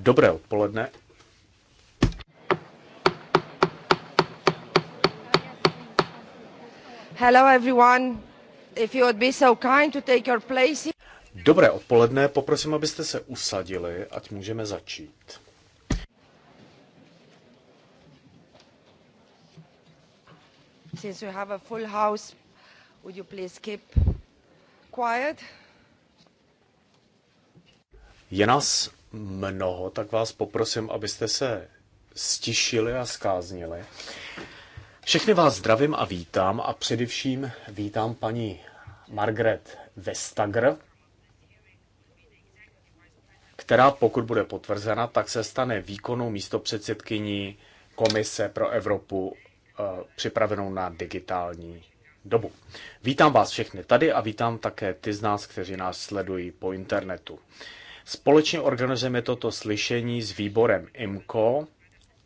Dobré odpoledne. Hello everyone. If you would be so kind to take your place. Dobré odpoledne, poprosím, abyste se usadili, ať můžeme začít. Since we have a full house, would you please keep quiet? Je nás mnoho, tak vás poprosím, abyste se stišili a skáznili. Všechny vás zdravím a vítám a především vítám paní Margaret Vestager, která pokud bude potvrzena, tak se stane výkonnou místopředsedkyní Komise pro Evropu eh, připravenou na digitální dobu. Vítám vás všechny tady a vítám také ty z nás, kteří nás sledují po internetu. Společně organizujeme toto slyšení s výborem IMCO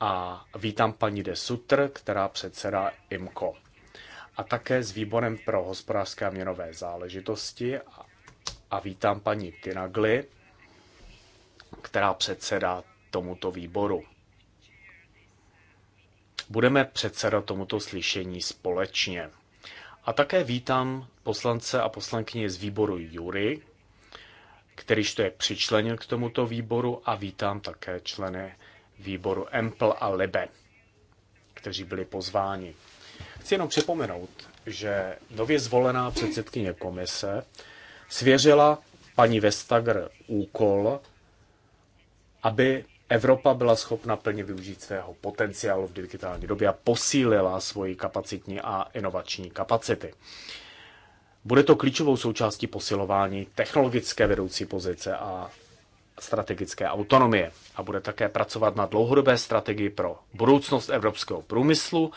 a vítám paní de Sutr, která předsedá IMCO. A také s výborem pro hospodářské a měnové záležitosti a vítám paní Tinagli, která předsedá tomuto výboru. Budeme předsedat tomuto slyšení společně. A také vítám poslance a poslankyně z výboru Jury, kterýž to je přičlenil k tomuto výboru a vítám také členy výboru EMPL a LIBE, kteří byli pozváni. Chci jenom připomenout, že nově zvolená předsedkyně komise svěřila paní Vestager úkol, aby Evropa byla schopna plně využít svého potenciálu v digitální době a posílila svoji kapacitní a inovační kapacity. Bude to klíčovou součástí posilování technologické vedoucí pozice a strategické autonomie a bude také pracovat na dlouhodobé strategii pro budoucnost evropského průmyslu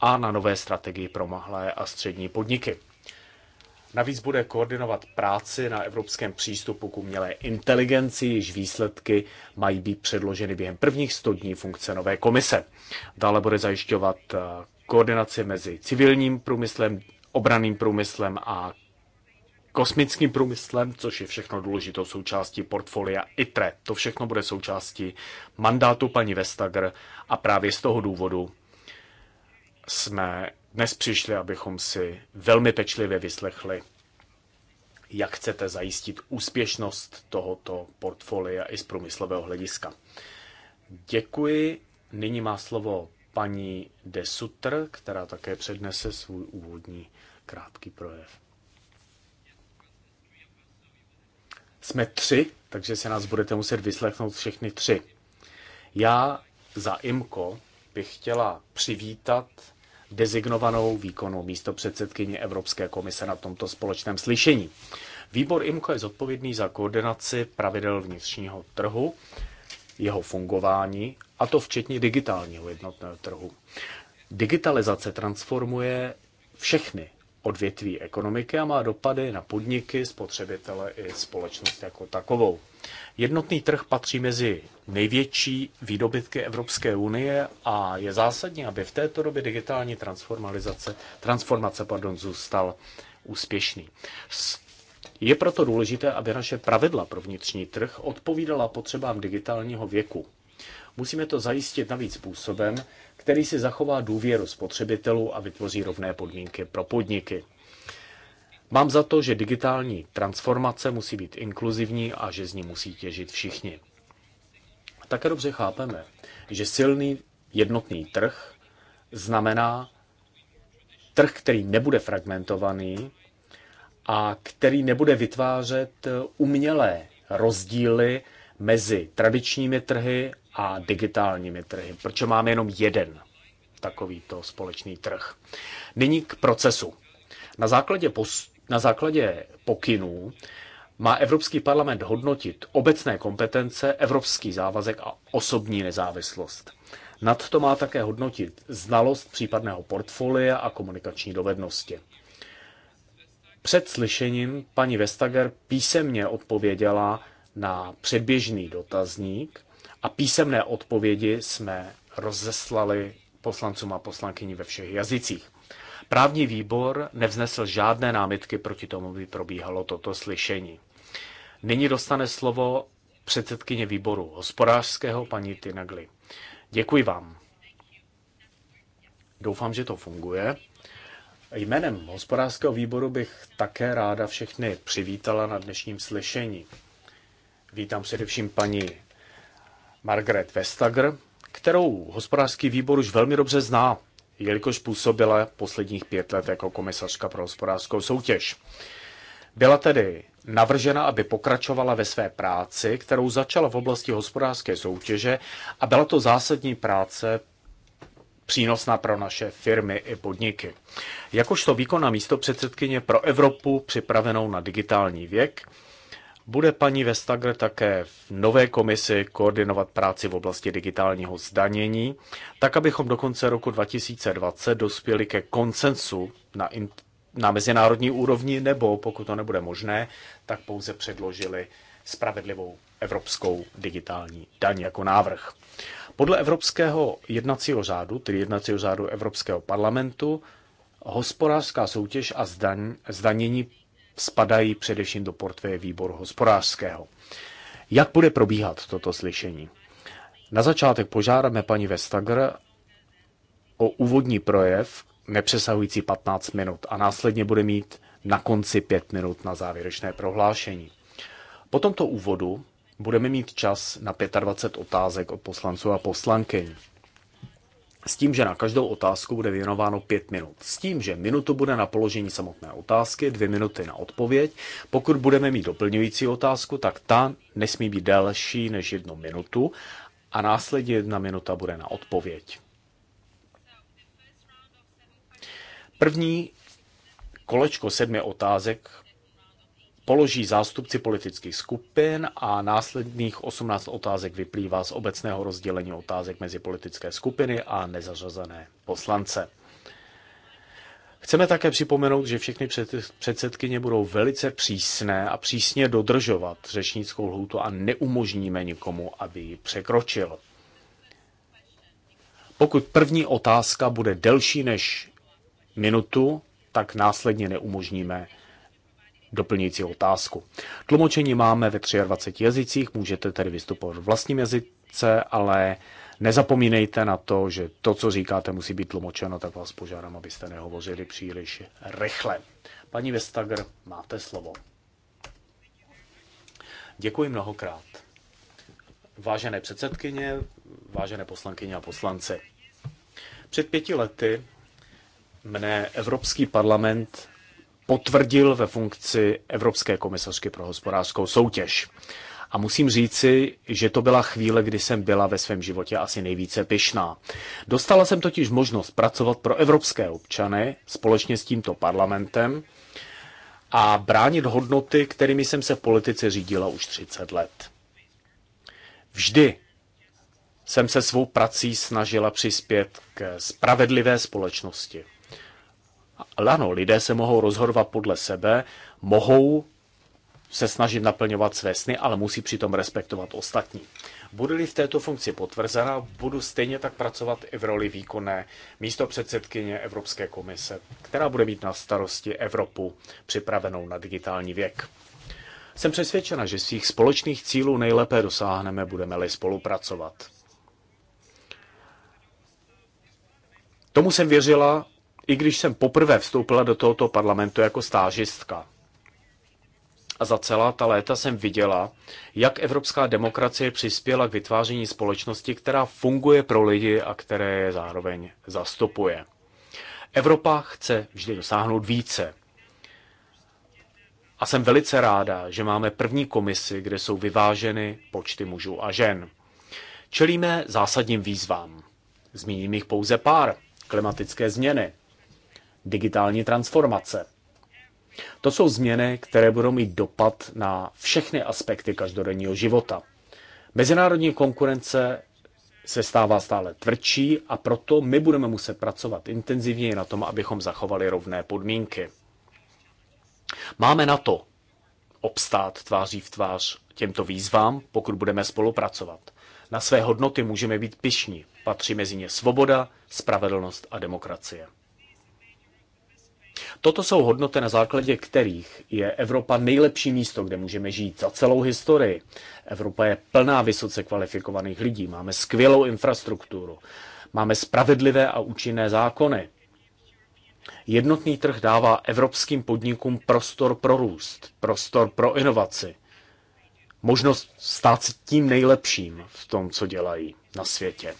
a na nové strategii pro malé a střední podniky. Navíc bude koordinovat práci na evropském přístupu k umělé inteligenci, již výsledky mají být předloženy během prvních 100 dní funkce nové komise. Dále bude zajišťovat eh, koordinaci mezi civilním průmyslem, obraným průmyslem a kosmickým průmyslem, což je všechno důležitou součástí portfolia ITRE. To všechno bude součástí mandátu paní Vestager a právě z toho důvodu jsme dnes přišli, abychom si velmi pečlivě vyslechli, jak chcete zajistit úspěšnost tohoto portfolia i z průmyslového hlediska. Děkuji. Nyní má slovo paní De Sutter, která také přednese svůj úvodní krátký projev. Jsme tři, takže se nás budete muset vyslechnout všechny tři. Já za IMKO bych chtěla přivítat dezignovanou výkonu místo předsedkyně Evropské komise na tomto společném slyšení. Výbor IMCO je zodpovědný za koordinaci pravidel vnitřního trhu jeho fungování, a to včetně digitálního jednotného trhu. Digitalizace transformuje všechny odvětví ekonomiky a má dopady na podniky, spotřebitele i společnost jako takovou. Jednotný trh patří mezi největší výdobytky Evropské unie a je zásadní, aby v této době digitální transformace, transformace pardon, zůstal úspěšný. Je proto důležité, aby naše pravidla pro vnitřní trh odpovídala potřebám digitálního věku. Musíme to zajistit navíc způsobem, který si zachová důvěru spotřebitelů a vytvoří rovné podmínky pro podniky. Mám za to, že digitální transformace musí být inkluzivní a že z ní musí těžit všichni. Také dobře chápeme, že silný jednotný trh znamená trh, který nebude fragmentovaný, a který nebude vytvářet eh, umělé rozdíly mezi tradičními trhy a digitálními trhy, protože máme jenom jeden takovýto společný trh. Nyní k procesu. Na základě, pos- na základě pokynů má Evropský parlament hodnotit obecné kompetence, evropský závazek a osobní nezávislost. Nad to má také hodnotit znalost případného portfolia a komunikační dovednosti. Před slyšením paní Vestager písemně odpověděla na předběžný dotazník a písemné odpovědi jsme rozeslali poslancům a poslankyni ve všech jazycích. Právní výbor nevznesl žádné námitky proti tomu, by probíhalo toto slyšení. Nyní dostane slovo předsedkyně výboru hospodářského paní Tinagli. Děkuji vám. Doufám, že to funguje. Jménem hospodářského výboru bych také ráda všechny přivítala na dnešním slyšení. Vítám především paní Margaret Vestager, kterou hospodářský výbor už velmi dobře zná, jelikož působila posledních pět let jako komisařka pro hospodářskou soutěž. Byla tedy navržena, aby pokračovala ve své práci, kterou začala v oblasti hospodářské soutěže a byla to zásadní práce přínosná pro naše firmy i podniky. Jakožto výkona místo předsedkyně pro Evropu připravenou na digitální věk, bude paní Vestager také v nové komisi koordinovat práci v oblasti digitálního zdanění, tak abychom do konce roku 2020 dospěli ke koncensu na, na mezinárodní úrovni, nebo pokud to nebude možné, tak pouze předložili spravedlivou evropskou digitální daň jako návrh. Podle evropského jednacího řádu, tedy jednacího řádu Evropského parlamentu, hospodářská soutěž a zdaň, zdanění spadají především do portfeje výboru hospodářského. Jak bude probíhat toto slyšení? Na začátek požádáme paní Vestager o úvodní projev, nepřesahující 15 minut a následně bude mít na konci 5 minut na závěrečné prohlášení. Po tomto úvodu budeme mít čas na 25 otázek od poslanců a poslankyň. S tím, že na každou otázku bude věnováno pět minut. S tím, že minutu bude na položení samotné otázky, dvě minuty na odpověď. Pokud budeme mít doplňující otázku, tak ta nesmí být delší než jednu minutu a následně jedna minuta bude na odpověď. První kolečko sedmi otázek položí zástupci politických skupin a následných 18 otázek vyplývá z obecného rozdělení otázek mezi politické skupiny a nezařazené poslance. Chceme také připomenout, že všechny předsedkyně budou velice přísné a přísně dodržovat řečnickou lhůtu a neumožníme nikomu, aby ji překročil. Pokud první otázka bude delší než minutu, tak následně neumožníme doplňující otázku. Tlumočení máme ve 23 jazycích, můžete tedy vystupovat v vlastním jazyce, ale nezapomínejte na to, že to, co říkáte, musí být tlumočeno, tak vás požádám, abyste nehovořili příliš rychle. Paní Vestager, máte slovo. Děkuji mnohokrát. Vážené předsedkyně, vážené poslankyně a poslanci. Před pěti lety mne Evropský parlament potvrdil ve funkci Evropské komisařky pro hospodářskou soutěž. A musím říci, že to byla chvíle, kdy jsem byla ve svém životě asi nejvíce pyšná. Dostala jsem totiž možnost pracovat pro evropské občany společně s tímto parlamentem a bránit hodnoty, kterými jsem se v politice řídila už 30 let. Vždy jsem se svou prací snažila přispět k spravedlivé společnosti. Lano, lidé se mohou rozhodovat podle sebe, mohou se snažit naplňovat své sny, ale musí přitom respektovat ostatní. Budu-li v této funkci potvrzena, budu stejně tak pracovat i v roli výkonné místo předsedkyně Evropské komise, která bude mít na starosti Evropu připravenou na digitální věk. Jsem přesvědčena, že svých společných cílů nejlépe dosáhneme, budeme-li spolupracovat. Tomu jsem věřila i když jsem poprvé vstoupila do tohoto parlamentu jako stážistka. A za celá ta léta jsem viděla, jak evropská demokracie přispěla k vytváření společnosti, která funguje pro lidi a které je zároveň zastupuje. Evropa chce vždy dosáhnout více. A jsem velice ráda, že máme první komisi, kde jsou vyváženy počty mužů a žen. Čelíme zásadním výzvám. Zmíním jich pouze pár. Klimatické změny, digitální transformace. To jsou změny, které budou mít dopad na všechny aspekty každodenního života. Mezinárodní konkurence se stává stále tvrdší a proto my budeme muset pracovat intenzivněji na tom, abychom zachovali rovné podmínky. Máme na to obstát tváří v tvář těmto výzvám, pokud budeme spolupracovat. Na své hodnoty můžeme být pišní. Patří mezi ně svoboda, spravedlnost a demokracie. Toto jsou hodnoty, na základě kterých je Evropa nejlepší místo, kde můžeme žít za celou historii. Evropa je plná vysoce kvalifikovaných lidí, máme skvělou infrastrukturu, máme spravedlivé a účinné zákony. Jednotný trh dává evropským podnikům prostor pro růst, prostor pro inovaci, možnost stát se tím nejlepším v tom, co dělají na světě.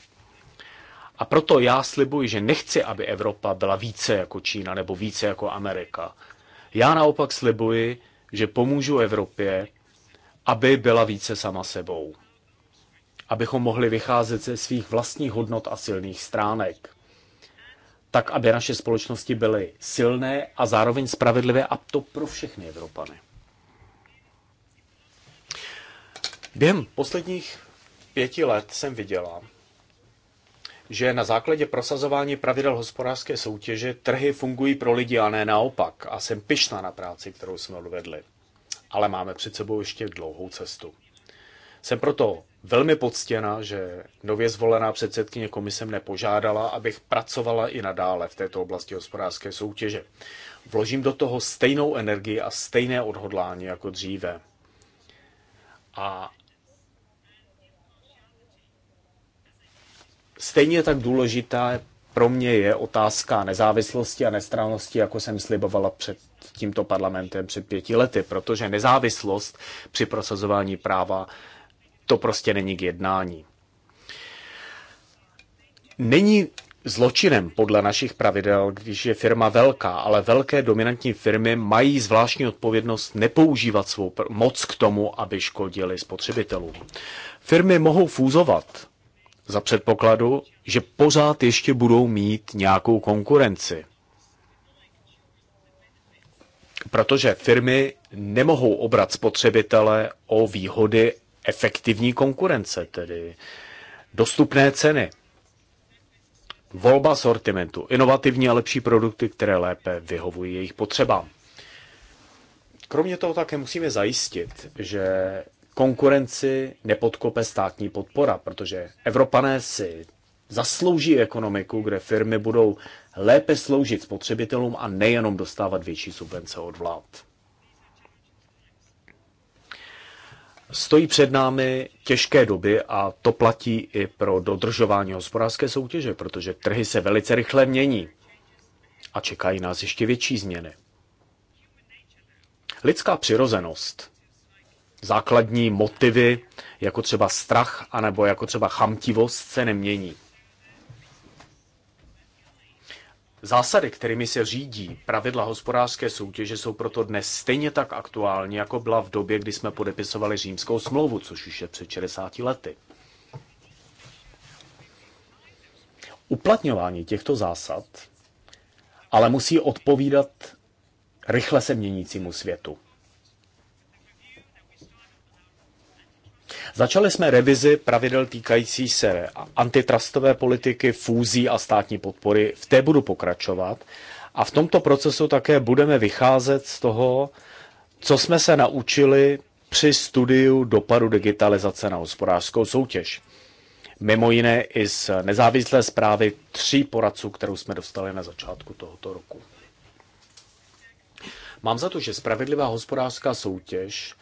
A proto já slibuji, že nechci, aby Evropa byla více jako Čína nebo více jako Amerika. Já naopak slibuji, že pomůžu Evropě, aby byla více sama sebou. Abychom mohli vycházet ze svých vlastních hodnot a silných stránek. Tak, aby naše společnosti byly silné a zároveň spravedlivé, a to pro všechny Evropany. Během posledních pěti let jsem viděla, že na základě prosazování pravidel hospodářské soutěže trhy fungují pro lidi a ne naopak. A jsem pyšná na práci, kterou jsme odvedli. Ale máme před sebou ještě dlouhou cestu. Jsem proto velmi poctěna, že nově zvolená předsedkyně komise mne požádala, abych pracovala i nadále v této oblasti hospodářské soutěže. Vložím do toho stejnou energii a stejné odhodlání jako dříve. A Stejně tak důležitá pro mě je otázka nezávislosti a nestrannosti, jako jsem slibovala před tímto parlamentem před pěti lety, protože nezávislost při prosazování práva to prostě není k jednání. Není zločinem podle našich pravidel, když je firma velká, ale velké dominantní firmy mají zvláštní odpovědnost nepoužívat svou moc k tomu, aby škodili spotřebitelům. Firmy mohou fúzovat, za předpokladu, že pořád ještě budou mít nějakou konkurenci. Protože firmy nemohou obrat spotřebitele o výhody efektivní konkurence, tedy dostupné ceny, volba sortimentu, inovativní a lepší produkty, které lépe vyhovují jejich potřebám. Kromě toho také musíme zajistit, že konkurenci nepodkope státní podpora, protože Evropané si zaslouží ekonomiku, kde firmy budou lépe sloužit spotřebitelům a nejenom dostávat větší subvence od vlád. Stojí před námi těžké doby a to platí i pro dodržování hospodářské soutěže, protože trhy se velice rychle mění a čekají nás ještě větší změny. Lidská přirozenost základní motivy, jako třeba strach, anebo jako třeba chamtivost, se nemění. Zásady, kterými se řídí pravidla hospodářské soutěže, jsou proto dnes stejně tak aktuální, jako byla v době, kdy jsme podepisovali římskou smlouvu, což už je před 60 lety. Uplatňování těchto zásad ale musí odpovídat rychle se měnícímu světu. Začali jsme revizi pravidel týkající se antitrustové politiky, fúzí a státní podpory. V té budu pokračovat. A v tomto procesu také budeme vycházet z toho, co jsme se naučili při studiu dopadu digitalizace na hospodářskou soutěž. Mimo jiné i z nezávislé zprávy tří poradců, kterou jsme dostali na začátku tohoto roku. Mám za to, že spravedlivá hospodářská soutěž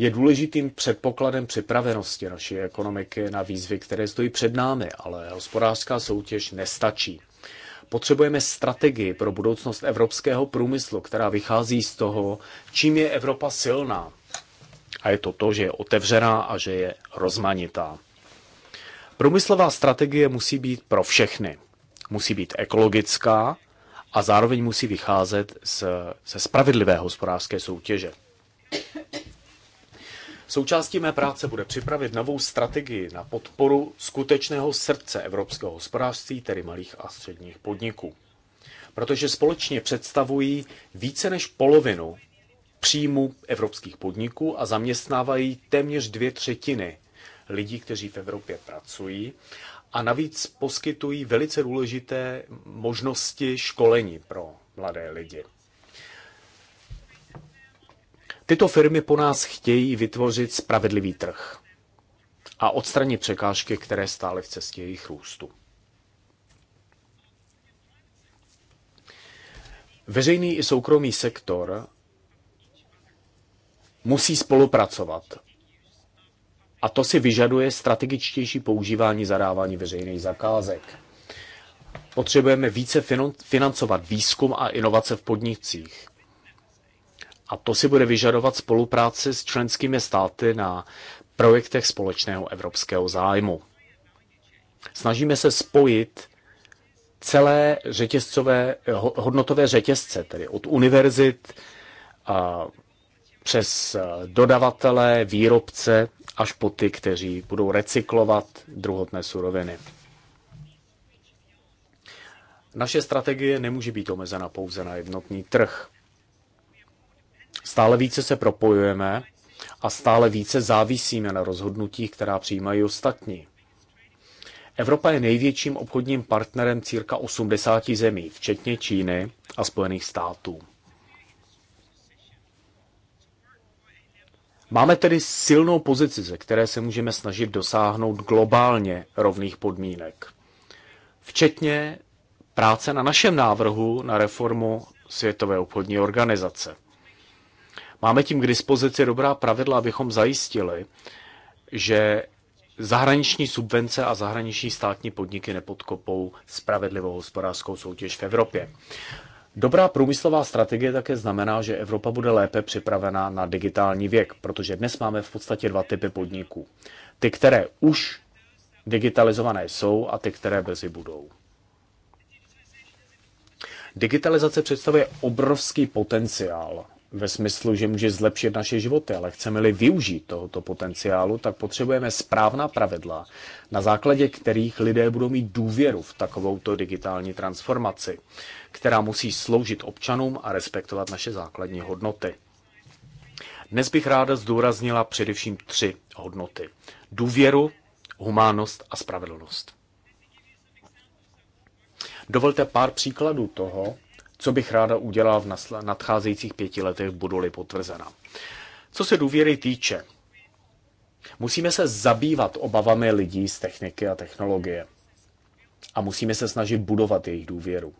je důležitým předpokladem připravenosti naší ekonomiky na výzvy, které stojí před námi, ale hospodářská soutěž nestačí. Potřebujeme strategii pro budoucnost evropského průmyslu, která vychází z toho, čím je Evropa silná. A je to to, že je otevřená a že je rozmanitá. Průmyslová strategie musí být pro všechny. Musí být ekologická a zároveň musí vycházet ze spravedlivé hospodářské soutěže. Součástí mé práce bude připravit novou strategii na podporu skutečného srdce evropského hospodářství, tedy malých a středních podniků. Protože společně představují více než polovinu příjmu evropských podniků a zaměstnávají téměř dvě třetiny lidí, kteří v Evropě pracují a navíc poskytují velice důležité možnosti školení pro mladé lidi. Tyto firmy po nás chtějí vytvořit spravedlivý trh a odstranit překážky, které stály v cestě jejich růstu. Veřejný i soukromý sektor musí spolupracovat. A to si vyžaduje strategičtější používání zadávání veřejných zakázek. Potřebujeme více financovat výzkum a inovace v podnicích. A to si bude vyžadovat spolupráci s členskými státy na projektech společného evropského zájmu. Snažíme se spojit celé řetězcové, hodnotové řetězce, tedy od univerzit a přes dodavatele, výrobce až po ty, kteří budou recyklovat druhotné suroviny. Naše strategie nemůže být omezena pouze na jednotný trh. Stále více se propojujeme a stále více závisíme na rozhodnutích, která přijímají ostatní. Evropa je největším obchodním partnerem círka 80 zemí, včetně Číny a Spojených států. Máme tedy silnou pozici, ze které se můžeme snažit dosáhnout globálně rovných podmínek, včetně práce na našem návrhu na reformu Světové obchodní organizace. Máme tím k dispozici dobrá pravidla, abychom zajistili, že zahraniční subvence a zahraniční státní podniky nepodkopou spravedlivou hospodářskou soutěž v Evropě. Dobrá průmyslová strategie také znamená, že Evropa bude lépe připravena na digitální věk, protože dnes máme v podstatě dva typy podniků. Ty, které už digitalizované jsou a ty, které brzy budou. Digitalizace představuje obrovský potenciál ve smyslu, že může zlepšit naše životy, ale chceme-li využít tohoto potenciálu, tak potřebujeme správná pravidla, na základě kterých lidé budou mít důvěru v takovouto digitální transformaci, která musí sloužit občanům a respektovat naše základní hodnoty. Dnes bych ráda zdůraznila především tři hodnoty. Důvěru, humánost a spravedlnost. Dovolte pár příkladů toho, co bych ráda udělala v nadcházejících pěti letech, budu-li potvrzena. Co se důvěry týče, musíme se zabývat obavami lidí z techniky a technologie a musíme se snažit budovat jejich důvěru.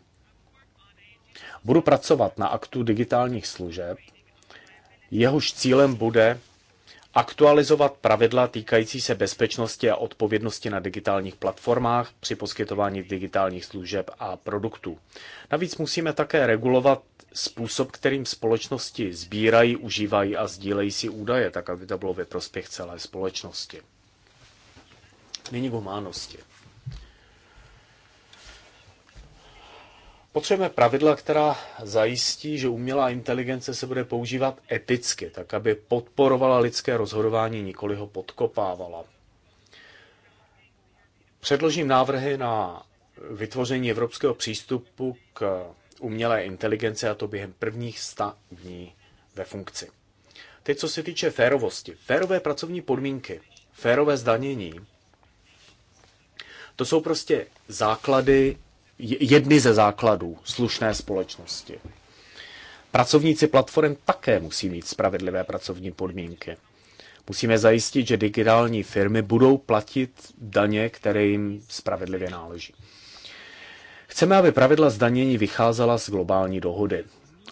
Budu pracovat na aktu digitálních služeb, jehož cílem bude aktualizovat pravidla týkající se bezpečnosti a odpovědnosti na digitálních platformách při poskytování digitálních služeb a produktů. Navíc musíme také regulovat způsob, kterým společnosti sbírají, užívají a sdílejí si údaje, tak aby to bylo ve prospěch celé společnosti. Nyní k humánosti. Potřebujeme pravidla, která zajistí, že umělá inteligence se bude používat eticky, tak aby podporovala lidské rozhodování, nikoli ho podkopávala. Předložím návrhy na vytvoření evropského přístupu k umělé inteligenci a to během prvních 100 dní ve funkci. Teď, co se týče férovosti. Férové pracovní podmínky, férové zdanění, to jsou prostě základy jedny ze základů slušné společnosti. Pracovníci platform také musí mít spravedlivé pracovní podmínky. Musíme zajistit, že digitální firmy budou platit daně, které jim spravedlivě náleží. Chceme, aby pravidla zdanění vycházela z globální dohody.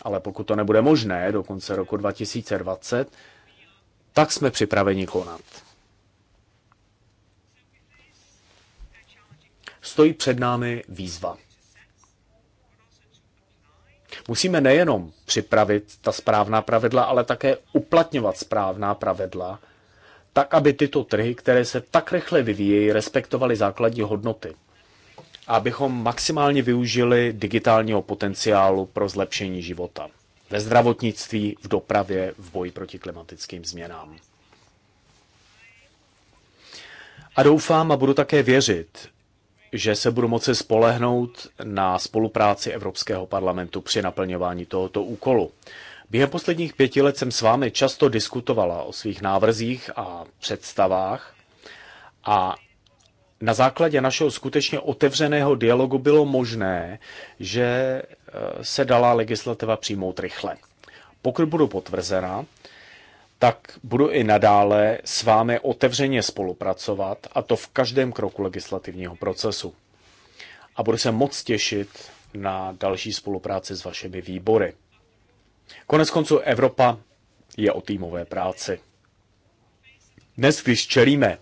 Ale pokud to nebude možné do konce roku 2020, tak jsme připraveni konat. stojí před námi výzva. Musíme nejenom připravit ta správná pravidla, ale také uplatňovat správná pravidla, tak aby tyto trhy, které se tak rychle vyvíjejí, respektovaly základní hodnoty. A abychom maximálně využili digitálního potenciálu pro zlepšení života ve zdravotnictví, v dopravě, v boji proti klimatickým změnám. A doufám a budu také věřit, že se budu moci spolehnout na spolupráci Evropského parlamentu při naplňování tohoto úkolu. Během posledních pěti let jsem s vámi často diskutovala o svých návrzích a představách a na základě našeho skutečně otevřeného dialogu bylo možné, že eh, se dala legislativa přijmout rychle. Pokud budu potvrzena, tak budu i nadále s vámi otevřeně spolupracovat a to v každém kroku legislativního procesu. A budu se moc těšit na další spolupráci s vašimi výbory. Konec konců Evropa je o týmové práci. Dnes, když čelíme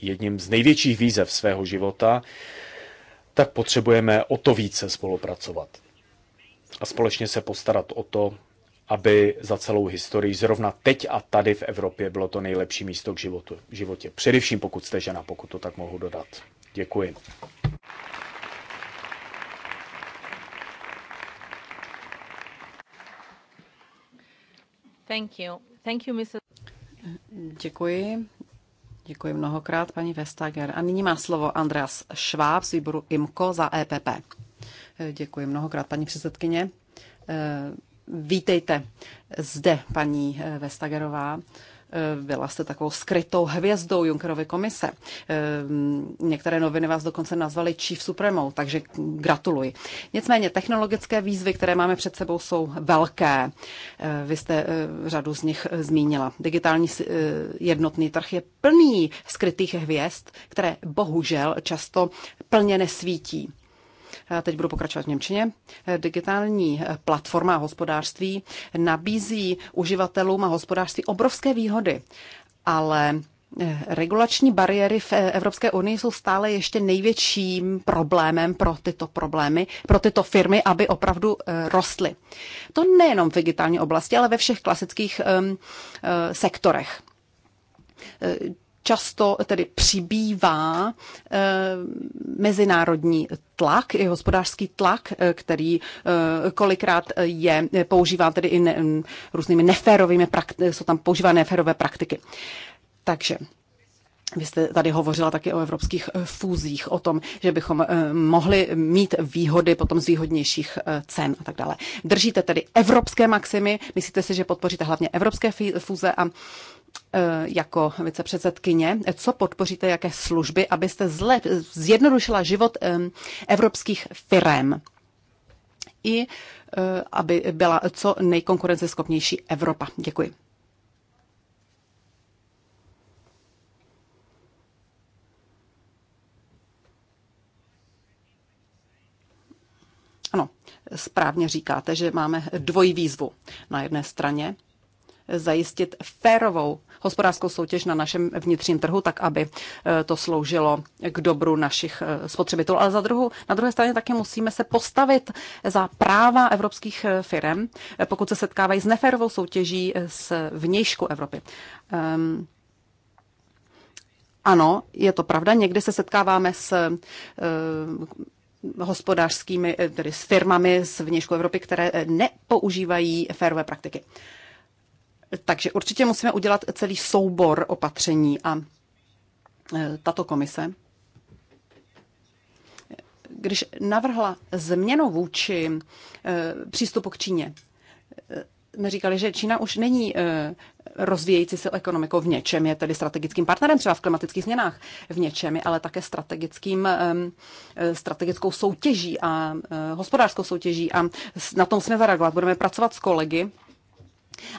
jedním z největších výzev svého života, tak potřebujeme o to více spolupracovat a společně se postarat o to, aby za celou historii zrovna teď a tady v Evropě bylo to nejlepší místo k životu, životě. Především pokud jste žena, pokud to tak mohu dodat. Děkuji. Thank you. Thank you, Mr. Děkuji. Děkuji mnohokrát, paní Vestager. A nyní má slovo Andreas Schwab z výboru IMCO za EPP. Děkuji mnohokrát, paní předsedkyně Vítejte zde, paní eh, Vestagerová. Eh, byla jste takovou skrytou hvězdou Junkerovy komise. Eh, některé noviny vás dokonce nazvaly Chief Supremou, takže gratuluji. Nicméně technologické výzvy, které máme před sebou, jsou velké. Vy jste řadu z nich zmínila. Digitální jednotný trh je plný skrytých hvězd, které bohužel často plně nesvítí teď budu pokračovat v Němčině, digitální eh, platforma hospodářství nabízí uživatelům a hospodářství obrovské výhody, ale eh, Regulační bariéry v eh, Evropské unii jsou stále ještě největším problémem pro tyto problémy, pro tyto firmy, aby opravdu rostly. To nejenom v digitální oblasti, ale ve všech klasických sektorech často tedy přibývá eh, mezinárodní tlak, i hospodářský tlak, eh, který eh, kolikrát je používán tedy i ne, různými neférovými, jsou tam používané neférové praktiky. Takže vy jste tady hovořila taky o evropských fúzích, o tom, že bychom mohli mít výhody potom z výhodnějších cen a tak dále. Držíte tedy evropské maximy, myslíte si, že podpoříte hlavně evropské fúze a E, jako vicepředsedkyně, co podpoříte, jaké služby, abyste zlep, zjednodušila život e, evropských firm i e, aby byla co nejkonkurenceschopnější Evropa. Děkuji. Ano, správně říkáte, že máme dvojí výzvu. Na jedné straně zajistit férovou hospodářskou soutěž na našem vnitřním trhu, tak aby eh, to sloužilo k dobru našich eh, spotřebitelů. Ale za druhou, na druhé straně také musíme se postavit za práva evropských eh, firm, pokud se setkávají s neférovou soutěží s vnějšku Evropy. Um, ano, je to pravda. Někdy se setkáváme s hospodářskými, tedy s firmami z vnějšku Evropy, které nepoužívají férové praktiky. Takže určitě musíme udělat celý soubor opatření a e, tato komise, když navrhla změnu vůči e, přístupu k Číně, jsme říkali, že Čína už není e, rozvíjející se ekonomikou v něčem, je tedy strategickým partnerem třeba v klimatických změnách, v něčem ale také strategickým, strategickou soutěží a hospodářskou soutěží a na tom jsme zareagovat. Budeme pracovat s kolegy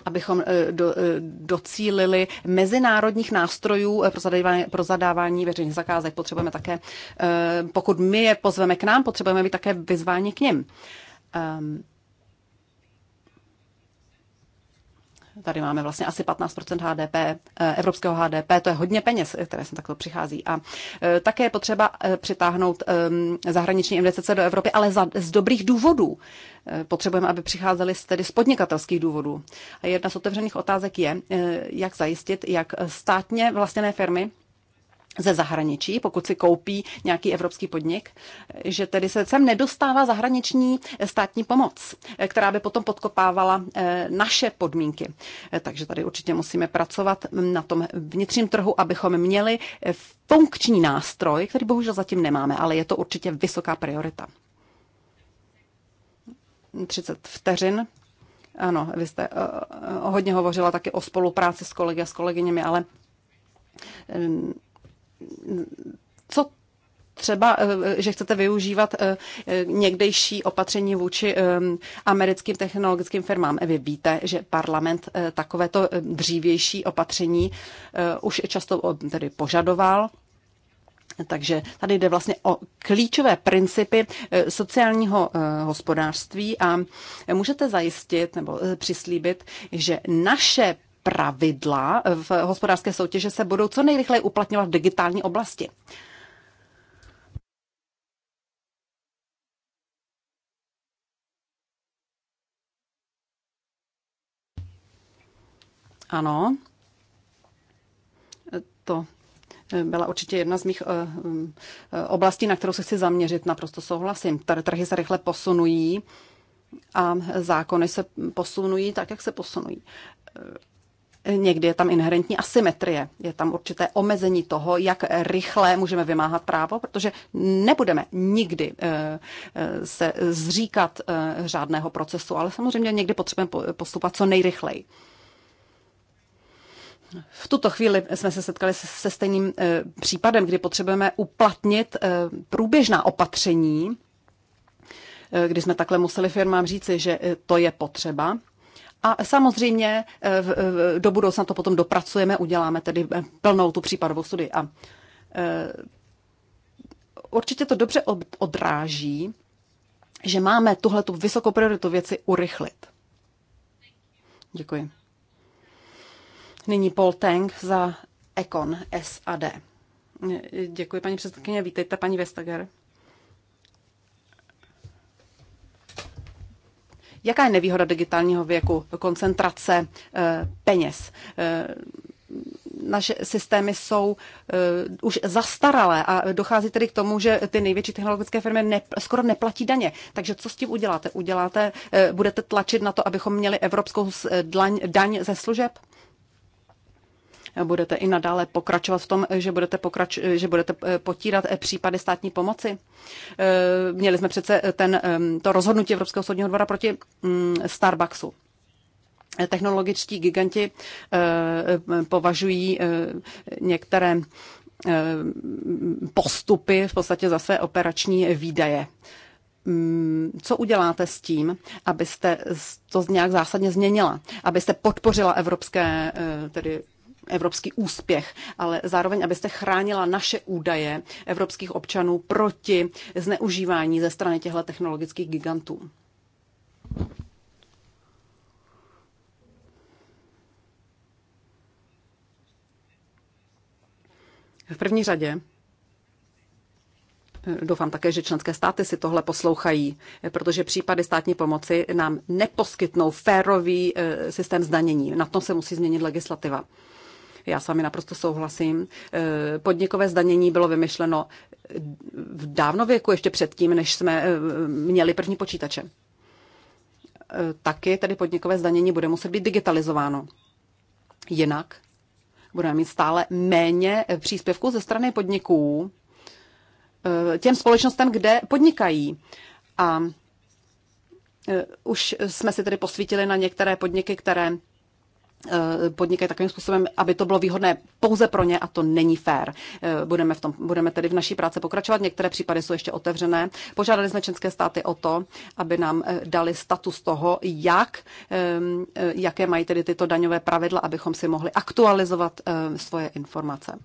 abychom e, do, e, docílili mezinárodních nástrojů e, pro zadávání, pro zadávání veřejných zakázek. Potřebujeme také, pokud my je pozveme k nám, potřebujeme být také vyzváni k ním. Ehm, Tady máme vlastně asi 15 HDP, eh, evropského HDP, to je hodně peněz, které se takto přichází. A eh, také je potřeba eh, přitáhnout ehm, zahraniční investice do Evropy, ale za, z dobrých důvodů. Potřebujeme, aby přicházeli z, tedy z podnikatelských důvodů. A jedna z otevřených otázek je, jak zajistit, jak státně vlastněné firmy ze zahraničí, pokud si koupí nějaký evropský podnik, že tedy se sem nedostává zahraniční státní pomoc, eh, která by potom podkopávala eh, naše podmínky. Eh, takže tady určitě musíme pracovat mm, na tom vnitřním trhu, abychom měli funkční nástroj, který bohužel zatím nemáme, ale je to určitě vysoká priorita. 30 vteřin. Ano, vy jste hodně hovořila taky o spolupráci s kolegy a s kolegyněmi, ale mm, co třeba, eh, že chcete využívat eh, někdejší opatření vůči eh, americkým technologickým firmám. Vy víte, že parlament takovéto dřívější opatření už často tedy požadoval. Takže tady jde vlastně o klíčové principy sociálního hospodářství a můžete zajistit nebo přislíbit, že naše pravidla v hospodářské soutěže se budou co nejrychleji uplatňovat v digitální oblasti. Ano, to byla určitě jedna z mých eh, eh, oblastí, na kterou se chci zaměřit. Naprosto souhlasím. Trhy se rychle posunují a zákony se posunují tak, jak se posunují. Někdy je tam inherentní asymetrie, je tam určité omezení toho, jak rychle můžeme vymáhat právo, protože nebudeme nikdy eh, eh, se zříkat eh, řádného procesu, ale samozřejmě někdy potřebujeme postupovat co nejrychleji. V tuto chvíli jsme se setkali se stejným případem, kdy potřebujeme uplatnit průběžná opatření, kdy jsme takhle museli firmám říci, že to je potřeba. A samozřejmě eh, eh, do budoucna to potom dopracujeme, uděláme tedy eh, plnou tu případovou studii. A určitě to dobře odráží, že máme tuhle tu vysokou prioritu věci urychlit. Děkuji. Nyní Paul Tang za Econ SAD. Děkuji, paní předsedkyně. Vítejte, paní Vestager. Jaká je nevýhoda digitálního věku? Koncentrace eh, peněz. Eh, naše systémy jsou eh, už zastaralé a dochází tedy k tomu, že ty největší technologické firmy ne, skoro neplatí daně. Takže co s tím uděláte? Uděláte, budete tlačit na to, abychom měli evropskou daň ze služeb? budete i nadále pokračovat v tom, že budete, pokrač, že budete eh, potírat eh, případy státní pomoci. Eh, měli jsme přece ten, ehm, to rozhodnutí Evropského soudního dvora proti mm, Starbucksu technologičtí giganti považují některé postupy v podstatě za své operační výdaje. Mm, co uděláte s tím, abyste to nějak zásadně změnila, abyste podpořila evropské tedy evropský úspěch, ale zároveň, abyste chránila naše údaje evropských občanů proti zneužívání ze strany těchto technologických gigantů. V první řadě eh, Doufám také, že členské státy si tohle poslouchají, eh, protože případy státní pomoci nám neposkytnou férový eh, systém zdanění. Na tom se musí změnit legislativa. Já s vámi naprosto souhlasím. Eh, podnikové zdanění bylo vymyšleno eh, v dávnověku, ještě předtím, než jsme eh, měli první počítače. Taky tedy podnikové zdanění bude muset být digitalizováno. Jinak budeme mít stále méně příspěvků ze strany podniků těm společnostem, kde podnikají. A už jsme si tedy posvítili na některé podniky, které Eh, podnikají takovým způsobem, aby to bylo výhodné pouze pro ně a to není fér. Eh, budeme, v tom, budeme tedy v naší práci pokračovat. Některé případy jsou ještě otevřené. Požádali jsme České státy o to, aby nám eh, dali status toho, jak, ehm, jaké mají tedy tyto daňové pravidla, abychom si mohli aktualizovat svoje informace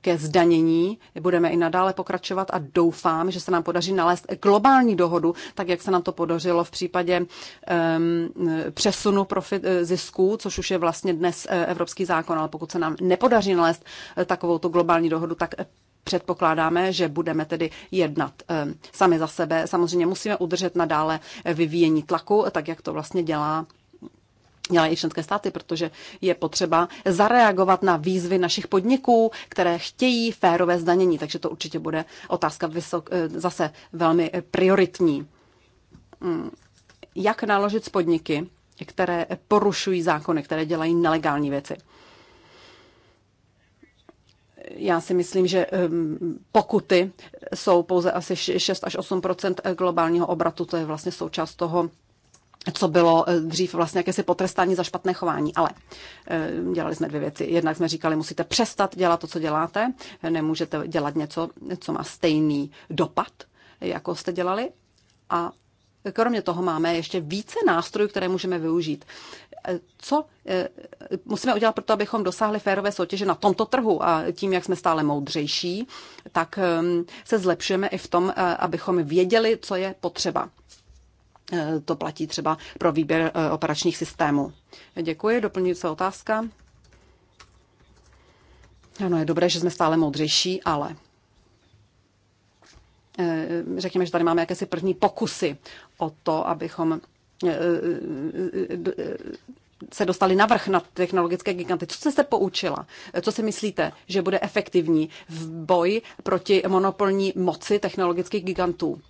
ke zdanění. Budeme i nadále pokračovat a doufám, že se nám podaří nalézt globální dohodu, tak jak se nám to podařilo v případě um, přesunu profit, eh, zisků, což už je vlastně dnes eh, evropský zákon, ale pokud se nám nepodaří nalézt eh, takovou tu globální dohodu, tak předpokládáme, že budeme tedy jednat sami za sebe. Samozřejmě musíme udržet nadále vyvíjení tlaku, tak jak to vlastně dělá i členské státy, protože je potřeba zareagovat na výzvy našich podniků, které chtějí férové zdanění. Takže to určitě bude otázka vysok, eh, zase velmi eh, prioritní. Mm. Jak naložit s podniky, které porušují zákony, které dělají nelegální věci? já si myslím, že ehm, pokuty jsou pouze asi 6 až 8 globálního obratu, to je vlastně součást toho co bylo eh, dřív vlastně jakési potrestání za špatné chování. Ale eh, dělali jsme dvě věci. Jednak jsme říkali, musíte přestat dělat to, co děláte, nemůžete dělat něco, co má stejný dopad, jako jste dělali. A kromě toho máme ještě více nástrojů, které můžeme využít. Eh, co musíme udělat pro to, abychom dosáhli férové soutěže na tomto trhu a tím, jak jsme stále moudřejší, tak ehm, se zlepšujeme i v tom, abychom věděli, co je potřeba. Eh, to platí třeba pro výběr eh, operačních systémů. Děkuji. Doplňující otázka. Ano, je dobré, že jsme stále moudřejší, ale eh, řekněme, že tady máme jakési první pokusy o to, abychom se dostali na vrch nad technologické giganty. Co jste se poučila? Co si myslíte, že bude efektivní v boji proti monopolní moci technologických gigantů?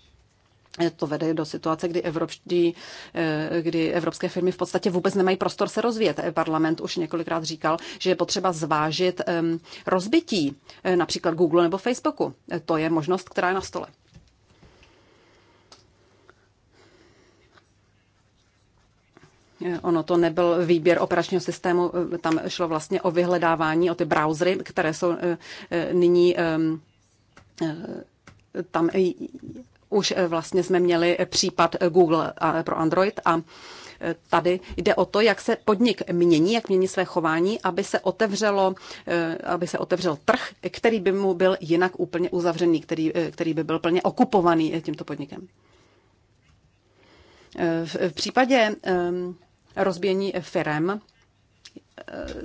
to vede do situace, kdy, evropští, eh, kdy evropské firmy v podstatě vůbec nemají prostor se rozvíjet. Parlament už několikrát říkal, že je potřeba zvážit rozbití eh, například Google nebo Facebooku. Eh, to je možnost, která je na stole. Ono to nebyl výběr operačního systému, tam šlo vlastně o vyhledávání, o ty browsery, které jsou nyní tam už eh, vlastně jsme měli případ Google eh, pro Android a eh, tady jde o to, jak se podnik mění, jak mění své chování, aby se, otevřelo, aby se otevřel trh, který by mu byl jinak úplně uzavřený, který, který by byl plně okupovaný tímto podnikem. V případě ehm, rozbíjení firem,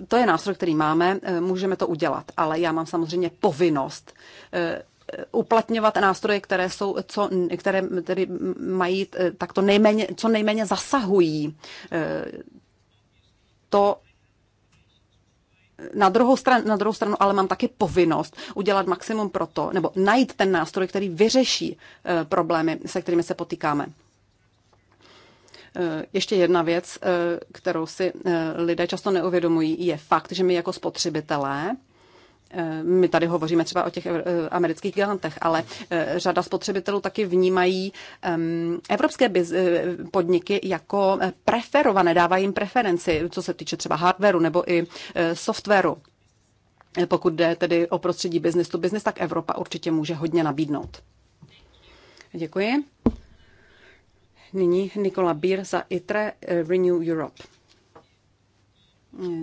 to je nástroj, který máme, můžeme to udělat, ale já mám samozřejmě povinnost uplatňovat nástroje, které, jsou, co, které tedy mají eh, takto nejméně, co nejméně zasahují. Eh, to na druhou, stran, na druhou stranu ale mám taky povinnost udělat maximum pro to, nebo najít ten nástroj, který vyřeší eh, problémy, se kterými se potýkáme. Ještě jedna věc, kterou si lidé často neuvědomují, je fakt, že my jako spotřebitelé Eh, my tady hovoříme třeba o těch eh, amerických gigantech, ale eh, řada spotřebitelů taky vnímají ehm, evropské podniky jako preferované, dávají jim preferenci, co se týče třeba hardwareu nebo i softwaru. Pokud jde tedy o prostředí business to business, tak Evropa určitě může hodně nabídnout. Děkuji. Nyní Nikola Bír za ITRE Renew Europe.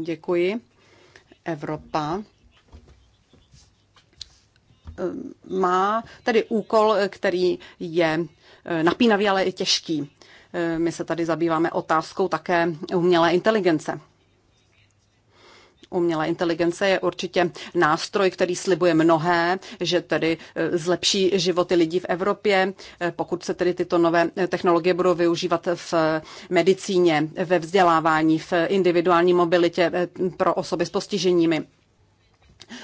Děkuji. Evropa Eh, má tedy úkol, který je eh, napínavý, ale i těžký. Eh, my se tady zabýváme otázkou také umělé inteligence. Umělá inteligence je určitě nástroj, který slibuje mnohé, že tedy zlepší životy lidí v Evropě, pokud se tedy tyto nové technologie budou využívat v medicíně, ve vzdělávání, v individuální mobilitě pro osoby s postiženími.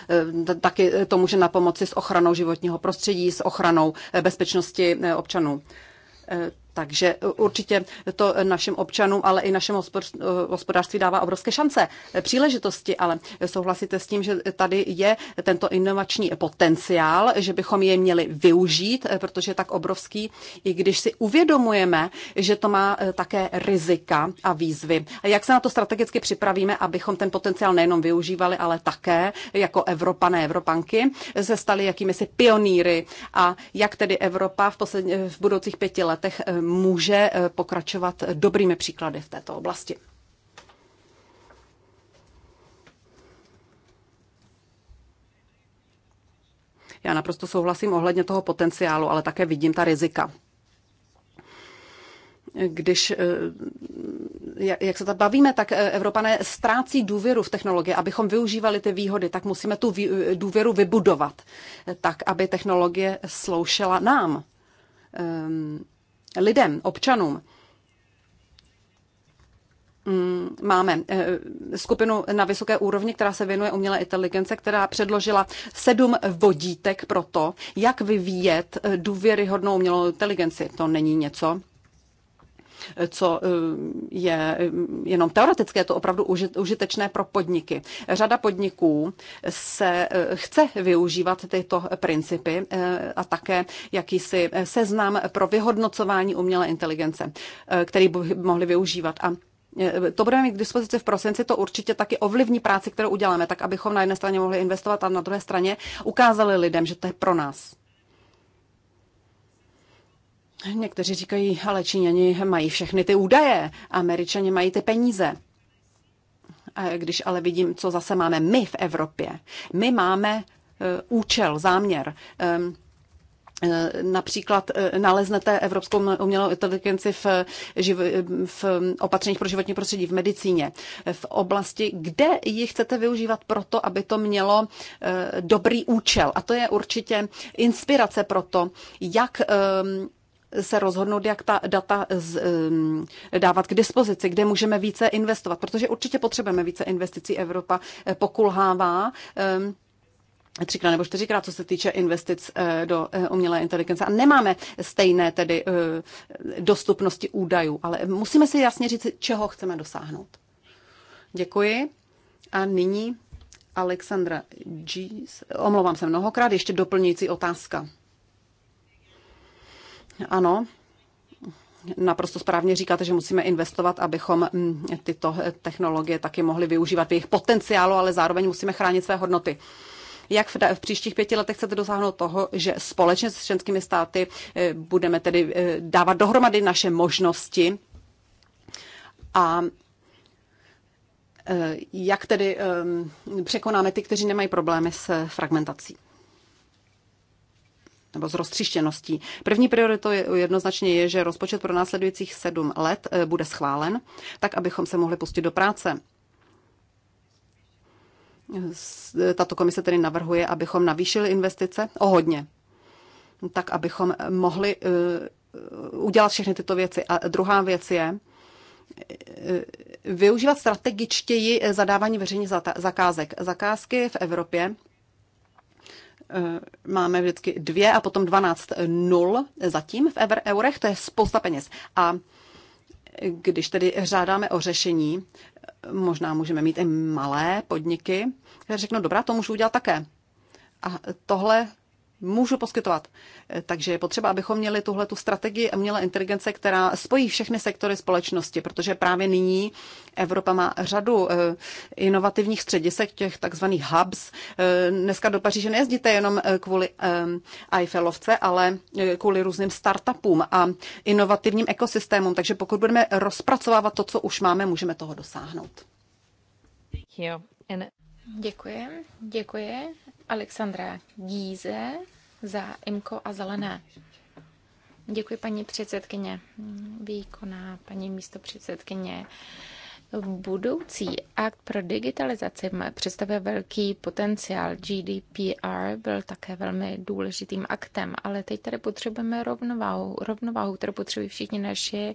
Eh, taky to může na pomoci s ochranou životního prostředí, s ochranou eh, bezpečnosti eh, občanů. Takže určitě to našim občanům, ale i našemu hospodářství dává obrovské šance, příležitosti, ale souhlasíte s tím, že tady je tento inovační potenciál, že bychom je měli využít, protože je tak obrovský, i když si uvědomujeme, že to má eh, také rizika a výzvy. Jak se na to strategicky připravíme, abychom ten potenciál nejenom využívali, ale také jako Evropané, Evropanky se stali jakými si pionýry a jak tedy Evropa v, posled, eh, v budoucích pěti letech eh, může eh, pokračovat dobrými příklady v této oblasti. Já naprosto souhlasím ohledně toho potenciálu, ale také vidím ta rizika. Když, eh, jak se tak bavíme, tak eh, Evropané ztrácí důvěru v technologie. Abychom využívali ty výhody, tak musíme tu důvěru vybudovat, tak aby technologie sloušela nám ehm, lidem, občanům. Mm, máme eh, skupinu na vysoké úrovni, která se věnuje umělé inteligence, která předložila sedm vodítek pro to, jak vyvíjet eh, důvěryhodnou umělou inteligenci. To není něco, co eh, je eh, jenom teoretické, je to opravdu užitečné pro podniky. Řada podniků se eh, chce využívat tyto principy a také jakýsi seznam pro vyhodnocování umělé inteligence, který by mohli využívat. A to budeme mít k dispozici v prosinci, to určitě taky ovlivní práci, kterou uděláme, tak abychom na jedné straně mohli investovat a na druhé straně ukázali lidem, že to je pro nás. Někteří říkají, ale Číňani mají všechny ty údaje, Američani mají ty peníze. A když ale vidím, co zase máme my v Evropě, my máme eh, účel, záměr. Ehm, eh, například eh, naleznete evropskou umělou inteligenci v, živ- v opatřeních pro životní prostředí, v medicíně, v oblasti, kde ji chcete využívat proto, aby to mělo dobrý účel. A to je určitě inspirace pro to, jak ehm, se rozhodnout, jak ta data z, um, dávat k dispozici, kde můžeme více investovat, protože určitě potřebujeme více investicí. Evropa eh, pokulhává. Um, třikrát nebo čtyřikrát, co se týče investic do umělé inteligence. A nemáme stejné tedy dostupnosti údajů, ale musíme si jasně říct, čeho chceme dosáhnout. Děkuji. A nyní Alexandra G. Omlouvám se mnohokrát, ještě doplňující otázka. Ano, naprosto správně říkáte, že musíme investovat, abychom mm, tyto eh, technologie taky mohli využívat v jejich potenciálu, ale zároveň musíme chránit své hodnoty. Jak v, v příštích pěti letech chcete dosáhnout toho, že společně s členskými státy eh, budeme tedy eh, dávat dohromady naše možnosti a jak tedy ehm, překonáme ty, kteří nemají problémy s fragmentací? nebo s roztřištěností. První prioritou je, jednoznačně je, že rozpočet pro následujících sedm let eh, bude schválen, tak abychom se mohli pustit do práce. Tato komise tedy navrhuje, abychom navýšili investice o hodně, tak abychom eh, mohli eh, udělat všechny tyto věci. A druhá věc je, využívat strategičtěji zadávání veřejných zakázek. Zakázky v Evropě Eh, máme vždycky dvě a potom 12 nul zatím v eurech, to je spousta peněz. A když tedy řádáme o řešení, možná můžeme mít i malé podniky, které řeknou, dobrá, to můžu udělat také. A tohle můžu poskytovat. Eh, takže je potřeba, abychom měli tuhle tu strategii a měla inteligence, která spojí všechny sektory společnosti, protože právě nyní Evropa má řadu eh, inovativních středisek, těch takzvaných hubs. Eh, dneska do Paříže nejezdíte jenom kvůli Eiffelovce, ale kvůli různým startupům a inovativním ekosystémům. Takže pokud budeme rozpracovávat to, co už máme, můžeme toho dosáhnout. Děkuji. Děkuji. Alexandra Gíze za Imko a Zelené. Děkuji paní předsedkyně, výkonná paní místo předsedkyně. Budoucí akt pro digitalizaci představuje velký potenciál. GDPR byl také velmi důležitým aktem, ale teď tady potřebujeme rovnováhu, rovnováhu kterou potřebují všichni naši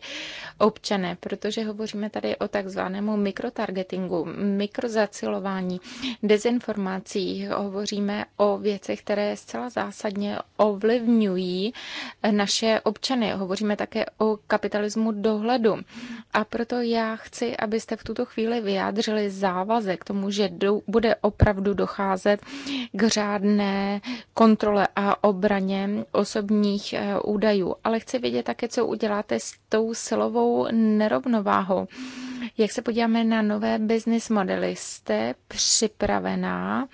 občané, protože hovoříme tady o takzvanému mikrotargetingu, mikrozacilování, dezinformací, hovoříme o věcech, které zcela zásadně ovlivňují eh, naše občany. Hovoříme také o kapitalismu dohledu. A proto já chci, aby jste v tuto chvíli vyjádřili závazek k tomu, že do, bude opravdu docházet k řádné kontrole a obraně osobních eh, údajů. Ale chci vědět také, co uděláte s tou silovou nerovnováhou. Jak se podíváme na nové business modely, jste připravená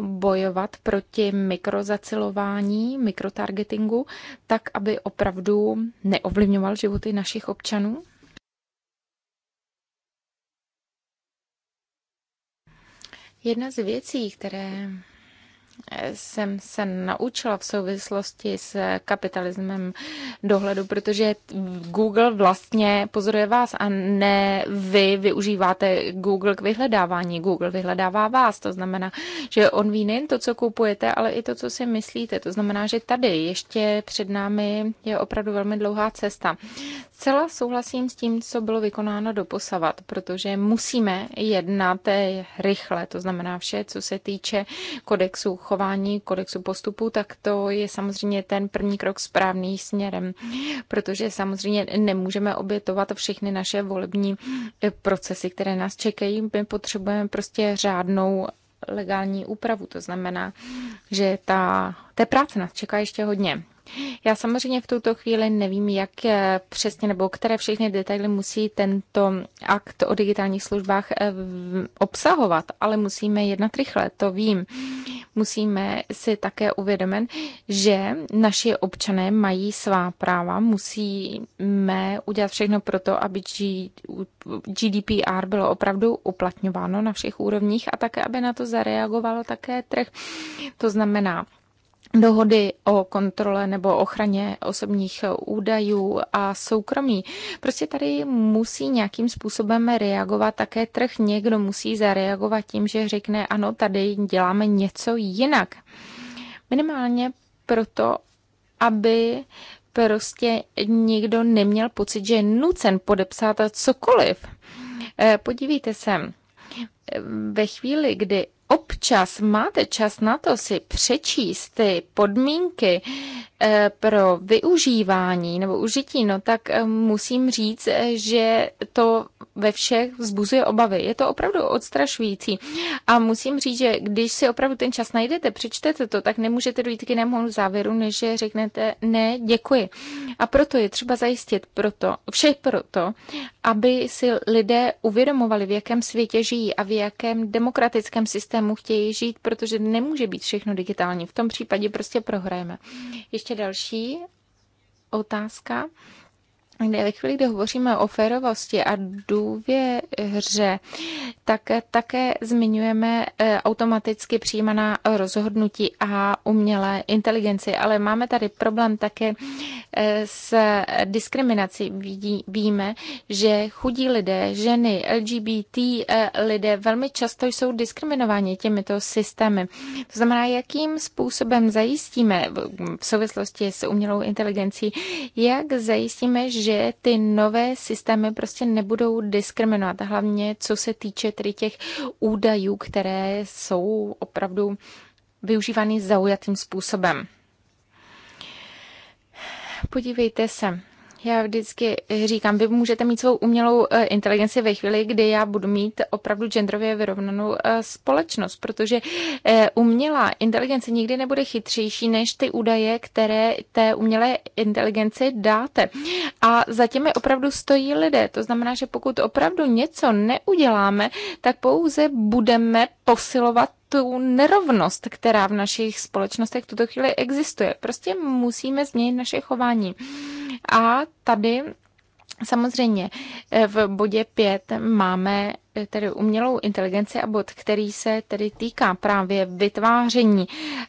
bojovat proti mikrozacilování, mikrotargetingu, tak, aby opravdu neovlivňoval životy našich občanů? Jedna z věcí, které jsem se naučila v souvislosti s kapitalismem dohledu, protože Google vlastně pozoruje vás a ne vy využíváte Google k vyhledávání. Google vyhledává vás, to znamená, že on ví nejen to, co kupujete, ale i to, co si myslíte. To znamená, že tady ještě před námi je opravdu velmi dlouhá cesta. Celá souhlasím s tím, co bylo vykonáno doposavat, protože musíme jednat rychle, to znamená vše, co se týče kodexu chování, kodexu postupu, tak to je samozřejmě ten první krok správný směrem, protože samozřejmě nemůžeme obětovat všechny naše volební eh, procesy, které nás čekají. My potřebujeme prostě řádnou legální úpravu. To znamená, že ta, té práce nás čeká ještě hodně. Já samozřejmě v tuto chvíli nevím, jak eh, přesně nebo které všechny detaily musí tento akt o digitálních službách eh, obsahovat, ale musíme jednat rychle, to vím. Musíme si také uvědomit, že naši občané mají svá práva, musíme udělat všechno pro to, aby GDPR bylo opravdu uplatňováno na všech úrovních a také, aby na to zareagoval také trh. To znamená, dohody o kontrole nebo ochraně osobních údajů a soukromí. Prostě tady musí nějakým způsobem reagovat také trh. Někdo musí zareagovat tím, že řekne, ano, tady děláme něco jinak. Minimálně proto, aby prostě nikdo neměl pocit, že je nucen podepsat cokoliv. Eh, podívejte se, ve chvíli, kdy občas máte čas na to si přečíst ty podmínky eh, pro využívání nebo užití, no tak eh, musím říct, eh, že to ve všech vzbuzuje obavy. Je to opravdu odstrašující. A musím říct, že když si opravdu ten čas najdete, přečtete to, tak nemůžete dojít k jinému závěru, než že řeknete ne, děkuji. A proto je třeba zajistit proto, vše proto, aby si lidé uvědomovali, v jakém světě žijí a v jakém demokratickém systému systému chtějí žít, protože nemůže být všechno digitální. V tom případě prostě prohrajeme. Ještě další otázka ve chvíli, kdy hovoříme o férovosti a důvěře, tak také zmiňujeme eh, automaticky přijímaná rozhodnutí a umělé inteligenci. Ale máme tady problém také eh, s diskriminací. víme, že chudí lidé, ženy, LGBT eh, lidé velmi často jsou diskriminováni těmito systémy. To znamená, jakým způsobem zajistíme v souvislosti s umělou inteligencí, jak zajistíme, že že ty nové systémy prostě nebudou diskriminovat, hlavně co se týče tedy těch údajů, které jsou opravdu využívány zaujatým způsobem. Podívejte se, já vždycky říkám, vy můžete mít svou umělou eh, inteligenci ve chvíli, kdy já budu mít opravdu genderově vyrovnanou eh, společnost, protože eh, umělá inteligence nikdy nebude chytřejší než ty údaje, které té umělé inteligenci dáte. A zatím je opravdu stojí lidé. To znamená, že pokud opravdu něco neuděláme, tak pouze budeme posilovat tu nerovnost, která v našich společnostech v tuto chvíli existuje. Prostě musíme změnit naše chování. A tady Samozřejmě eh, v bodě 5 máme eh, tedy umělou inteligenci a bod, který se tedy týká právě vytváření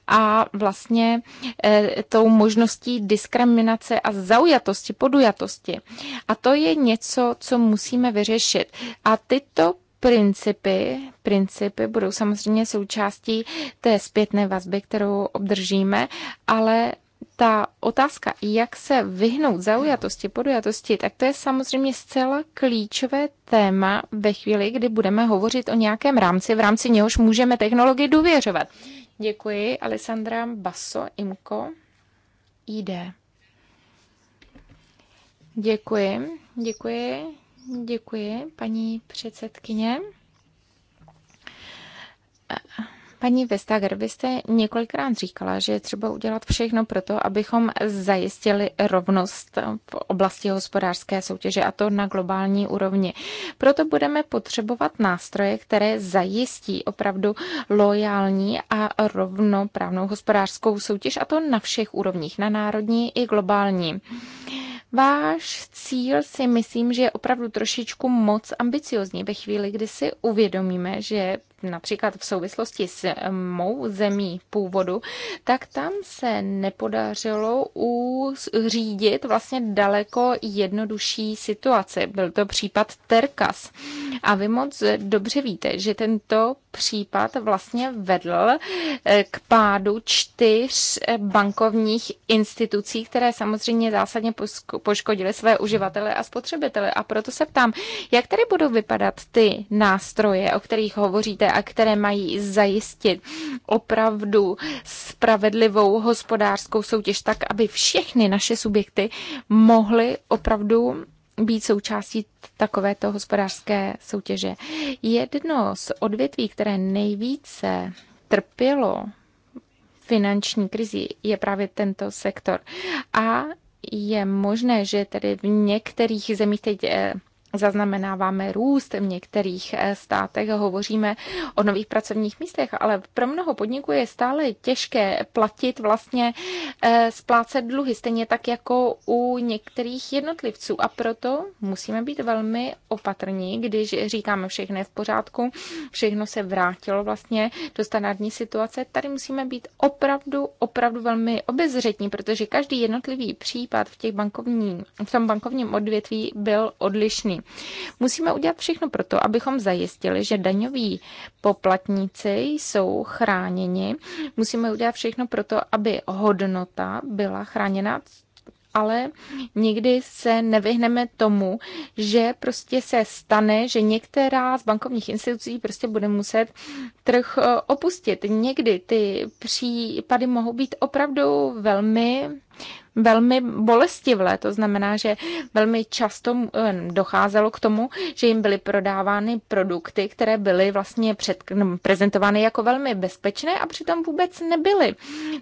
a vlastně e, tou možností diskriminace a zaujatosti, podujatosti. A to je něco, co musíme vyřešit. A tyto principy, principy budou samozřejmě součástí té zpětné vazby, kterou obdržíme, ale ta otázka, jak se vyhnout zaujatosti, podujatosti, tak to je samozřejmě zcela klíčové téma ve chvíli, kdy budeme hovořit o nějakém rámci, v rámci něhož můžeme technologii důvěřovat. Děkuji, Alessandra Basso, Imko, ID. Děkuji, děkuji, děkuji, paní předsedkyně. Uh Paní Vestager, vy jste několikrát říkala, že je třeba udělat všechno pro to, abychom zajistili rovnost v oblasti hospodářské soutěže a to na globální úrovni. Proto budeme potřebovat nástroje, které zajistí opravdu lojální a rovnoprávnou hospodářskou soutěž a to na všech úrovních, na národní i globální. Váš cíl si myslím, že je opravdu trošičku moc ambiciozní ve chvíli, kdy si uvědomíme, že například v souvislosti s eh, mou zemí původu, tak tam se nepodařilo uřídit vlastně daleko jednodušší situaci. Byl to případ Terkas. A vy moc dobře víte, že tento případ vlastně vedl eh, k pádu čtyř eh, bankovních institucí, které samozřejmě zásadně poškodily své uživatele a spotřebitele. A proto se ptám, jak tady budou vypadat ty nástroje, o kterých hovoříte a které mají zajistit opravdu spravedlivou hospodářskou soutěž tak, aby všechny naše subjekty mohly opravdu být součástí takovéto hospodářské soutěže. Jedno z odvětví, které nejvíce trpělo finanční krizi, je právě tento sektor. A je možné, že tedy v některých zemích teď eh, zaznamenáváme růst v některých eh, státech, hovoříme o nových pracovních místech, ale pro mnoho podniků je stále těžké platit vlastně eh, splácet dluhy, stejně tak jako u některých jednotlivců. A proto musíme být velmi opatrní, když říkáme všechno je v pořádku, všechno se vrátilo vlastně do standardní situace. Tady musíme být opravdu, opravdu velmi obezřetní, protože každý jednotlivý případ v, těch bankovní, v tom bankovním odvětví byl odlišný. Musíme udělat všechno pro to, abychom zajistili, že daňoví poplatníci jsou chráněni. Musíme udělat všechno pro to, aby hodnota byla chráněna ale nikdy se nevyhneme tomu, že prostě se stane, že některá z bankovních institucí prostě bude muset trh eh, opustit. Někdy ty případy mohou být opravdu velmi velmi bolestivé. To znamená, že velmi často eh, docházelo k tomu, že jim byly prodávány produkty, které byly vlastně před, no, prezentovány jako velmi bezpečné a přitom vůbec nebyly.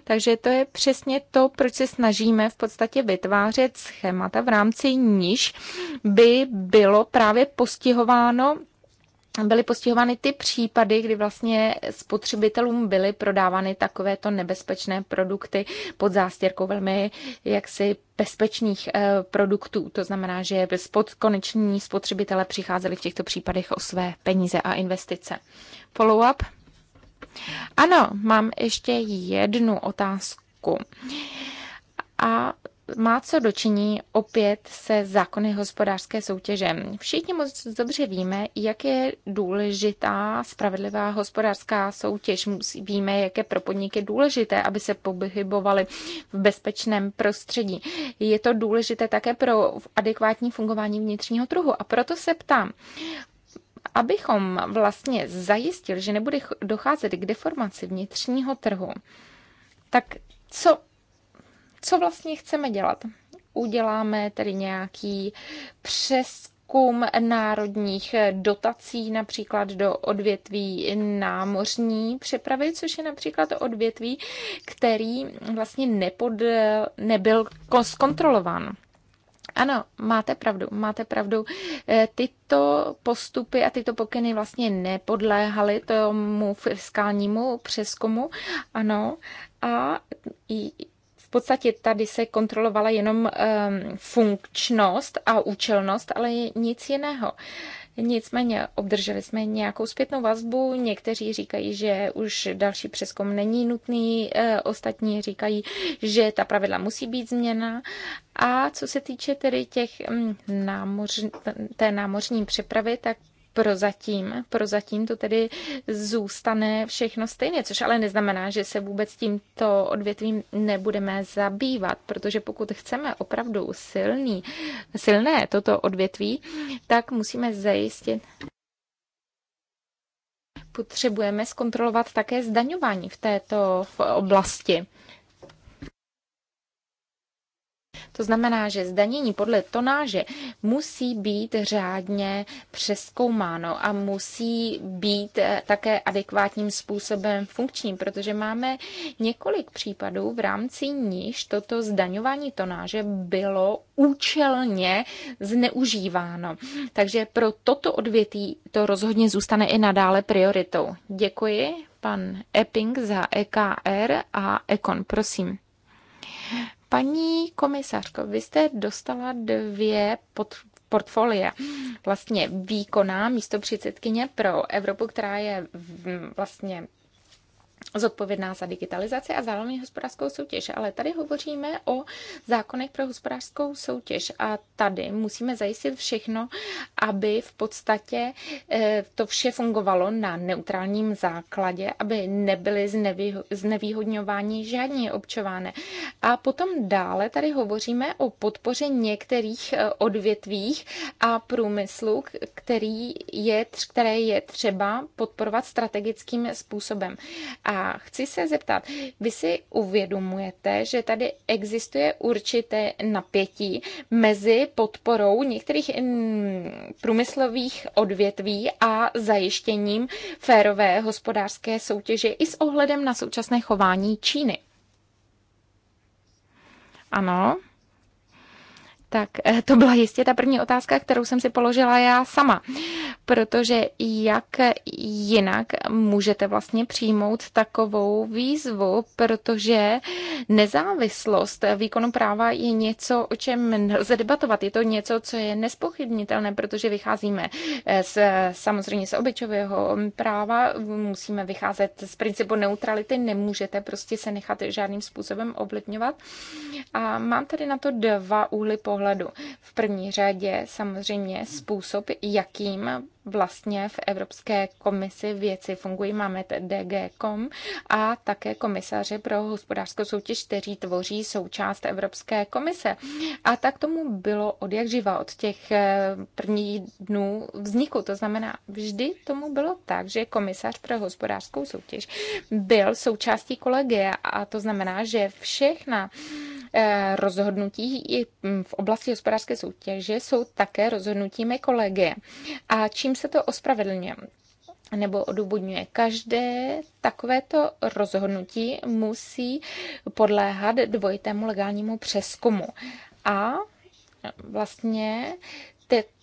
Takže to je přesně to, proč se snažíme v podstatě vytvářet schémata, v rámci níž by bylo právě postihováno byly postihovány ty případy, kdy vlastně spotřebitelům byly prodávány takovéto nebezpečné produkty pod zástěrkou velmi jaksi bezpečných eh, produktů. To znamená, že spod, koneční spotřebitele přicházeli v těchto případech o své peníze a investice. Follow-up? Ano, mám ještě jednu otázku. A má co dočiní opět se zákony hospodářské soutěže. Všichni moc dobře víme, jak je důležitá spravedlivá hospodářská soutěž. Víme, jak je pro podniky důležité, aby se pohybovaly v bezpečném prostředí. Je to důležité také pro adekvátní fungování vnitřního trhu. A proto se ptám, abychom vlastně zajistili, že nebude docházet k deformaci vnitřního trhu, tak co co vlastně chceme dělat. Uděláme tedy nějaký přes národních dotací například do odvětví námořní přepravy, což je například odvětví, který vlastně nepod, nebyl zkontrolován. Ano, máte pravdu, máte pravdu. E, tyto postupy a tyto pokyny vlastně nepodléhaly tomu fiskálnímu přeskumu, ano, a v podstatě tady se kontrolovala jenom ehm, funkčnost a účelnost, ale nic jiného. Nicméně obdrželi jsme nějakou zpětnou vazbu, někteří říkají, že už další přeskum není nutný, eh, ostatní říkají, že ta pravidla musí být změna. A co se týče tedy těch mm, námoř, té námořní přepravy, tak prozatím, prozatím to tedy zůstane všechno stejné, což ale neznamená, že se vůbec tímto odvětvím nebudeme zabývat, protože pokud chceme opravdu silný, silné toto odvětví, tak musíme zajistit potřebujeme zkontrolovat také zdaňování v této oblasti. To znamená, že zdanění podle tonáže musí být řádně přeskoumáno a musí být eh, také adekvátním způsobem funkční, protože máme několik případů, v rámci níž toto zdaňování tonáže bylo účelně zneužíváno. Takže pro toto odvětví to rozhodně zůstane i nadále prioritou. Děkuji, pan Epping za EKR a Ekon, prosím. Paní komisařko, vy jste dostala dvě pod portfolia. Vlastně výkonná místo předsedkyně pro Evropu, která je vlastně zodpovědná za digitalizaci a zároveň hospodářskou soutěž. Ale tady hovoříme o zákonech pro hospodářskou soutěž a tady musíme zajistit všechno, aby v podstatě eh, to vše fungovalo na neutrálním základě, aby nebyly znevýhodňováni žádní občováne. A potom dále tady hovoříme o podpoře některých eh, odvětvích a průmyslu, který je, které je třeba podporovat strategickým způsobem. A chci se zeptat, vy si uvědomujete, že tady existuje určité napětí mezi podporou některých mm, průmyslových odvětví a zajištěním férové hospodářské soutěže i s ohledem na současné chování Číny? Ano. Tak eh, to byla jistě ta první otázka, kterou jsem si položila já sama, protože jak jinak můžete vlastně přijmout takovou výzvu, protože nezávislost výkonu práva je něco, o čem nelze debatovat. Je to něco, co je nespochybnitelné, protože vycházíme eh, z, samozřejmě z obyčového práva, musíme vycházet z principu neutrality, nemůžete prostě se nechat žádným způsobem ovlivňovat. A mám tady na to dva úhly pohledu ohledu. V první řadě samozřejmě způsob, jakým vlastně v Evropské komisi věci fungují. Máme DG.com a také komisaře pro hospodářskou soutěž, kteří tvoří součást Evropské komise. A tak tomu bylo od jak živa, od těch eh, prvních dnů vzniku. To znamená, vždy tomu bylo tak, že komisař pro hospodářskou soutěž byl součástí kolegie a to znamená, že všechna eh, rozhodnutí i v oblasti hospodářské soutěže jsou také rozhodnutími kolegie. A čím se to ospravedlňuje nebo odůvodňuje. Každé takovéto rozhodnutí musí podléhat dvojitému legálnímu přeskumu. A vlastně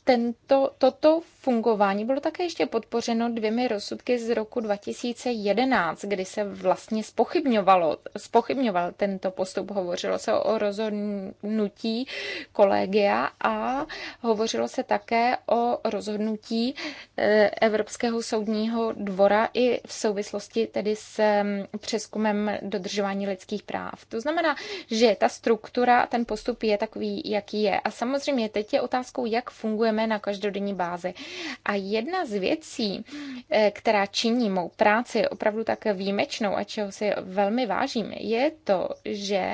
tento, toto fungování bylo také ještě podpořeno dvěmi rozsudky z roku 2011, kdy se vlastně spochybňovalo, spochybňoval tento postup. Hovořilo se o rozhodnutí kolegia a hovořilo se také o rozhodnutí eh, Evropského soudního dvora i v souvislosti tedy s mm, přeskumem dodržování lidských práv. To znamená, že ta struktura, ten postup je takový, jaký je. A samozřejmě teď je otázkou, jak funguje pracujeme na každodenní bázi. A jedna z věcí, eh, která činí mou práci opravdu tak výjimečnou a čeho si velmi vážím, je to, že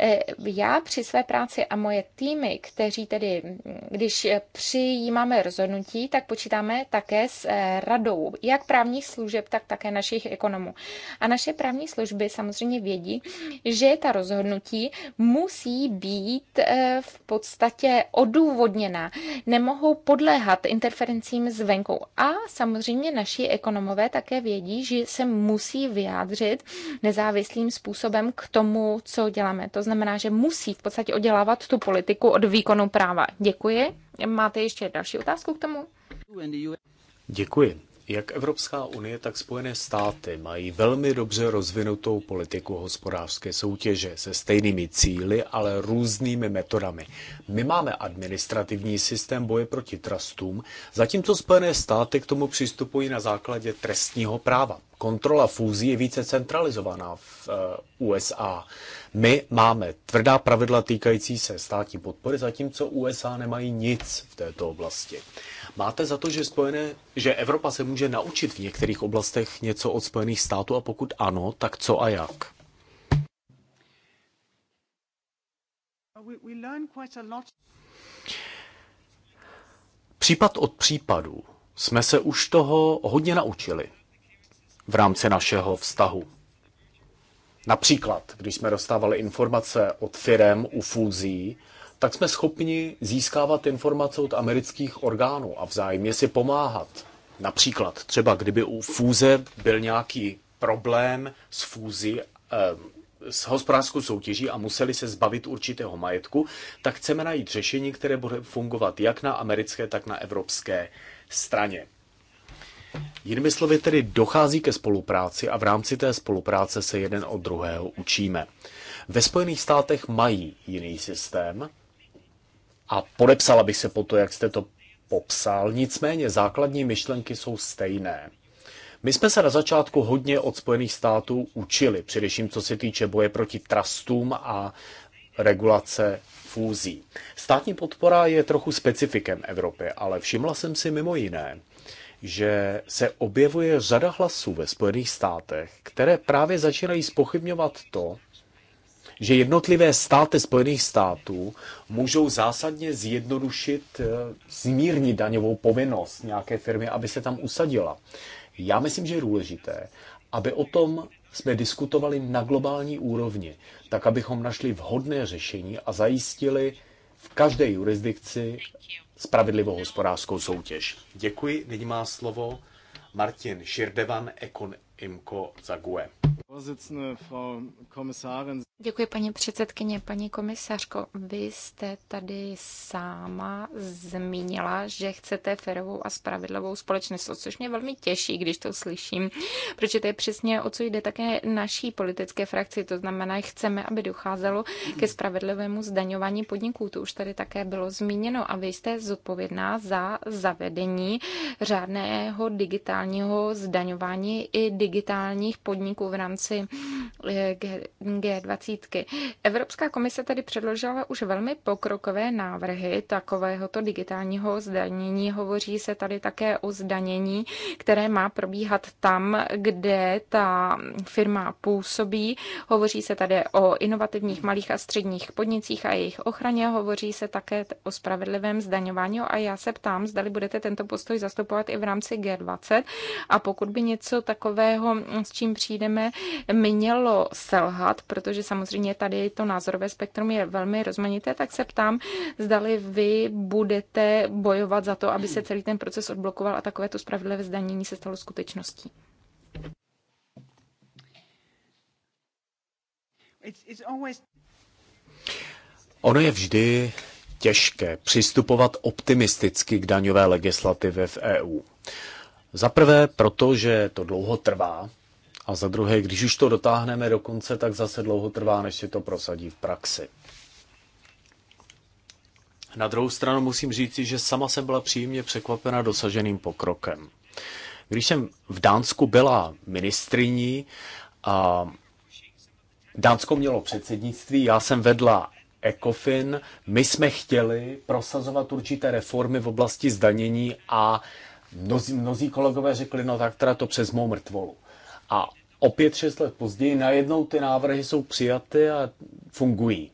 eh, já při své práci a moje týmy, kteří tedy, když přijímáme rozhodnutí, tak počítáme také s eh, radou, jak právních služeb, tak také našich ekonomů. A naše právní služby samozřejmě vědí, že ta rozhodnutí musí být v podstatě odůvodněná. Nemo mohou podléhat interferencím zvenku. A samozřejmě naši ekonomové také vědí, že se musí vyjádřit nezávislým způsobem k tomu, co děláme. To znamená, že musí v podstatě oddělávat tu politiku od výkonu práva. Děkuji. Máte ještě další otázku k tomu? Děkuji. Jak Evropská unie, tak Spojené státy mají velmi dobře rozvinutou politiku hospodářské soutěže se stejnými cíly, ale různými metodami. My máme administrativní systém boje proti trustům, zatímco Spojené státy k tomu přistupují na základě trestního práva. Kontrola fúzí je více centralizovaná v eh, USA. My máme tvrdá pravidla týkající se státní podpory, zatímco USA nemají nic v této oblasti. Máte za to, že, spojené, že Evropa se může naučit v některých oblastech něco od Spojených států a pokud ano, tak co a jak? Případ od případů jsme se už toho hodně naučili v rámci našeho vztahu. Například, když jsme dostávali informace od firem u fúzí, tak jsme schopni získávat informace od amerických orgánů a vzájemně si pomáhat. Například třeba, kdyby u fúze byl nějaký problém s fúzi, eh, s hospodářskou soutěží a museli se zbavit určitého majetku, tak chceme najít řešení, které bude fungovat jak na americké, tak na evropské straně. Jinými slovy tedy dochází ke spolupráci a v rámci té spolupráce se jeden od druhého učíme. Ve Spojených státech mají jiný systém, a podepsala bych se po to, jak jste to popsal, nicméně základní myšlenky jsou stejné. My jsme se na začátku hodně od Spojených států učili, především co se týče boje proti trustům a regulace fúzí. Státní podpora je trochu specifikem Evropy, ale všimla jsem si mimo jiné, že se objevuje řada hlasů ve Spojených státech, které právě začínají spochybňovat to, že jednotlivé státy Spojených států můžou zásadně zjednodušit, eh, zmírnit daňovou povinnost nějaké firmy, aby se tam usadila. Já myslím, že je důležité, aby o tom jsme diskutovali na globální úrovni, tak abychom našli vhodné řešení a zajistili v každé jurisdikci spravedlivou hospodářskou soutěž. Děkuji. Nyní má slovo Martin Širdevan, Ekon Imko Zague. Děkuji, paní předsedkyně. Paní komisařko, vy jste tady sama zmínila, že chcete ferovou a spravedlivou společnost, což mě velmi těší, když to slyším, protože to je přesně o co jde také naší politické frakci. To znamená, že chceme, aby docházelo ke spravedlivému zdaňování podniků. To už tady také bylo zmíněno a vy jste zodpovědná za zavedení řádného digitálního zdaňování i digitálních podniků v rámci eh, G20 desítky. Evropská komise tedy předložila už velmi pokrokové návrhy takovéhoto digitálního zdanění. Hovoří se tady také o zdanění, které má probíhat tam, kde ta firma působí. Hovoří se tady o inovativních malých a středních podnicích a jejich ochraně. Hovoří se také o spravedlivém zdaňování a já se ptám, zdali budete tento postoj zastupovat i v rámci G20 a pokud by něco takového, s čím přijdeme, mělo selhat, protože samozřejmě samozřejmě tady to názorové spektrum je velmi rozmanité, tak se ptám, zdali vy budete bojovat za to, aby se celý ten proces odblokoval a takovéto spravedlivé zdanění se stalo skutečností. Ono je vždy těžké přistupovat optimisticky k daňové legislativě v EU. Za prvé, protože to dlouho trvá, a za druhé, když už to dotáhneme do konce, tak zase dlouho trvá, než se to prosadí v praxi. Na druhou stranu musím říci, že sama jsem byla příjemně překvapena dosaženým pokrokem. Když jsem v Dánsku byla ministriní, a Dánsko mělo předsednictví, já jsem vedla ECOFIN, my jsme chtěli prosazovat určité reformy v oblasti zdanění a mnozí, mnozí kolegové řekli, no tak teda to přes mou mrtvolu. A opět šest let později najednou ty návrhy jsou přijaty a fungují.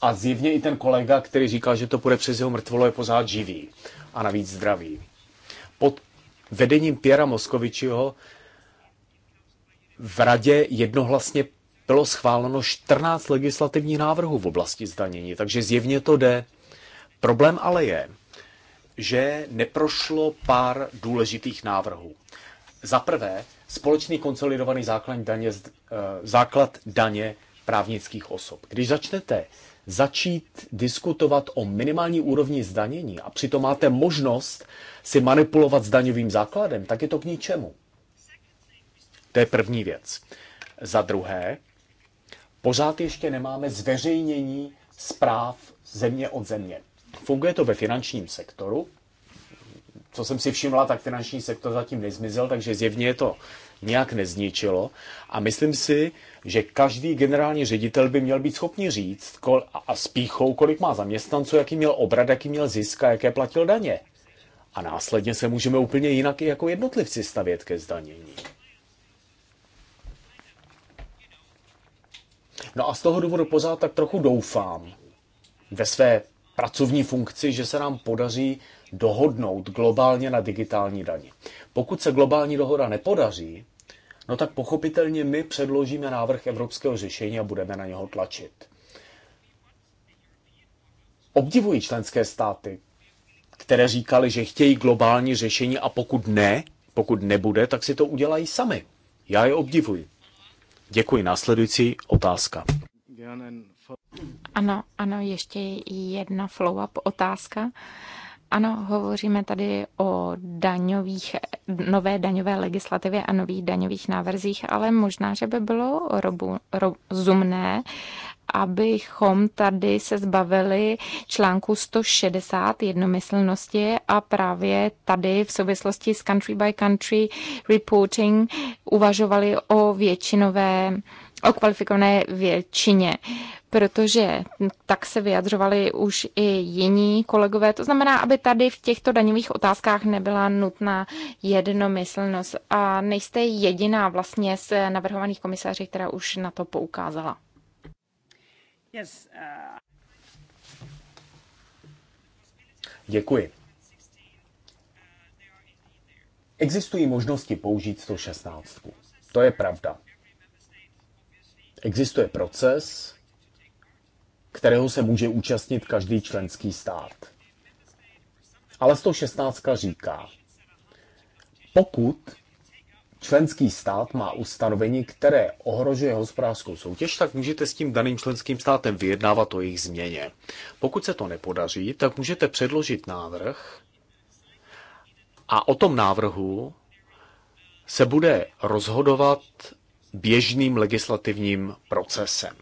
A zjevně i ten kolega, který říkal, že to půjde přes jeho mrtvolo, je pořád živý a navíc zdravý. Pod vedením Piera Moskovičiho v radě jednohlasně bylo schváleno 14 legislativních návrhů v oblasti zdanění, takže zjevně to jde. Problém ale je, že neprošlo pár důležitých návrhů. Za prvé, společný konsolidovaný základ daně, eh, základ daně právnických osob. Když začnete začít diskutovat o minimální úrovni zdanění a přitom máte možnost si manipulovat s daňovým základem, tak je to k ničemu. To je první věc. Za druhé, pořád ještě nemáme zveřejnění zpráv země od země. Funguje to ve finančním sektoru, co jsem si všimla, tak finanční sektor zatím nezmizel, takže zjevně je to nějak nezničilo. A myslím si, že každý generální ředitel by měl být schopný říct kol, a spíchou, kolik má zaměstnanců, jaký měl obrad, jaký měl zisk a jaké platil daně. A následně se můžeme úplně jinak i jako jednotlivci stavět ke zdanění. No a z toho důvodu pořád tak trochu doufám ve své pracovní funkci, že se nám podaří dohodnout globálně na digitální dani. Pokud se globální dohoda nepodaří, no tak pochopitelně my předložíme návrh evropského řešení a budeme na něho tlačit. Obdivují členské státy, které říkali, že chtějí globální řešení a pokud ne, pokud nebude, tak si to udělají sami. Já je obdivuji. Děkuji. Následující otázka. Ano, ano, ještě jedna follow-up otázka. Ano, hovoříme tady o daňových, nové daňové legislativě a nových daňových návrzích, ale možná, že by bylo robu, rozumné, abychom tady se zbavili článku 160 jednomyslnosti a právě tady v souvislosti s country by country reporting uvažovali o většinové o kvalifikované většině protože tak se vyjadřovali už i jiní kolegové. To znamená, aby tady v těchto daňových otázkách nebyla nutná jednomyslnost a nejste jediná vlastně z navrhovaných komisaří, která už na to poukázala. Yes, uh... Děkuji. Existují možnosti použít 116. To je pravda. Existuje proces, kterého se může účastnit každý členský stát. Ale 116 říká, pokud členský stát má ustanovení, které ohrožuje hospodářskou soutěž, tak můžete s tím daným členským státem vyjednávat o jejich změně. Pokud se to nepodaří, tak můžete předložit návrh a o tom návrhu se bude rozhodovat běžným legislativním procesem.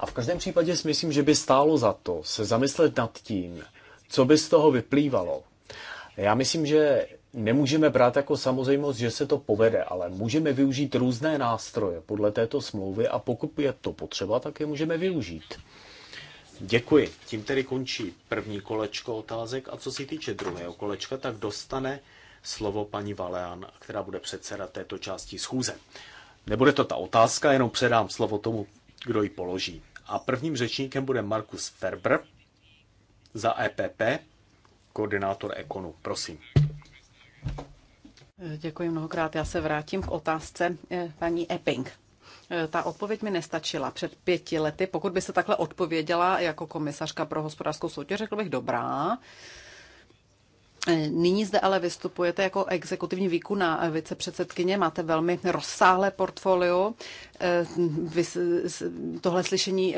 A v každém případě si myslím, že by stálo za to se zamyslet nad tím, co by z toho vyplývalo. Já myslím, že nemůžeme brát jako samozřejmost, že se to povede, ale můžeme využít různé nástroje podle této smlouvy a pokud je to potřeba, tak je můžeme využít. Děkuji. Tím tedy končí první kolečko otázek a co se týče druhého kolečka, tak dostane slovo paní Valean, která bude předsedat této části schůze. Nebude to ta otázka, jenom předám slovo tomu kdo ji položí. A prvním řečníkem bude Markus Ferber za EPP, koordinátor Ekonu. Prosím. Děkuji mnohokrát. Já se vrátím k otázce eh, paní Epping. Eh, ta odpověď mi nestačila. Před pěti lety, pokud by se takhle odpověděla jako komisařka pro hospodářskou soutěž, řekl bych dobrá. E, nyní zde ale vystupujete jako exekutivní výkona e, vicepředsedkyně, máte velmi rozsáhlé portfolio. E, tohle slyšení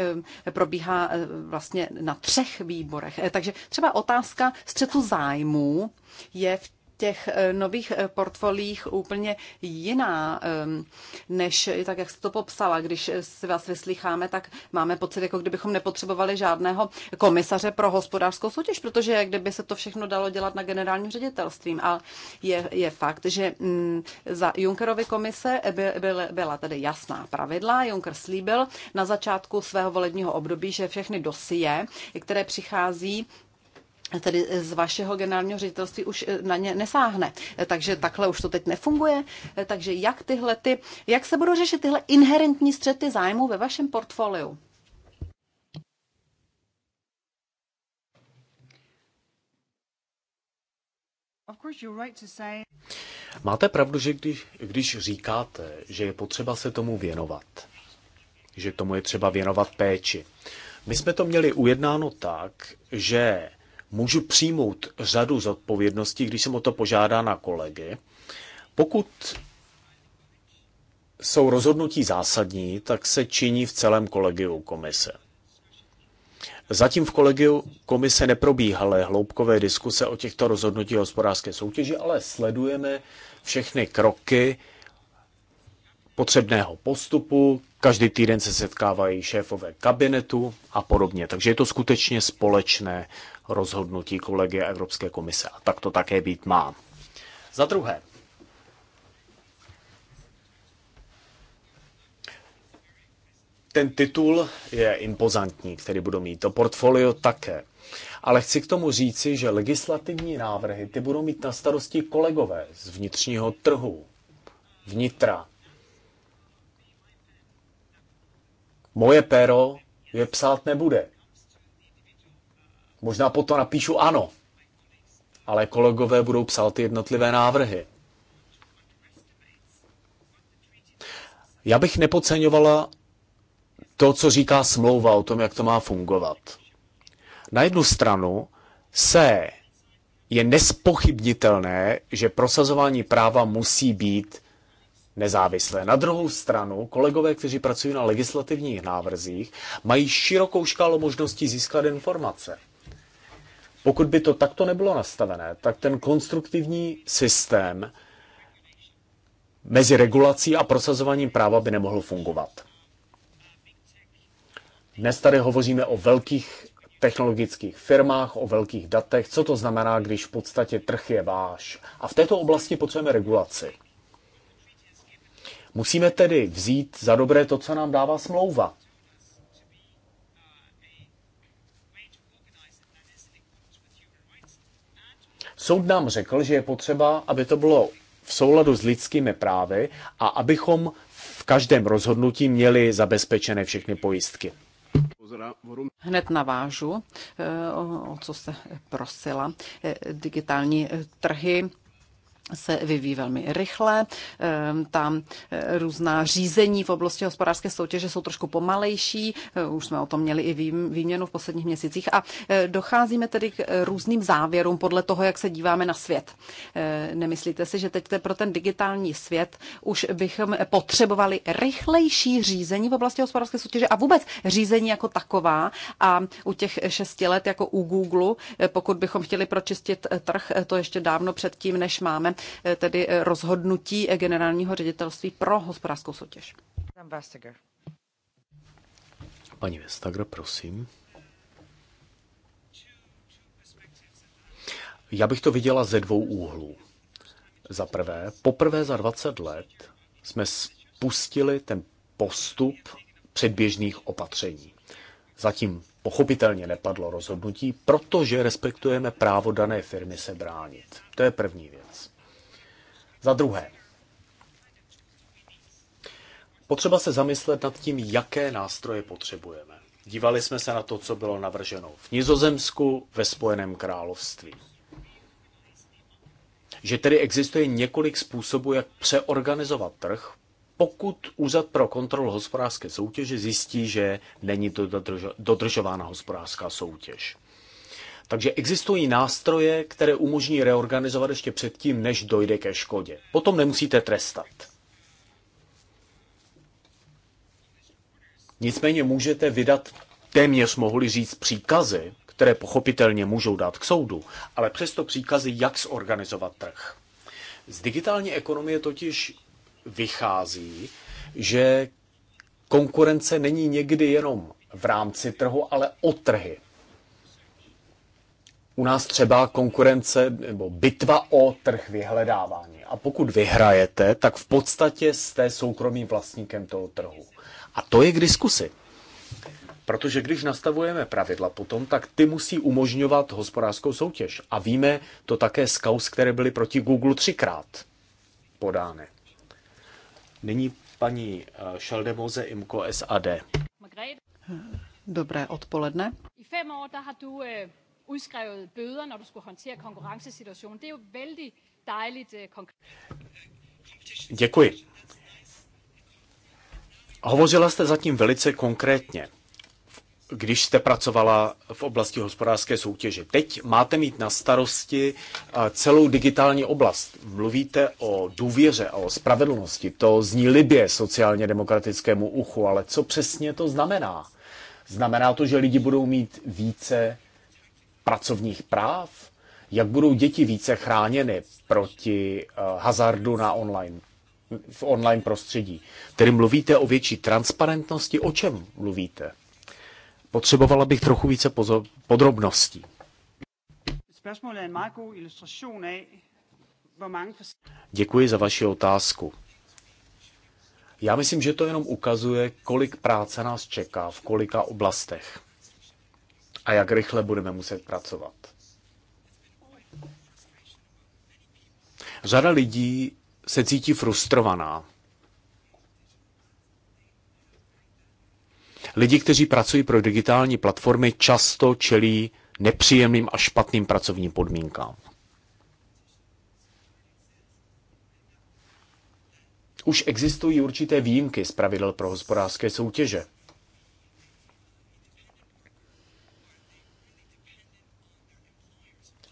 probíhá vlastně na třech výborech. Takže třeba otázka střetu zájmů je v těch eh, nových eh, portfolích úplně jiná, ehm, než tak, jak jste to popsala. Když si vás vyslycháme, tak máme pocit, jako kdybychom nepotřebovali žádného komisaře pro hospodářskou soutěž, protože jak kdyby se to všechno dalo dělat na generálním ředitelstvím. A je, je fakt, že mm, za Junckerovy komise by, by, byla tedy jasná pravidla. Juncker slíbil na začátku svého volebního období, že všechny dosie, které přichází, tedy z vašeho generálního ředitelství už eh, na ně nesáhne. Eh, takže takhle už to teď nefunguje. Eh, takže jak tyhle ty, jak se budou řešit tyhle inherentní střety zájmu ve vašem portfoliu? Máte pravdu, že když, když říkáte, že je potřeba se tomu věnovat, že tomu je třeba věnovat péči. My jsme to měli ujednáno tak, že můžu přijmout řadu zodpovědností, když jsem o to požádá na kolegy. Pokud jsou rozhodnutí zásadní, tak se činí v celém kolegiu komise. Zatím v kolegiu komise neprobíhaly hloubkové diskuse o těchto rozhodnutí hospodářské soutěže, ale sledujeme všechny kroky, potřebného postupu, každý týden se setkávají šéfové kabinetu a podobně. Takže je to skutečně společné rozhodnutí kolegy a Evropské komise. A tak to také být má. Za druhé, ten titul je impozantní, který budou mít, to portfolio také. Ale chci k tomu říci, že legislativní návrhy ty budou mít na starosti kolegové z vnitřního trhu, vnitra, moje péro je psát nebude. Možná potom napíšu ano, ale kolegové budou psát ty jednotlivé návrhy. Já bych nepodceňovala to, co říká smlouva o tom, jak to má fungovat. Na jednu stranu se je nespochybnitelné, že prosazování práva musí být nezávislé. Na druhou stranu, kolegové, kteří pracují na legislativních návrzích, mají širokou škálu možností získat informace. Pokud by to takto nebylo nastavené, tak ten konstruktivní systém mezi regulací a prosazováním práva by nemohl fungovat. Dnes tady hovoříme o velkých technologických firmách, o velkých datech, co to znamená, když v podstatě trh je váš. A v této oblasti potřebujeme regulaci. Musíme tedy vzít za dobré to, co nám dává smlouva. Soud nám řekl, že je potřeba, aby to bylo v souladu s lidskými právy a abychom v každém rozhodnutí měli zabezpečené všechny pojistky. Hned navážu, eh, o co se prosila. Eh, digitální eh, trhy se vyvíjí velmi rychle. Ehm, tam eh, různá řízení v oblasti hospodářské soutěže jsou trošku pomalejší. Eh, už jsme o tom měli i výměnu v posledních měsících. A eh, docházíme tedy k různým závěrům podle toho, jak se díváme na svět. Nemyslíte si, že teď pro ten digitální svět už bychom potřebovali rychlejší řízení v oblasti hospodářské soutěže a vůbec řízení jako taková. A u těch šesti let jako u Google, pokud bychom chtěli pročistit trh, to ještě dávno předtím, než máme Eh, tedy eh, rozhodnutí eh, generálního ředitelství pro hospodářskou soutěž. Pani Vestager, prosím. Já bych to viděla ze dvou úhlů. Za prvé, poprvé za 20 let jsme spustili ten postup předběžných opatření. Zatím pochopitelně nepadlo rozhodnutí, protože respektujeme právo dané firmy se bránit. To je první věc. Za druhé, potřeba se zamyslet nad tím, jaké nástroje potřebujeme. Dívali jsme se na to, co bylo navrženo v Nizozemsku, ve Spojeném království. Že tedy existuje několik způsobů, jak přeorganizovat trh, pokud Úřad pro kontrolu hospodářské soutěže zjistí, že není to dodržována hospodářská soutěž. Takže existují nástroje, které umožní reorganizovat ještě předtím, než dojde ke škodě. Potom nemusíte trestat. Nicméně můžete vydat, téměř mohli říct, příkazy, které pochopitelně můžou dát k soudu, ale přesto příkazy, jak zorganizovat trh. Z digitální ekonomie totiž vychází, že konkurence není někdy jenom v rámci trhu, ale o trhy u nás třeba konkurence nebo bitva o trh vyhledávání. A pokud vyhrajete, tak v podstatě jste soukromým vlastníkem toho trhu. A to je k diskusi. Protože když nastavujeme pravidla potom, tak ty musí umožňovat hospodářskou soutěž. A víme to také z kaus, které byly proti Google třikrát podány. Nyní paní eh, Šaldemoze Imko SAD. Dobré odpoledne. I udskrevet bøder, når du skulle håndtere konkurrencesituationen. Det er jo vældig dejligt uh, konkret. Děkuji. Hovořila jste zatím velice konkrétně, když jste pracovala v oblasti hospodářské soutěže. Teď máte mít na starosti celou digitální oblast. Mluvíte o důvěře a o spravedlnosti. To zní libě sociálně demokratickému uchu, ale co přesně to znamená? Znamená to, že lidi budou mít více pracovních práv? Jak budou děti více chráněny proti eh, hazardu na online, v online prostředí? Tedy mluvíte o větší transparentnosti, o čem mluvíte? Potřebovala bych trochu více pozor, podrobností. Er Děkuji za vaši otázku. Já myslím, že to jenom ukazuje, kolik práce nás čeká v kolika oblastech a jak rychle budeme muset pracovat. Řada lidí se cítí frustrovaná. Lidi, kteří pracují pro digitální platformy, často čelí nepříjemným a špatným pracovním podmínkám. Už existují určité výjimky z pravidel pro hospodářské soutěže.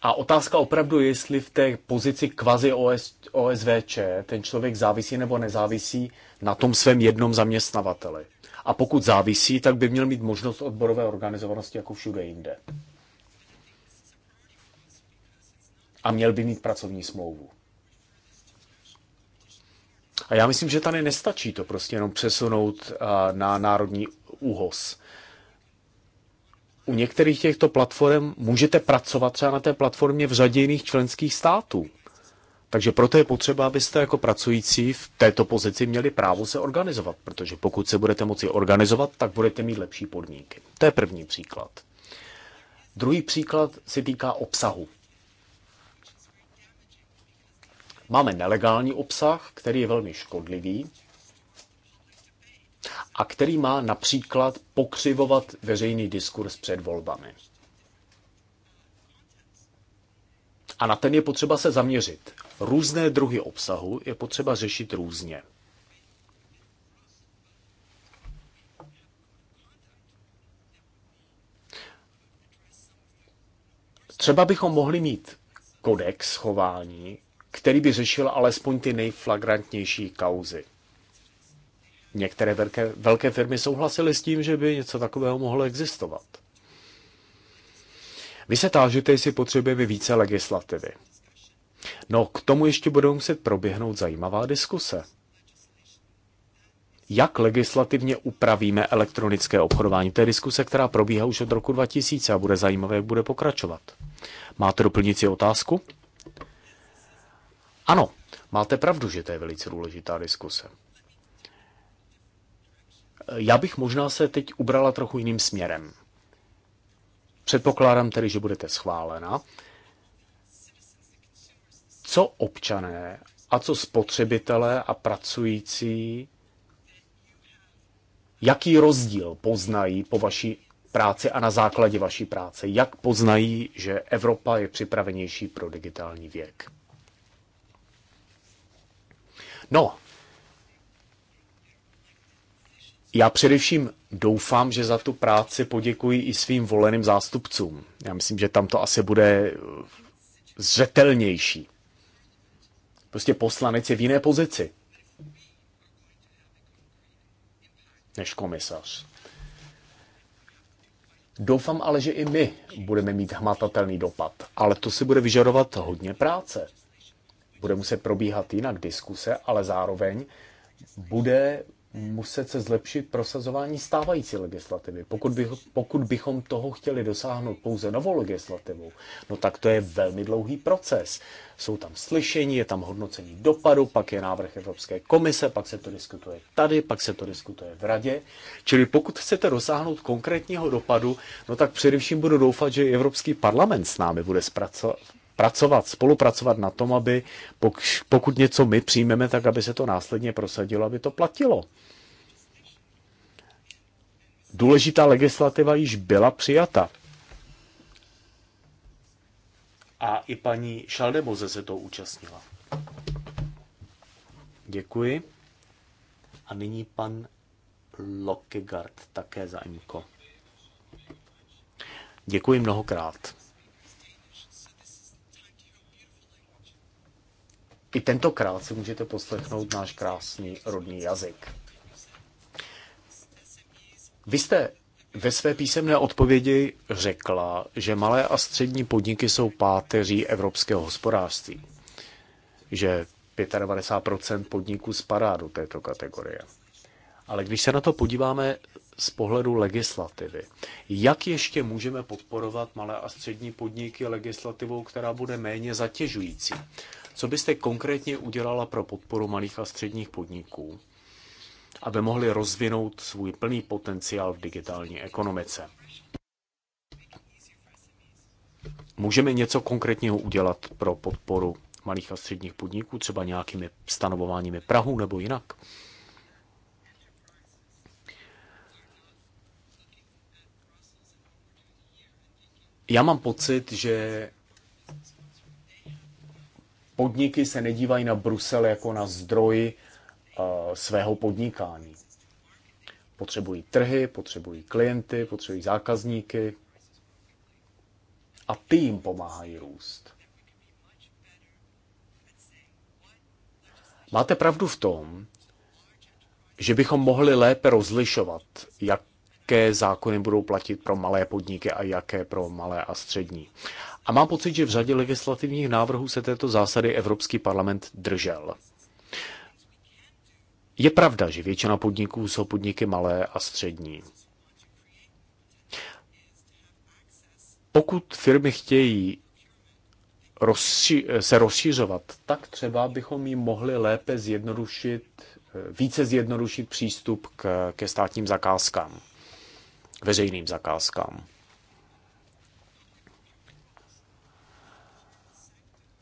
A otázka opravdu jestli v té pozici kvazi OS, OSVČ ten člověk závisí nebo nezávisí na tom svém jednom zaměstnavateli. A pokud závisí, tak by měl mít možnost odborové organizovanosti jako všude jinde. A měl by mít pracovní smlouvu. A já myslím, že tady nestačí to prostě jenom přesunout na národní úhos u některých těchto platform můžete pracovat třeba na té platformě v řadě jiných členských států. Takže proto je potřeba, abyste jako pracující v této pozici měli právo se organizovat, protože pokud se budete moci organizovat, tak budete mít lepší podmínky. To je první příklad. Druhý příklad se týká obsahu. Máme nelegální obsah, který je velmi škodlivý, a který má například pokřivovat veřejný diskurs před volbami. A na ten je potřeba se zaměřit. Různé druhy obsahu je potřeba řešit různě. Třeba bychom mohli mít kodex chování, který by řešil alespoň ty nejflagrantnější kauzy. Některé velké, velké firmy souhlasily s tím, že by něco takového mohlo existovat. Vy se tážete, jestli potřebujeme více legislativy. No, k tomu ještě budou muset proběhnout zajímavá diskuse. Jak legislativně upravíme elektronické obchodování? To je diskuse, která probíhá už od roku 2000 a bude zajímavé, jak bude pokračovat. Máte doplnící otázku? Ano, máte pravdu, že to je velice důležitá diskuse. Já bych možná se teď ubrala trochu jiným směrem. Předpokládám tedy, že budete schválena. Co občané a co spotřebitelé a pracující, jaký rozdíl poznají po vaší práci a na základě vaší práce, jak poznají, že Evropa je připravenější pro digitální věk? No, já především doufám, že za tu práci poděkuji i svým voleným zástupcům. Já myslím, že tam to asi bude eh, zřetelnější. Prostě poslanec je v jiné pozici než komisař. Doufám ale, že i my budeme mít hmatatelný dopad, ale to si bude vyžadovat hodně práce. Bude muset probíhat jinak diskuse, ale zároveň bude muset se zlepšit prosazování stávající legislativy. Pokud, bych, pokud bychom toho chtěli dosáhnout pouze novou legislativou, no tak to je velmi dlouhý proces. Jsou tam slyšení, je tam hodnocení dopadu, pak je návrh Evropské komise, pak se to diskutuje tady, pak se to diskutuje v radě. Čili pokud chcete dosáhnout konkrétního dopadu, no tak především budu doufat, že Evropský parlament s námi bude pracovat, spolupracovat na tom, aby pokud něco my přijmeme, tak aby se to následně prosadilo, aby to platilo. Důležitá legislativa již byla přijata. A i paní Šaldemoze se to účastnila. Děkuji. A nyní pan Lockegard také za Imko. Děkuji mnohokrát. I tentokrát si můžete poslechnout náš krásný rodný jazyk. Vy jste ve své písemné odpovědi řekla, že malé a střední podniky jsou páteří evropského hospodářství, že 95 podniků spadá do této kategorie. Ale když se na to podíváme z pohledu legislativy, jak ještě můžeme podporovat malé a střední podniky legislativou, která bude méně zatěžující? Co byste konkrétně udělala pro podporu malých a středních podniků, aby mohli rozvinout svůj plný potenciál v digitální ekonomice? Můžeme něco konkrétního udělat pro podporu malých a středních podniků, třeba nějakými stanovováními Prahu nebo jinak? Já mám pocit, že podniky se nedívají na Brusel jako na zdroj eh, svého podnikání. Potřebují trhy, potřebují klienty, potřebují zákazníky a ty jim pomáhají růst. Máte pravdu v tom, že bychom mohli lépe rozlišovat, jaké zákony budou platit pro malé podniky a jaké pro malé a střední. A mám pocit, že v řadě legislativních návrhů se této zásady Evropský parlament držel. Je pravda, že většina podniků jsou podniky malé a střední. Pokud firmy chtějí rozši- se rozšiřovat, tak třeba bychom jim mohli lépe zjednodušit, více zjednodušit přístup k, ke státním zakázkám, veřejným zakázkám.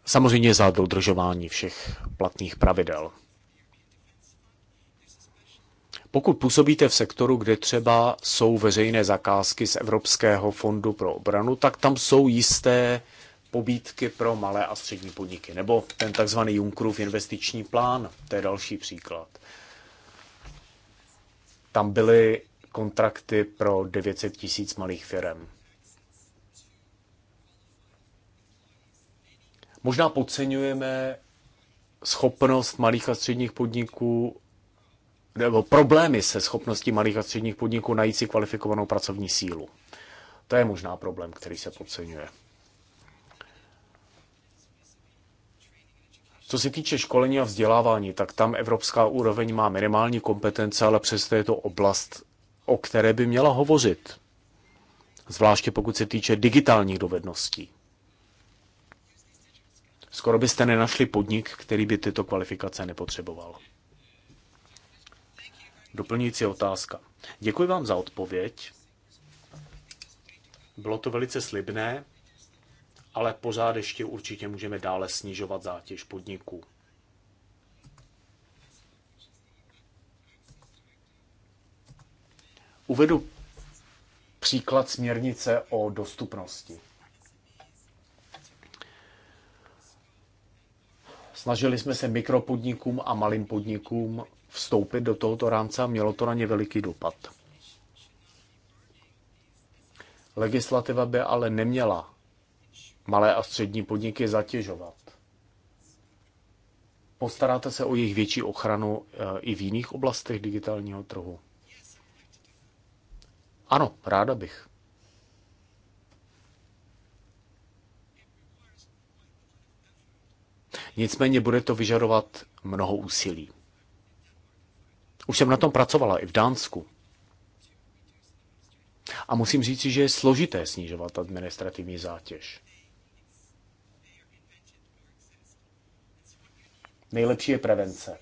Samozřejmě za dodržování všech platných pravidel. Pokud působíte v sektoru, kde třeba jsou veřejné zakázky z Evropského fondu pro obranu, tak tam jsou jisté pobídky pro malé a střední podniky, nebo ten tzv. Junckerův investiční plán, to je další příklad. Tam byly kontrakty pro 900 tisíc malých firm. Možná podceňujeme schopnost malých a středních podniků nebo problémy se schopností malých a středních podniků najít si kvalifikovanou pracovní sílu. To je možná problém, který se podceňuje. Co se týče školení a vzdělávání, tak tam evropská úroveň má minimální kompetence, ale přesto je to oblast, o které by měla hovořit. Zvláště pokud se týče digitálních dovedností. Skoro byste nenašli podnik, který by tyto kvalifikace nepotřeboval. Doplňující otázka. Děkuji vám za odpověď. Bylo to velice slibné, ale pořád ještě určitě můžeme dále snižovat zátěž podniků. Uvedu příklad směrnice o dostupnosti. Snažili jsme se mikropodnikům a malým podnikům vstoupit do tohoto rámce a mělo to na ně veliký dopad. Legislativa by ale neměla malé a střední podniky zatěžovat. Postaráte se o jejich větší ochranu eh, i v jiných oblastech digitálního trhu? Ano, ráda bych. Nicméně bude to vyžadovat mnoho úsilí. Už jsem na tom pracovala i v Dánsku. A musím říct, že je složité snižovat administrativní zátěž. Nejlepší je prevence.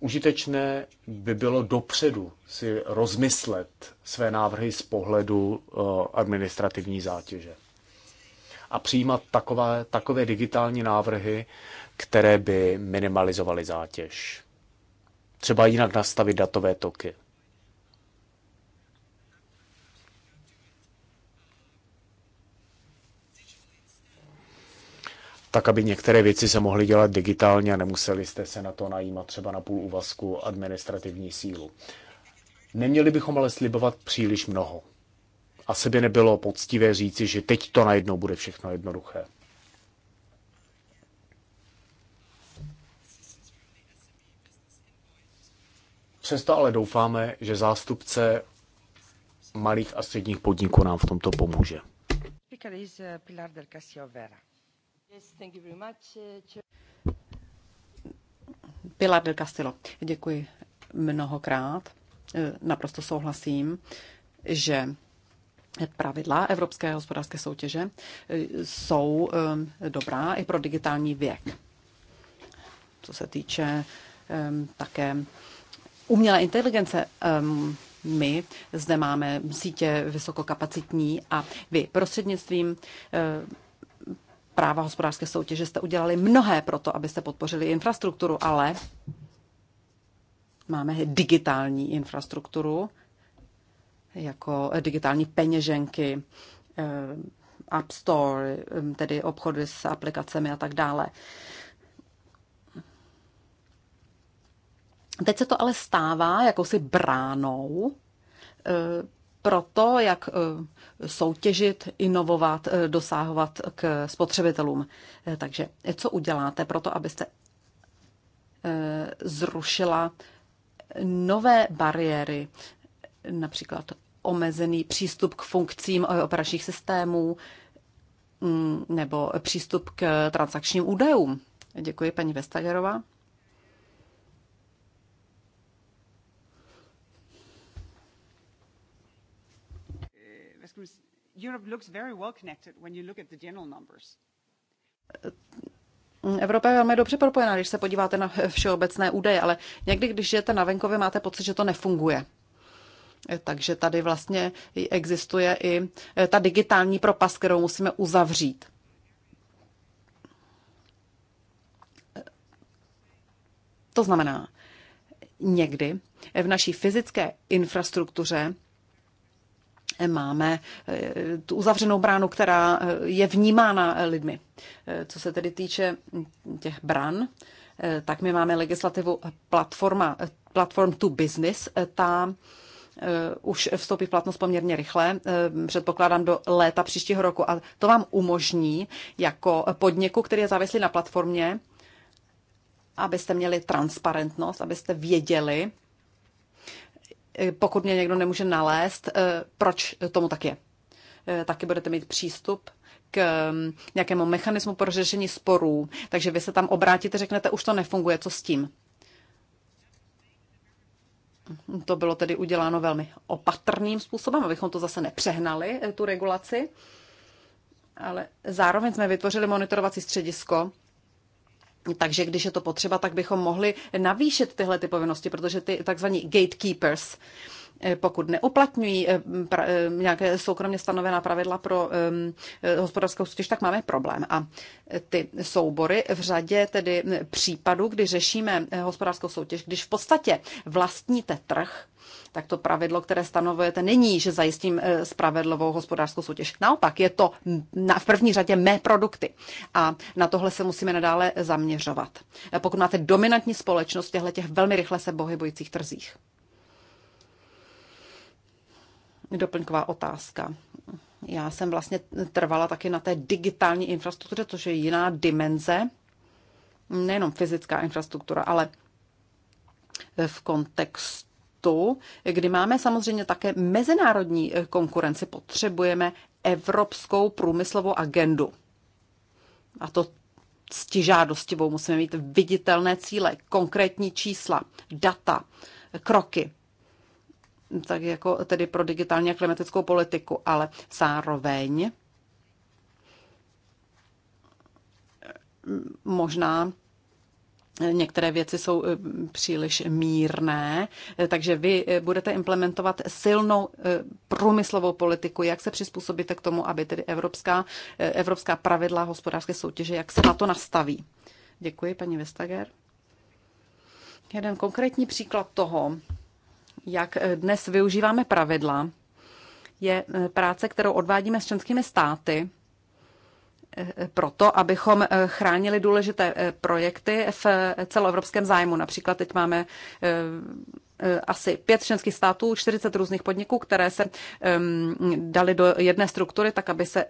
Užitečné by bylo dopředu si rozmyslet své návrhy z pohledu eh, administrativní zátěže a přijímat takové, takové digitální návrhy, které by minimalizovaly zátěž. Třeba jinak nastavit datové toky. tak aby některé věci se mohly dělat digitálně a nemuseli jste se na to najímat třeba na půl úvazku administrativní sílu. Neměli bychom ale slibovat příliš mnoho asi by nebylo poctivé říci, že teď to najednou bude všechno jednoduché. Přesto ale doufáme, že zástupce malých a středních podniků nám v tomto pomůže. Pilar del Castillo, děkuji mnohokrát. Eh, naprosto souhlasím, že pravidla evropské hospodářské soutěže eh, jsou ehm, dobrá i pro digitální věk. Co se týče ehm, také umělé inteligence, ehm, my zde máme sítě vysokokapacitní a vy prostřednictvím eh, práva hospodářské soutěže jste udělali mnohé pro to, abyste podpořili infrastrukturu, ale máme digitální infrastrukturu, jako eh, digitální peněženky, eh, App Store, eh, tedy obchody s aplikacemi a tak dále. Teď se to ale stává jakousi bránou pro to, jak soutěžit, inovovat, dosahovat k spotřebitelům. Takže co uděláte pro to, abyste zrušila nové bariéry například omezený přístup k funkcím operačních systémů mm, nebo přístup k transakčním údajům. Děkuji, paní Vestagerová. Evropa je velmi dobře propojená, když se podíváte na všeobecné údaje, ale někdy, když jdete na venkově, máte pocit, že to nefunguje. Takže tady vlastně existuje i eh, ta digitální propast, kterou musíme uzavřít. Eh, to znamená, někdy v naší fyzické infrastruktuře eh, máme tu uzavřenou bránu, která je vnímána lidmi. Co se tedy týče hm, těch bran, tak my máme legislativu platforma, Platform to Business. Ta Eh, už vstoupí v platnost poměrně rychle, eh, předpokládám do léta příštího roku. A to vám umožní jako podniku, který je závislý na platformě, abyste měli transparentnost, abyste věděli, eh, pokud mě někdo nemůže nalézt, proč tomu tak je. Taky budete mít přístup k mm, nějakému mechanismu pro řešení sporů. Takže vy se tam obrátíte, řeknete, už to nefunguje, co s tím. To bylo tedy uděláno velmi opatrným způsobem, abychom to zase nepřehnali, eh, tu regulaci. Ale zároveň jsme vytvořili monitorovací středisko, takže když je to potřeba, tak bychom mohli navýšit tyhle ty povinnosti, protože ty takzvaní gatekeepers, Eh, pokud neuplatňují eh, eh, nějaké soukromě stanovená pravidla pro hospodářskou soutěž, tak máme problém. A ty soubory v řadě tedy případů, kdy řešíme hospodářskou soutěž, když v podstatě vlastníte trh, tak to pravidlo, které stanovujete, není, že zajistím spravedlivou hospodářskou soutěž. Naopak, je to na, v první řadě mé produkty. A na tohle se musíme nadále zaměřovat. Pokud máte dominantní společnost v těchto těch velmi rychle se pohybujících trzích doplňková otázka. Já jsem vlastně trvala taky na té digitální infrastruktuře, což je jiná dimenze, nejenom fyzická infrastruktura, ale v kontextu, kdy máme samozřejmě také mezinárodní eh, konkurenci, potřebujeme evropskou průmyslovou agendu. A to stižádostivou musíme mít viditelné cíle, konkrétní čísla, data, kroky tak jako tedy pro digitální a klimatickou politiku, ale zároveň eh, možná eh, Některé věci jsou eh, příliš mírné, takže vy budete implementovat silnou průmyslovou politiku, jak se přizpůsobíte k tomu, aby tedy evropská, evropská pravidla hospodářské soutěže, jak se na to nastaví. Děkuji, paní Vestager. Jeden konkrétní příklad toho, jak eh, dnes využíváme pravidla, je eh, práce, kterou odvádíme s členskými státy eh, proto, abychom chránili důležité projekty v celoevropském zájmu. Například teď máme Eh, asi pět členských států, 40 různých podniků, které se dali do jedné struktury, tak aby se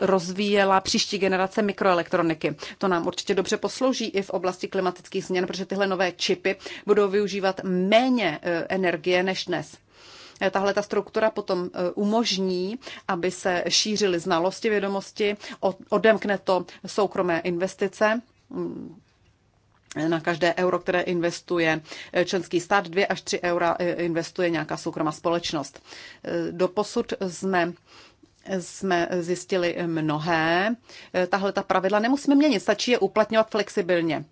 rozvíjela příští generace mikroelektroniky. To nám určitě dobře poslouží i v oblasti klimatických změn, protože tyhle nové čipy budou využívat méně eh, energie než dnes. Eh, tahle ta struktura potom umožní, aby se šířily znalosti, vědomosti, odemkne to soukromé investice, hm, na každé euro, které investuje členský stát, 2 až 3 eura eh, investuje nějaká soukromá společnost. Eh, doposud jsme jsme zjistili mnohé. Eh, tahle ta pravidla nemusíme měnit, stačí je uplatňovat flexibilně.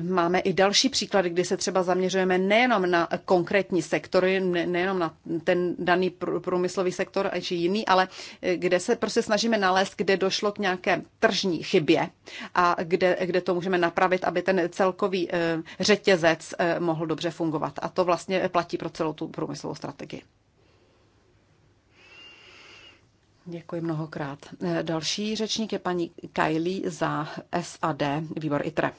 Máme i další příklady, kdy se třeba zaměřujeme nejenom na konkrétní sektory, nejenom na ten daný průmyslový sektor či jiný, ale eh, kde se prostě snažíme nalézt, kde došlo k nějaké tržní chybě a kde, kde to můžeme napravit, aby ten celkový eh, řetězec eh, mohl dobře fungovat. A to vlastně platí pro celou tu průmyslovou strategii. Děkuji mnohokrát. Další řečník je paní Kylie za SAD, výbor ITRE.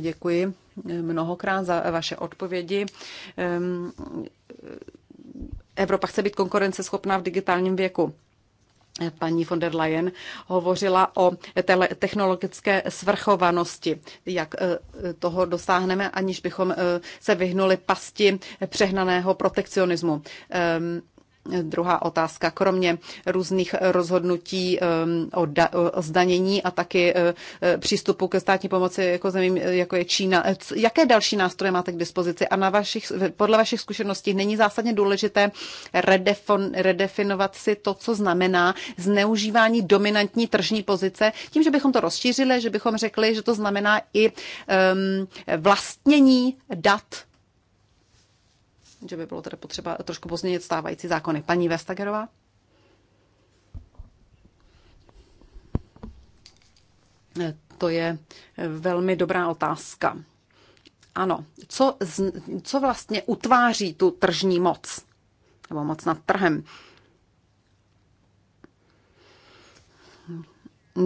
Děkuji mnohokrát za vaše odpovědi. Evropa chce být konkurenceschopná v digitálním věku paní von der Leyen hovořila o technologické svrchovanosti, jak e, toho dosáhneme, aniž bychom e, se vyhnuli pasti přehnaného protekcionismu. Druhá otázka, kromě různých rozhodnutí ehm, o, da, o zdanění a taky e, e, přístupu ke státní pomoci jako zemím, e, jako je Čína, jaké další nástroje máte k dispozici a na vašich, podle vašich zkušeností není zásadně důležité redefon, redefinovat si to, co znamená zneužívání dominantní tržní pozice, tím, že bychom to rozšířili, že bychom řekli, že to znamená i um, vlastnění dat že by bylo tedy potřeba trošku pozměnit stávající zákony. Paní Vestagerová? To je velmi dobrá otázka. Ano, co, co vlastně utváří tu tržní moc? Nebo moc nad trhem?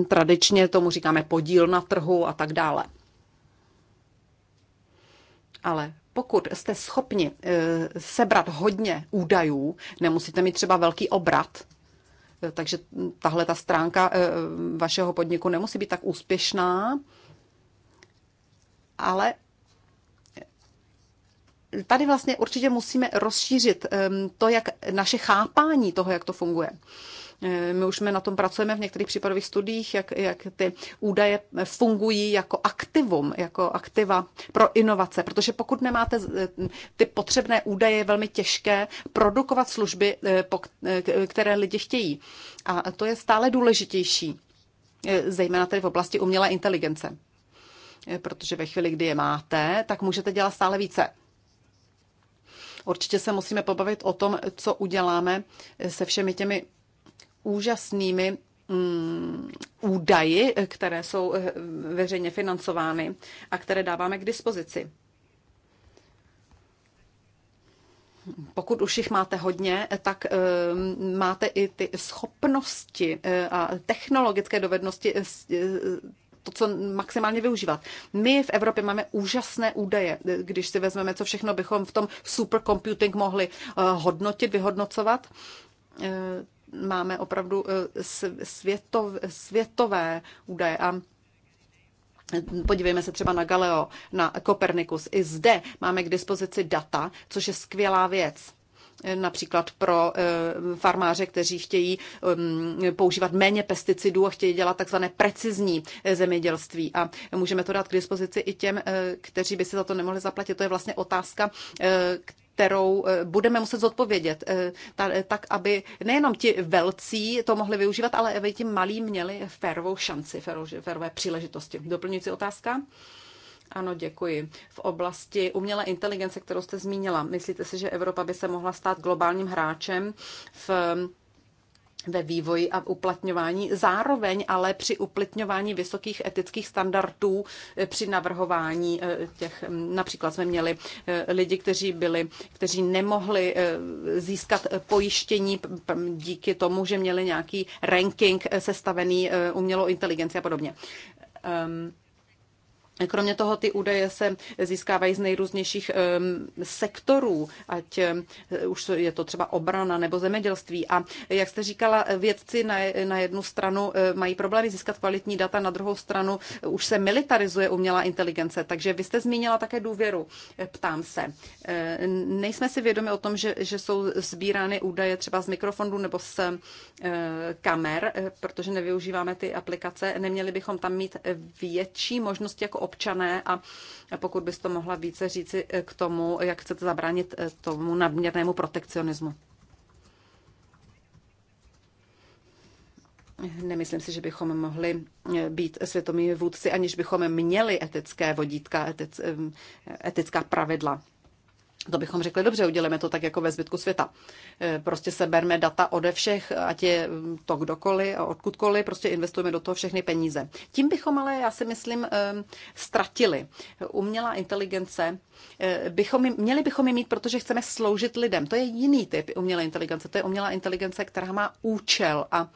Tradičně tomu říkáme podíl na trhu a tak dále. Ale pokud jste schopni eh, sebrat hodně údajů, nemusíte mít třeba velký obrat, eh, takže tahle ta stránka eh, vašeho podniku nemusí být tak úspěšná, ale tady vlastně určitě musíme rozšířit ehm, to, jak naše chápání toho, jak to funguje. My už jsme na tom pracujeme v některých případových studiích, jak, jak ty údaje fungují jako aktivum, jako aktiva pro inovace, protože pokud nemáte e, ty potřebné údaje, je velmi těžké produkovat služby, e, e, které lidi chtějí. A to je stále důležitější, zejména tedy v oblasti umělé inteligence. Protože ve chvíli, kdy je máte, tak můžete dělat stále více. Určitě se musíme pobavit o tom, co uděláme se všemi těmi úžasnými mm, údaji, které jsou eh, veřejně financovány a které dáváme k dispozici. Pokud už jich máte hodně, tak eh, máte i ty schopnosti eh, a technologické dovednosti to, co maximálně využívat. My v Evropě máme úžasné údaje, když si vezmeme, co všechno bychom v tom supercomputing mohli hodnotit, vyhodnocovat máme opravdu eh, světov, světové údaje a Podívejme se třeba na Galileo, na Kopernikus. I zde máme k dispozici data, což je skvělá věc například pro eh, farmáře, kteří chtějí mm, používat méně pesticidů a chtějí dělat takzvané precizní eh, zemědělství. A můžeme to dát k dispozici i těm, kteří by si za to nemohli zaplatit. To je vlastně otázka, kterou eh, budeme muset zodpovědět, eh, tak aby nejenom ti velcí to mohli využívat, ale aby ti malí měli férovou šanci, férové příležitosti. Doplňující otázka? Ano, děkuji. V oblasti umělé inteligence, kterou jste zmínila, myslíte si, že Evropa by se mohla stát globálním hráčem v ve vývoji a uplatňování, zároveň ale při uplatňování vysokých etických standardů eh, při navrhování eh, těch, hm, například jsme měli eh, lidi, kteří byli, kteří nemohli získat pojištění díky tomu, že měli nějaký ranking sestavený umělou inteligenci a podobně. Um, Kromě toho ty údaje se získávají z nejrůznějších um, sektorů, ať um, už je to třeba obrana nebo zemědělství. A jak jste říkala, vědci na, na jednu stranu e, mají problémy získat kvalitní data, na druhou stranu e, už se militarizuje umělá inteligence. Takže vy jste zmínila také důvěru. E, ptám se, nejsme si vědomi o tom, že, že jsou sbírány údaje třeba z mikrofonů nebo z kamer, protože nevyužíváme ty aplikace. Neměli bychom tam mít větší možnosti jako občané a pokud bys to mohla více říci eh, k tomu, jak chcete zabránit eh, tomu nadměrnému protekcionismu. Nemyslím si, že bychom mohli eh, být světomými vůdci, aniž bychom měli etické vodítka, etic, etická pravidla to bychom řekli, dobře, uděláme to tak jako ve zbytku světa. E, prostě seberme data ode všech, ať je mm, to kdokoliv a odkudkoliv, prostě investujeme do toho všechny peníze. Tím bychom ale, já si myslím, e, ztratili. Umělá inteligence, e, bychom, měli bychom ji mít, protože chceme sloužit lidem. To je jiný typ umělé inteligence. To je umělá inteligence, která má účel a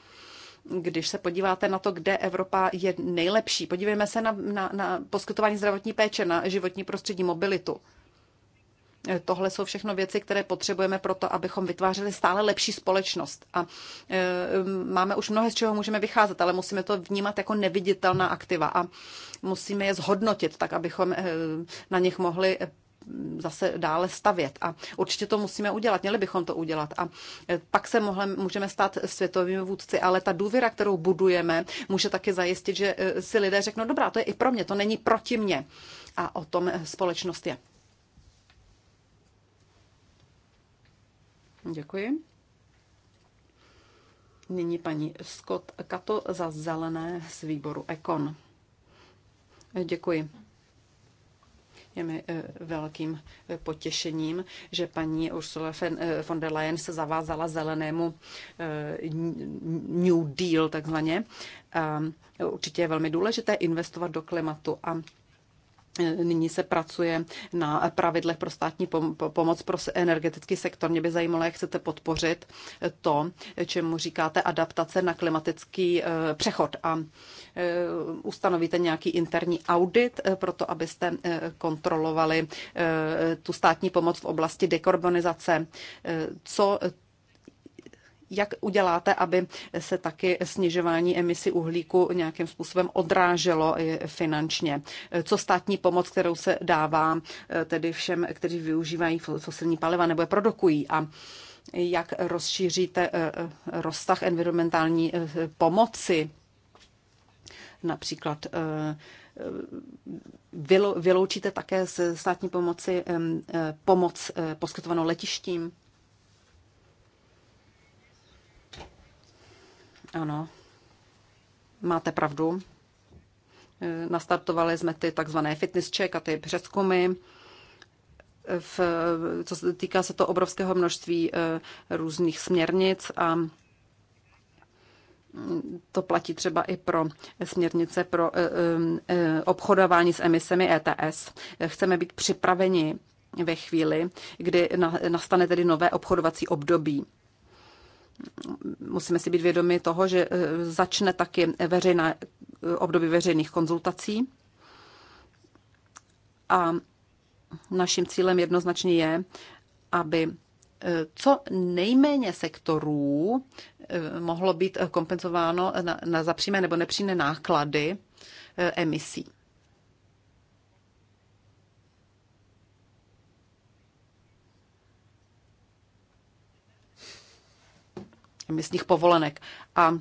když se podíváte na to, kde Evropa je nejlepší, podívejme se na, na, na poskytování zdravotní péče, na životní prostředí, mobilitu Eh, tohle jsou všechno věci, které potřebujeme pro to, abychom vytvářeli stále lepší společnost. A eh, máme už mnohé, z čeho můžeme vycházet, ale musíme to vnímat jako neviditelná aktiva a musíme je zhodnotit, tak abychom eh, na nich mohli zase dále stavět. A určitě to musíme udělat, měli bychom to udělat. A pak se mohle, můžeme stát světovými vůdci, ale ta důvěra, kterou budujeme, může taky zajistit, že si lidé řeknou, dobrá, to je i pro mě, to není proti mně. A o tom společnost je. Děkuji. Nyní paní Scott Kato za zelené z výboru Ekon. Děkuji. Je mi eh, velkým eh, potěšením, že paní Ursula eh, von der Leyen se zavázala zelenému New Deal takzvaně. Určitě je velmi důležité investovat do klimatu a Nyní se pracuje na pravidlech pro státní pomoc pro energetický sektor. Mě by zajímalo, jak chcete podpořit to, čemu říkáte adaptace na klimatický eh, přechod a eh, ustanovíte nějaký interní audit eh, pro to, abyste kontrolovali tu státní pomoc v oblasti dekarbonizace. Co jak uděláte, aby se taky snižování emisí uhlíku nějakým způsobem odráželo finančně? Co státní pomoc, kterou se dává eh, tedy všem, kteří využívají fosilní paliva nebo je produkují? A jak rozšíříte eh, eh, rozsah environmentální pomoci, například vyloučíte také z státní pomoci pomoc poskytovanou letištím? Ano, máte pravdu. E, nastartovali jsme ty takzvané fitness check a ty přeskumy. V, co se týká se to obrovského množství e, různých směrnic a mm, to platí třeba i pro směrnice pro e, obchodování s emisemi ETS. Chceme být připraveni ve chvíli, kdy nastane tedy nové obchodovací období musíme si být vědomi toho, že eh, začne taky veřejná, eh, období veřejných konzultací. A naším cílem jednoznačně je, aby eh, co nejméně sektorů mohlo být kompenzováno na, na zapřímé nebo nepřímé náklady emisí. emisních povolenek. A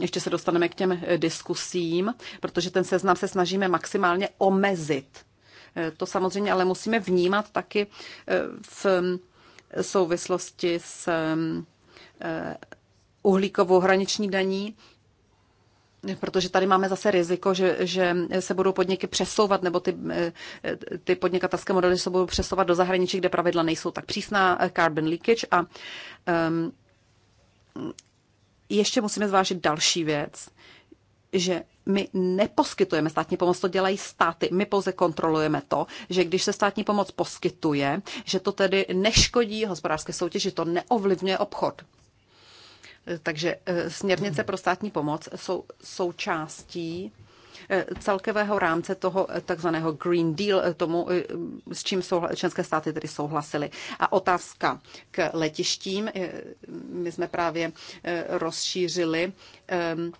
ještě se dostaneme k těm eh, diskusím, protože ten seznam se snažíme maximálně omezit. Eh, to samozřejmě ale musíme vnímat taky eh, v souvislosti s uhlíkovou hraniční daní, Protože tady máme zase riziko, že, že se budou podniky přesouvat, nebo ty, eh, ty podnikatelské modely se budou přesouvat do zahraničí, kde pravidla nejsou tak přísná, eh, carbon leakage. A um, ještě musíme zvážit další věc, že my neposkytujeme státní pomoc, to dělají státy. My pouze kontrolujeme to, že když se státní pomoc poskytuje, že to tedy neškodí hospodářské soutěži, to neovlivňuje obchod. Takže eh, směrnice pro státní pomoc jsou součástí eh, celkového rámce toho eh, takzvaného Green Deal, tomu, s čím členské státy tedy souhlasily. A otázka k letištím. My jsme právě rozšířili ehm,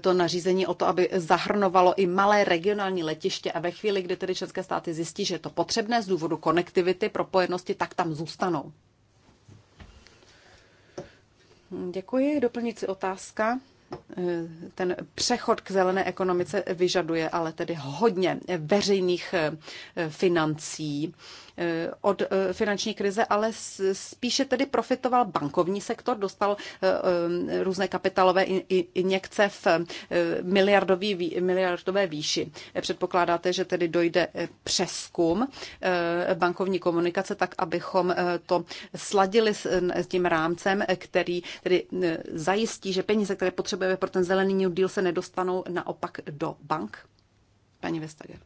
to nařízení o to, aby zahrnovalo i malé regionální letiště a ve chvíli, kdy tedy české státy zjistí, že je to potřebné z důvodu konektivity, propojenosti, tak tam zůstanou. Děkuji. Doplňující otázka. Eh, ten přechod k zelené ekonomice vyžaduje ale tedy hodně veřejných eh, financí eh, od finanční krize, ale spíše tedy profitoval bankovní sektor, dostal různé kapitalové injekce v miliardový, miliardové výši. Předpokládáte, že tedy dojde přeskum bankovní komunikace tak, abychom to sladili s tím rámcem, který tedy zajistí, že peníze, které potřebujeme, potřebujeme pro ten zelený New Deal, se nedostanou naopak do bank? Paní Vestager.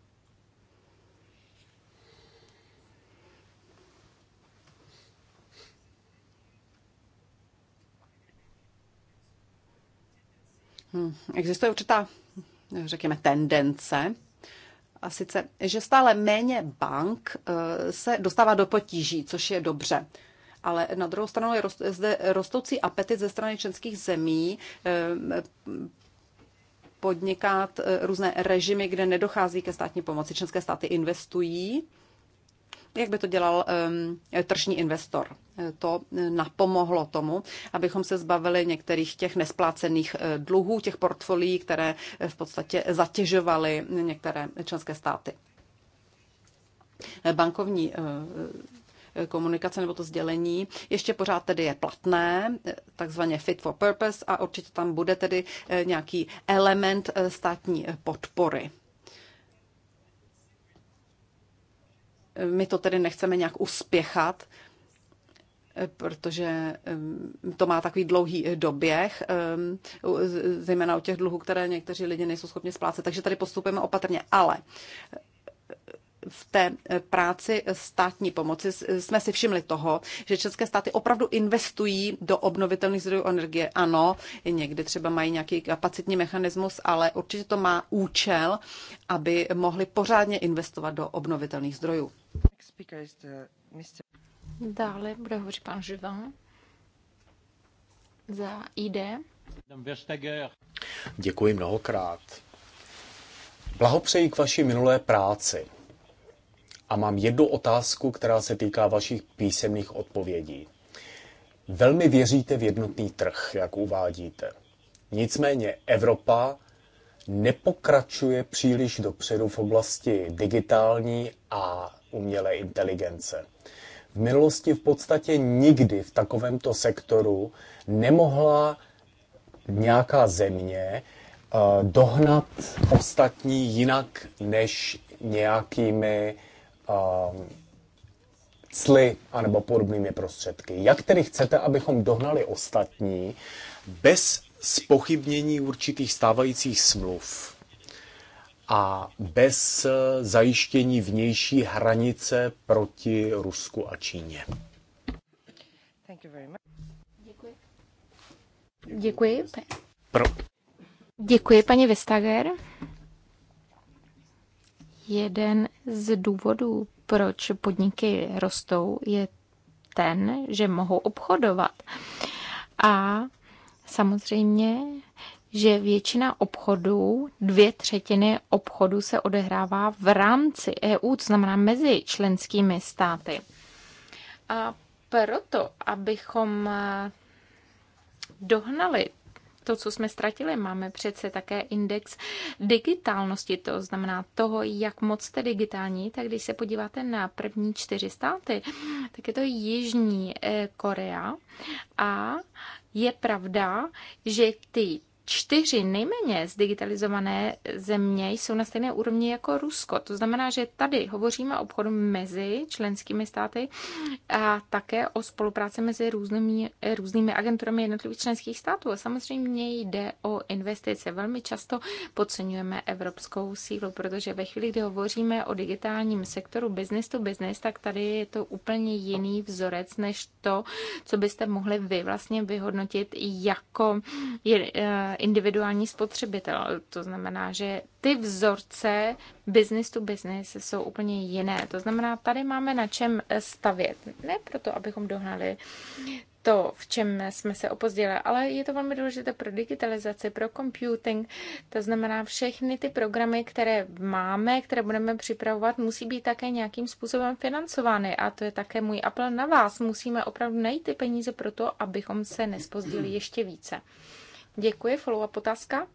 Hmm. Existuje určitá, řekněme, tendence, a sice, že stále méně bank eh, se dostává do potíží, což je dobře ale na druhou stranu je zde rostoucí apetit ze strany členských zemí eh, podnikat eh, různé režimy, kde nedochází ke státní pomoci. Členské státy investují, jak by to dělal um, tržní investor. To napomohlo tomu, abychom se zbavili některých těch nesplácených dluhů, těch portfolií, které v podstatě zatěžovaly některé členské státy. Bankovní komunikace nebo to sdělení ještě pořád tedy je platné, takzvaně fit for purpose a určitě tam bude tedy eh, nějaký element eh, státní podpory. My to tedy nechceme nějak uspěchat, eh, protože to má takový dlouhý doběh, zejména u těch dluhů, které někteří lidi nejsou schopni splácet. Takže tady postupujeme opatrně. Ale v té eh, práci státní pomoci eh, jsme si všimli toho, že české státy opravdu investují do obnovitelných zdrojů energie. Ano, někdy třeba mají nějaký kapacitní mechanismus, ale určitě to má účel, aby mohli pořádně investovat do obnovitelných zdrojů. Dále bude hovořit pan Živan za ID. Děkuji mnohokrát. Blahopřeji k vaší minulé práci a mám jednu otázku, která se týká vašich písemných odpovědí. Velmi věříte v jednotný trh, jak uvádíte. Nicméně Evropa nepokračuje příliš dopředu v oblasti digitální a umělé inteligence. V minulosti v podstatě nikdy v takovémto sektoru nemohla nějaká země eh, dohnat ostatní jinak než nějakými uh, cly anebo podobnými prostředky. Jak tedy chcete, abychom dohnali ostatní bez spochybnění určitých stávajících smluv a bez eh, zajištění vnější hranice proti Rusku a Číně? Děkuji. Děkuji. Děkuji, paní Vestager. Jeden z důvodů, proč podniky rostou, je ten, že mohou obchodovat. A samozřejmě, že většina obchodů, dvě třetiny obchodů se odehrává v rámci EU, to znamená mezi členskými státy. A proto, abychom dohnali to, co jsme ztratili. Máme přece také index digitálnosti, to znamená toho, jak moc jste digitální. Tak když se podíváte na první čtyři státy, tak je to Jižní eh, Korea a je pravda, že ty čtyři nejméně zdigitalizované země jsou na stejné úrovni jako Rusko. To znamená, že tady hovoříme o obchodu mezi členskými státy a také o spolupráci mezi různými, různými agenturami jednotlivých členských států. A samozřejmě jde o investice. Velmi často podceňujeme evropskou sílu, protože ve chvíli, kdy hovoříme o digitálním sektoru business to business, tak tady je to úplně jiný vzorec než to, co byste mohli vy vlastně vyhodnotit jako eh, individuální spotřebitel. To znamená, že ty vzorce business to business jsou úplně jiné. To znamená, tady máme na čem stavět. Ne proto, abychom dohnali to, v čem jsme se opozdili, ale je to velmi důležité pro digitalizaci, pro computing, to znamená všechny ty programy, které máme, které budeme připravovat, musí být také nějakým způsobem financovány a to je také můj apel na vás. Musíme opravdu najít ty peníze pro to, abychom se nespozdili ještě více. Děkuji, follow-up otázka.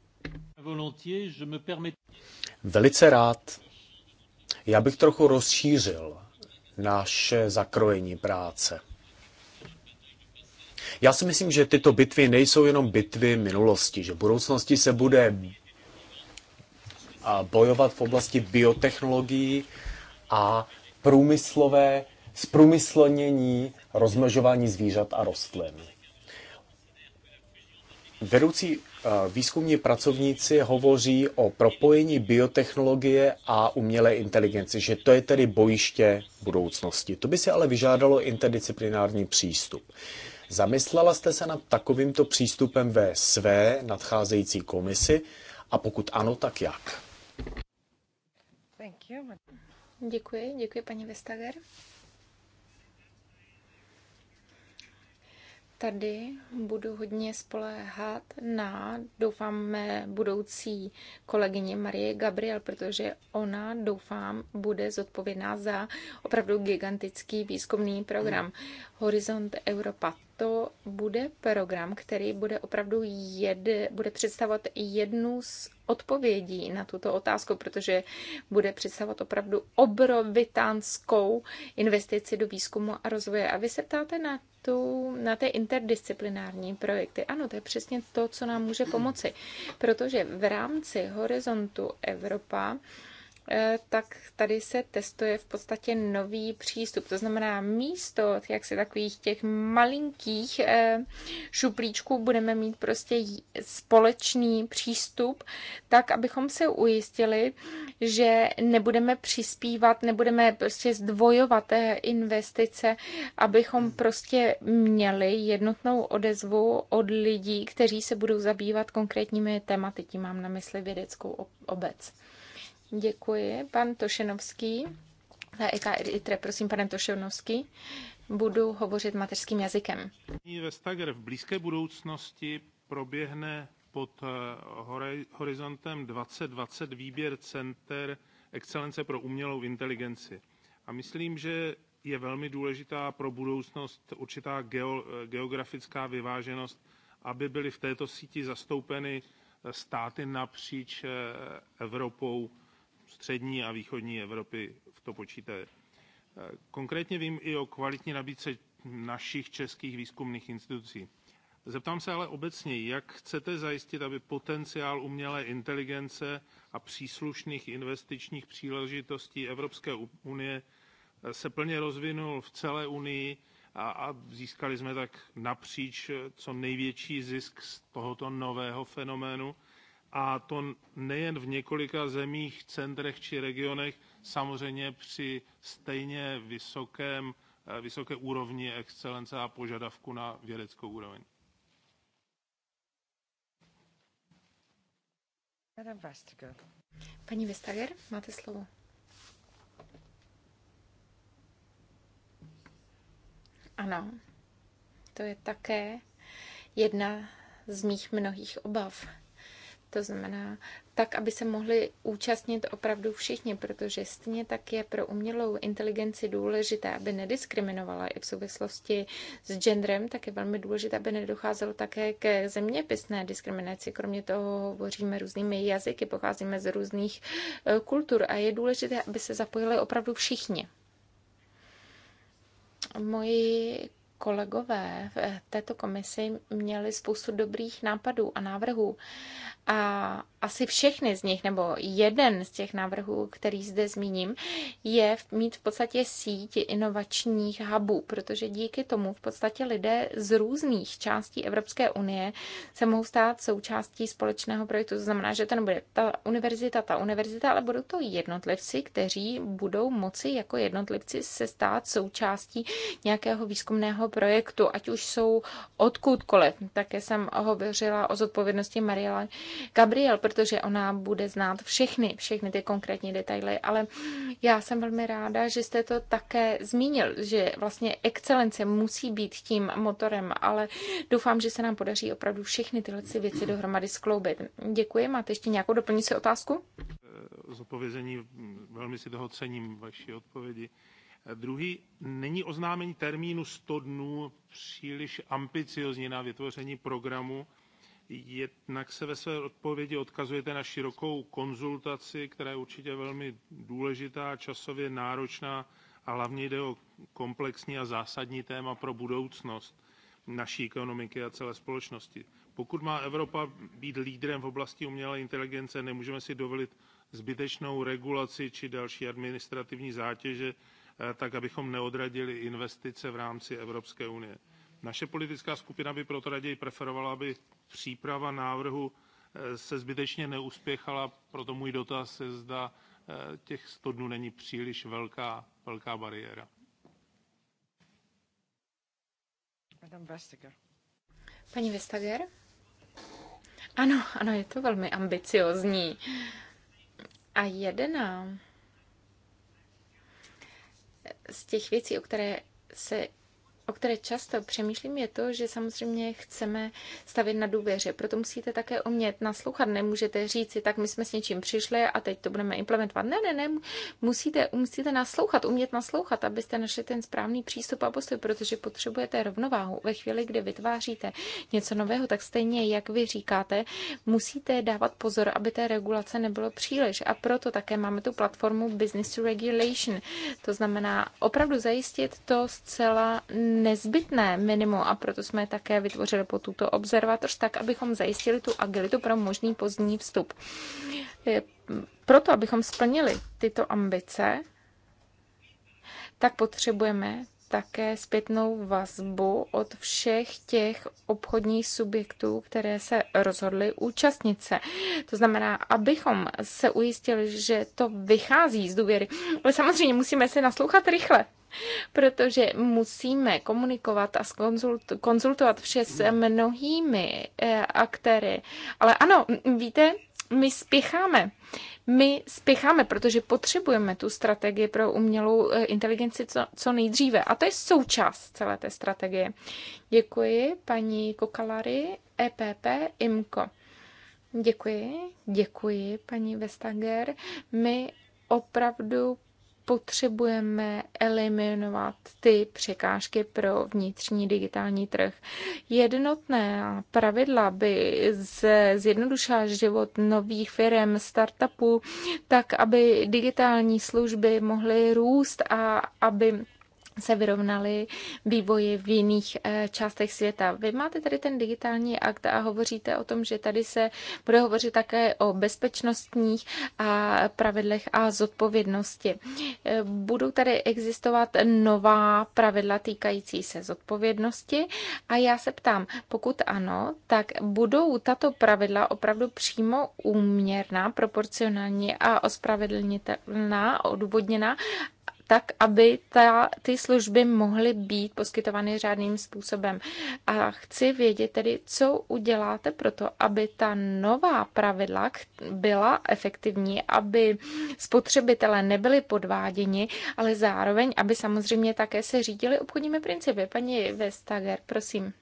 Velice rád. Já bych trochu rozšířil naše zakrojení práce. Já si myslím, že tyto bitvy nejsou jenom bitvy minulosti, že v budoucnosti se bude bojovat v oblasti biotechnologií a průmyslové zprůmyslnění rozmnožování zvířat a rostlin. Vedoucí eh, výzkumní pracovníci hovoří o propojení biotechnologie a umělé inteligence, že to je tedy bojiště budoucnosti. To by si ale vyžádalo interdisciplinární přístup. Zamyslela jste se nad takovýmto přístupem ve své nadcházející komisi a pokud ano, tak jak? Děkuji, děkuji paní Vestager. tady budu hodně spoléhat na, doufám, mé budoucí kolegyně Marie Gabriel, protože ona, doufám, bude zodpovědná za opravdu gigantický výzkumný program Horizont Europa. To bude program, který bude opravdu jed, bude představovat jednu z odpovědí na tuto otázku, protože bude představovat opravdu obrovitánskou investici do výzkumu a rozvoje. A vy se ptáte na, tu, na ty interdisciplinární projekty. Ano, to je přesně to, co nám může pomoci, protože v rámci horizontu Evropa Eh, tak tady se testuje v podstatě nový přístup. To znamená, místo jak se takových těch malinkých eh, šuplíčků budeme mít prostě společný přístup, tak abychom se ujistili, že nebudeme přispívat, nebudeme prostě zdvojovat eh, investice, abychom hmm. prostě měli jednotnou odezvu od lidí, kteří se budou zabývat konkrétními tématy. Tím mám na mysli vědeckou obec. Děkuji. Pan Tošenovský, za EKR, e, prosím, pane Tošenovský, budu hovořit mateřským jazykem. Vestager v blízké budoucnosti proběhne pod eh, horizontem 2020 výběr center excelence pro umělou inteligenci. A myslím, že je velmi důležitá pro budoucnost určitá geo, eh, geografická vyváženost, aby byly v této síti zastoupeny eh, státy napříč Evropou střední a východní Evropy v to počítá. Eh, konkrétně vím i o kvalitní nabídce našich českých výzkumných institucí. Zeptám se ale obecně, jak chcete zajistit, aby potenciál umělé inteligence a příslušných investičních příležitostí Evropské unie eh, se plně rozvinul v celé Unii a, a získali jsme tak napříč eh, co největší zisk z tohoto nového fenoménu a to nejen v několika zemích, centrech či regionech, samozřejmě při stejně vysokém, eh, vysoké úrovni excelence a požadavku na vědeckou úroveň. Paní Vestager, máte slovo. Ano, to je také jedna z mých mnohých obav to znamená, tak, aby se mohli účastnit opravdu všichni, protože stejně tak je pro umělou inteligenci důležité, aby nediskriminovala i v souvislosti s genderem, tak je velmi důležité, aby nedocházelo také k zeměpisné diskriminaci. Kromě toho hovoříme různými jazyky, pocházíme z různých eh, kultur a je důležité, aby se zapojili opravdu všichni. Moji kolegové v eh, této komisi měli spoustu dobrých nápadů a návrhů. A asi všechny z nich, nebo jeden z těch návrhů, který zde zmíním, je mít v podstatě síť inovačních hubů, protože díky tomu v podstatě lidé z různých částí Evropské unie se mohou stát součástí společného projektu. To znamená, že to nebude ta univerzita, ta univerzita, ale budou to jednotlivci, kteří budou moci jako jednotlivci se stát součástí nějakého výzkumného pilotního projektu, ať už jsou odkudkoliv. Také jsem hovořila o zodpovědnosti Mariela Gabriel, protože ona bude znát všechny, všechny ty konkrétní detaily, ale já jsem velmi ráda, že jste to také zmínil, že vlastně excelence musí být tím motorem, ale doufám, že se nám podaří opravdu všechny tyhle věci dohromady skloubit. Děkuji, máte ještě nějakou doplňující otázku? Eh, zodpovězení, mm, velmi si toho cením vaší odpovědi. Druhý, není oznámení termínu 100 dnů příliš ambiciozní na vytvoření programu, jednak se ve své odpovědi odkazujete na širokou konzultaci, která je určitě velmi důležitá, časově náročná a hlavně jde o komplexní a zásadní téma pro budoucnost naší ekonomiky a celé společnosti. Pokud má Evropa být lídrem v oblasti umělé inteligence, nemůžeme si dovolit zbytečnou regulaci či další administrativní zátěže, Eh, tak abychom neodradili investice v rámci Evropské unie. Naše politická skupina by proto raději preferovala, aby příprava návrhu eh, se zbytečně neuspěchala, proto můj dotaz je, zda eh, těch 100 dnů není příliš velká, velká bariéra. Paní Vestager? Ano, ano, je to velmi ambiciozní. A nám z těch věcí, o které se o které často přemýšlím, je to, že samozřejmě chceme stavit na důvěře. Proto musíte také umět naslouchat. Nemůžete říct si, tak my jsme s něčím přišli a teď to budeme implementovat. Ne, ne, ne. Musíte, musíte naslouchat, umět naslouchat, abyste našli ten správný přístup a postoj, protože potřebujete rovnováhu. Ve chvíli, kdy vytváříte něco nového, tak stejně, jak vy říkáte, musíte dávat pozor, aby té regulace nebylo příliš. A proto také máme tu platformu Business Regulation. To znamená opravdu zajistit to zcela nezbytné minimum a proto jsme je také vytvořili po tuto observatoř, tak abychom zajistili tu agilitu pro možný pozdní vstup. Proto, abychom splnili tyto ambice, tak potřebujeme také zpětnou vazbu od všech těch obchodních subjektů, které se rozhodly účastnit se. To znamená, abychom se ujistili, že to vychází z důvěry. Ale samozřejmě musíme se naslouchat rychle, protože musíme komunikovat a konzultovat vše s mnohými eh, aktéry. Ale ano, víte, my spěcháme my spěcháme, protože potřebujeme tu strategii pro umělou eh, inteligenci co, co nejdříve. A to je součást celé té strategie. Děkuji paní Kokalary, EPP, IMCO. Děkuji, děkuji paní Vestager. My opravdu potřebujeme eliminovat ty překážky pro vnitřní digitální trh. Jednotné pravidla by zjednodušila život nových firm, startupů, tak aby digitální služby mohly růst a aby se vyrovnali vývoji v jiných eh, částech světa. Vy máte tady ten digitální akt a hovoříte o tom, že tady se bude hovořit také o bezpečnostních a pravidlech a zodpovědnosti. Eh, budou tady existovat nová pravidla týkající se zodpovědnosti a já se ptám, pokud ano, tak budou tato pravidla opravdu přímo úměrná, proporcionální a ospravedlnitelná, odůvodněná tak, aby ta, ty služby mohly být poskytovány řádným způsobem. A chci vědět tedy, co uděláte pro to, aby ta nová pravidla byla efektivní, aby spotřebitelé nebyli podváděni, ale zároveň, aby samozřejmě také se řídili obchodními principy. Paní Vestager, prosím.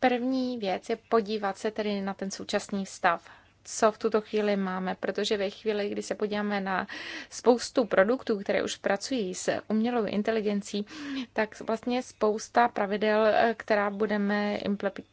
První věc je podívat se tedy na ten současný stav co v tuto chvíli máme, protože ve chvíli, kdy se podíváme na spoustu produktů, které už pracují s umělou inteligencí, tak vlastně spousta pravidel, eh, která budeme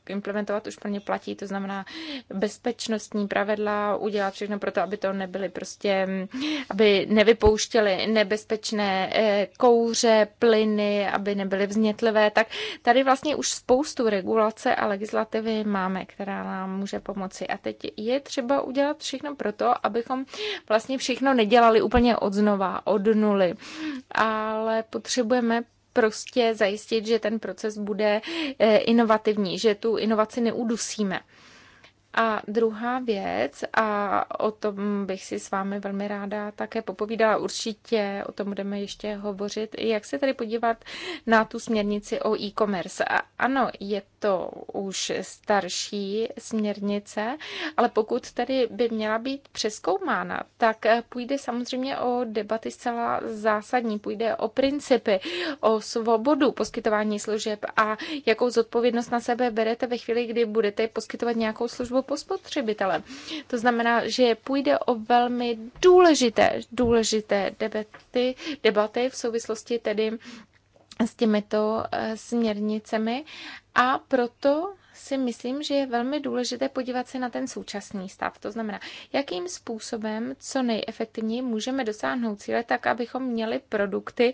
implementovat, už pro ně platí, to znamená bezpečnostní pravidla, udělat všechno pro to, aby to nebyly prostě, mm, aby nevypouštěly nebezpečné eh, kouře, plyny, aby nebyly vznětlivé, tak tady vlastně už spoustu regulace a legislativy máme, která nám může pomoci. A teď je třeba třeba udělat všechno proto, abychom vlastně všechno nedělali úplně od znova, od nuly. Ale potřebujeme prostě zajistit, že ten proces bude eh, inovativní, že tu inovaci neudusíme. A druhá věc, a o tom bych si s vámi velmi ráda také popovídala, určitě o tom budeme ještě hovořit, jak se tady podívat na tu směrnici o e-commerce. A ano, je to už starší směrnice, ale pokud tady by měla být přeskoumána, tak půjde samozřejmě o debaty zcela zásadní, půjde o principy, o svobodu poskytování služeb a jakou zodpovědnost na sebe berete ve chvíli, kdy budete poskytovat nějakou službu nebo po spotřebitele. To znamená, že půjde o velmi důležité, důležité debaty, debaty v souvislosti tedy s těmito eh, směrnicemi a proto si myslím, že je velmi důležité podívat se na ten současný stav. To znamená, jakým způsobem co nejefektivněji můžeme dosáhnout cíle tak, abychom měli produkty,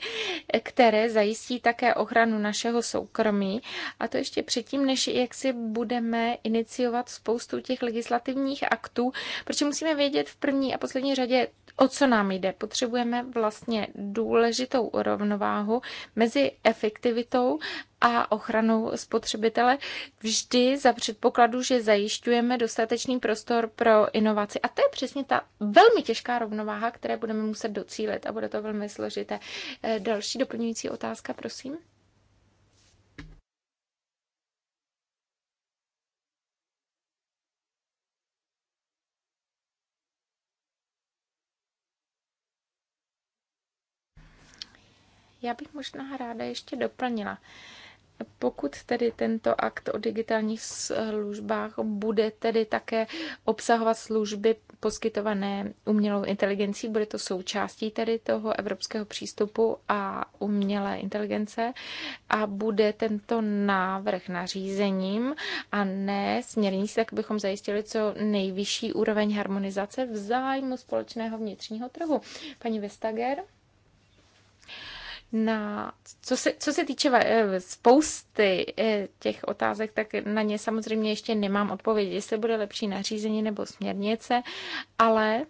které zajistí také ochranu našeho soukromí. A to ještě předtím, než jak si budeme iniciovat spoustu těch legislativních aktů, protože musíme vědět v první a poslední řadě, o co nám jde. Potřebujeme vlastně důležitou rovnováhu mezi efektivitou a ochranu spotřebitele vždy za předpokladu, že zajišťujeme dostatečný prostor pro inovaci. A to je přesně ta velmi těžká rovnováha, které budeme muset docílit a bude to velmi složité. Eh, další doplňující otázka, prosím. Já bych možná ráda ještě doplnila. Pokud tedy tento akt o digitálních službách bude tedy také obsahovat služby poskytované umělou inteligencí, bude to součástí tedy toho evropského přístupu a umělé inteligence a bude tento návrh nařízením a ne směrnicí, tak bychom zajistili co nejvyšší úroveň harmonizace v zájmu společného vnitřního trhu. Paní Vestager? na, co se, co se týče eh, spousty eh, těch otázek, tak na ně samozřejmě ještě nemám odpovědi, jestli bude lepší nařízení nebo směrnice, ale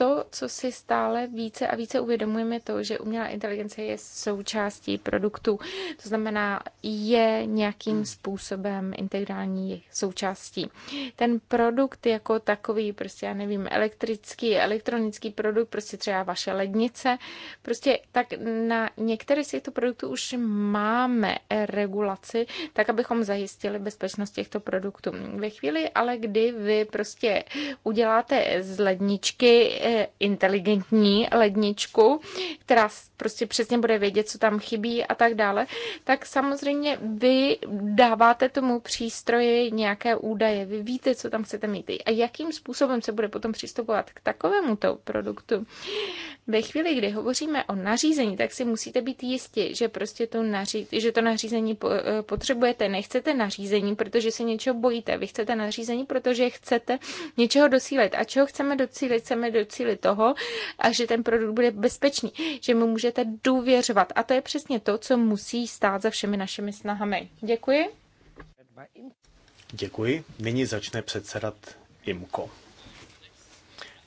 to, co si stále více a více uvědomujeme, to, že umělá inteligence je součástí produktu, To znamená, je nějakým způsobem integrální součástí. Ten produkt jako takový, prostě já nevím, elektrický, elektronický produkt, prostě třeba vaše lednice, prostě tak na některé z těchto produktů už máme regulaci, tak abychom zajistili bezpečnost těchto produktů. Ve chvíli ale, kdy vy prostě uděláte z ledničky E, inteligentní ledničku, která prostě přesně bude vědět, co tam chybí a tak dále, tak samozřejmě vy dáváte tomu přístroji nějaké údaje, vy víte, co tam chcete mít a jakým způsobem se bude potom přistupovat k takovému to produktu. Ve chvíli, kdy hovoříme o nařízení, tak si musíte být jistí, že prostě to, naří, že to nařízení e, potřebujete. Nechcete nařízení, protože se něčeho bojíte. Vy chcete nařízení, protože chcete něčeho docílit. A čeho chceme docílit? Chceme docílit cíli toho, a že ten produkt bude bezpečný, že mu můžete důvěřovat. A to je přesně to, co musí stát za všemi našimi snahami. Děkuji. Děkuji. Nyní začne předsedat IMKO.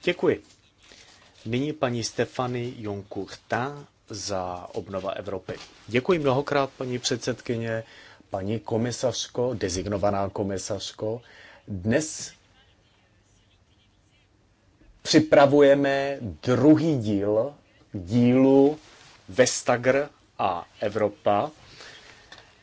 Děkuji. Nyní paní Stefany Junkurta za obnova Evropy. Děkuji mnohokrát, paní předsedkyně, paní komisařko, designovaná komisařko. Dnes připravujeme druhý díl dílu Vestagr a Evropa.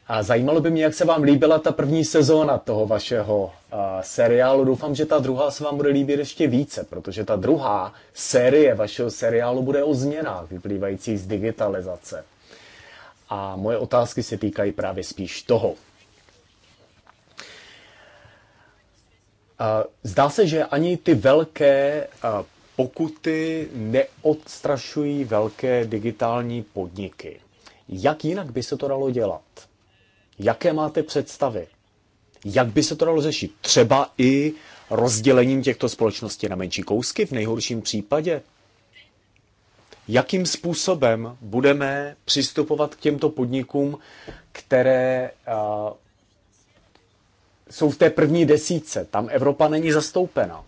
A zajímalo by mě, jak se vám líbila ta první sezóna toho vašeho uh, seriálu. Doufám, že ta druhá se vám bude líbit ještě více, protože ta druhá série vašeho seriálu bude o změnách vyplývajících z digitalizace. A moje otázky se týkají právě spíš toho. Zdá se, že ani ty velké pokuty neodstrašují velké digitální podniky. Jak jinak by se to dalo dělat? Jaké máte představy? Jak by se to dalo řešit? Třeba i rozdělením těchto společností na menší kousky v nejhorším případě? Jakým způsobem budeme přistupovat k těmto podnikům, které jsou v té první desíce. Tam Evropa není zastoupena.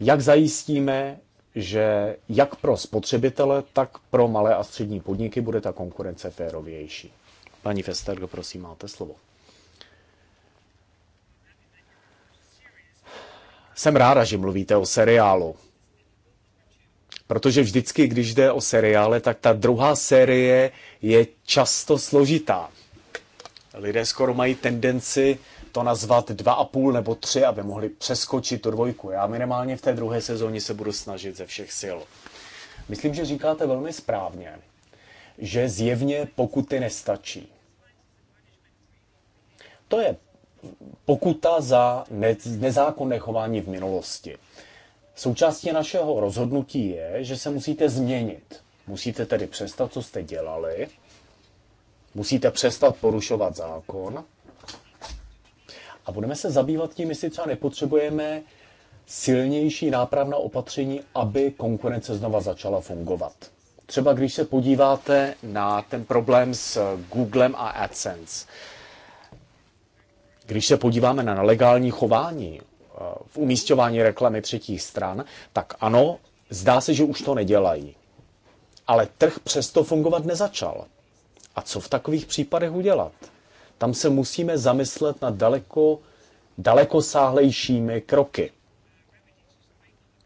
Jak zajistíme, že jak pro spotřebitele, tak pro malé a střední podniky bude ta konkurence férovější? Paní Festergo, prosím, máte slovo. Jsem ráda, že mluvíte o seriálu. Protože vždycky, když jde o seriále, tak ta druhá série je často složitá lidé skoro mají tendenci to nazvat dva a půl nebo tři, aby mohli přeskočit tu dvojku. Já minimálně v té druhé sezóně se budu snažit ze všech sil. Myslím, že říkáte velmi správně, že zjevně pokuty nestačí. To je pokuta za ne- nezákonné chování v minulosti. Součástí našeho rozhodnutí je, že se musíte změnit. Musíte tedy přestat, co jste dělali, Musíte přestat porušovat zákon a budeme se zabývat tím, jestli třeba nepotřebujeme silnější nápravná opatření, aby konkurence znova začala fungovat. Třeba když se podíváte na ten problém s Googlem a AdSense, když se podíváme na nelegální chování eh, v umístování reklamy třetích stran, tak ano, zdá se, že už to nedělají. Ale trh přesto fungovat nezačal. A co v takových případech udělat? Tam se musíme zamyslet na daleko, daleko sáhlejšími kroky.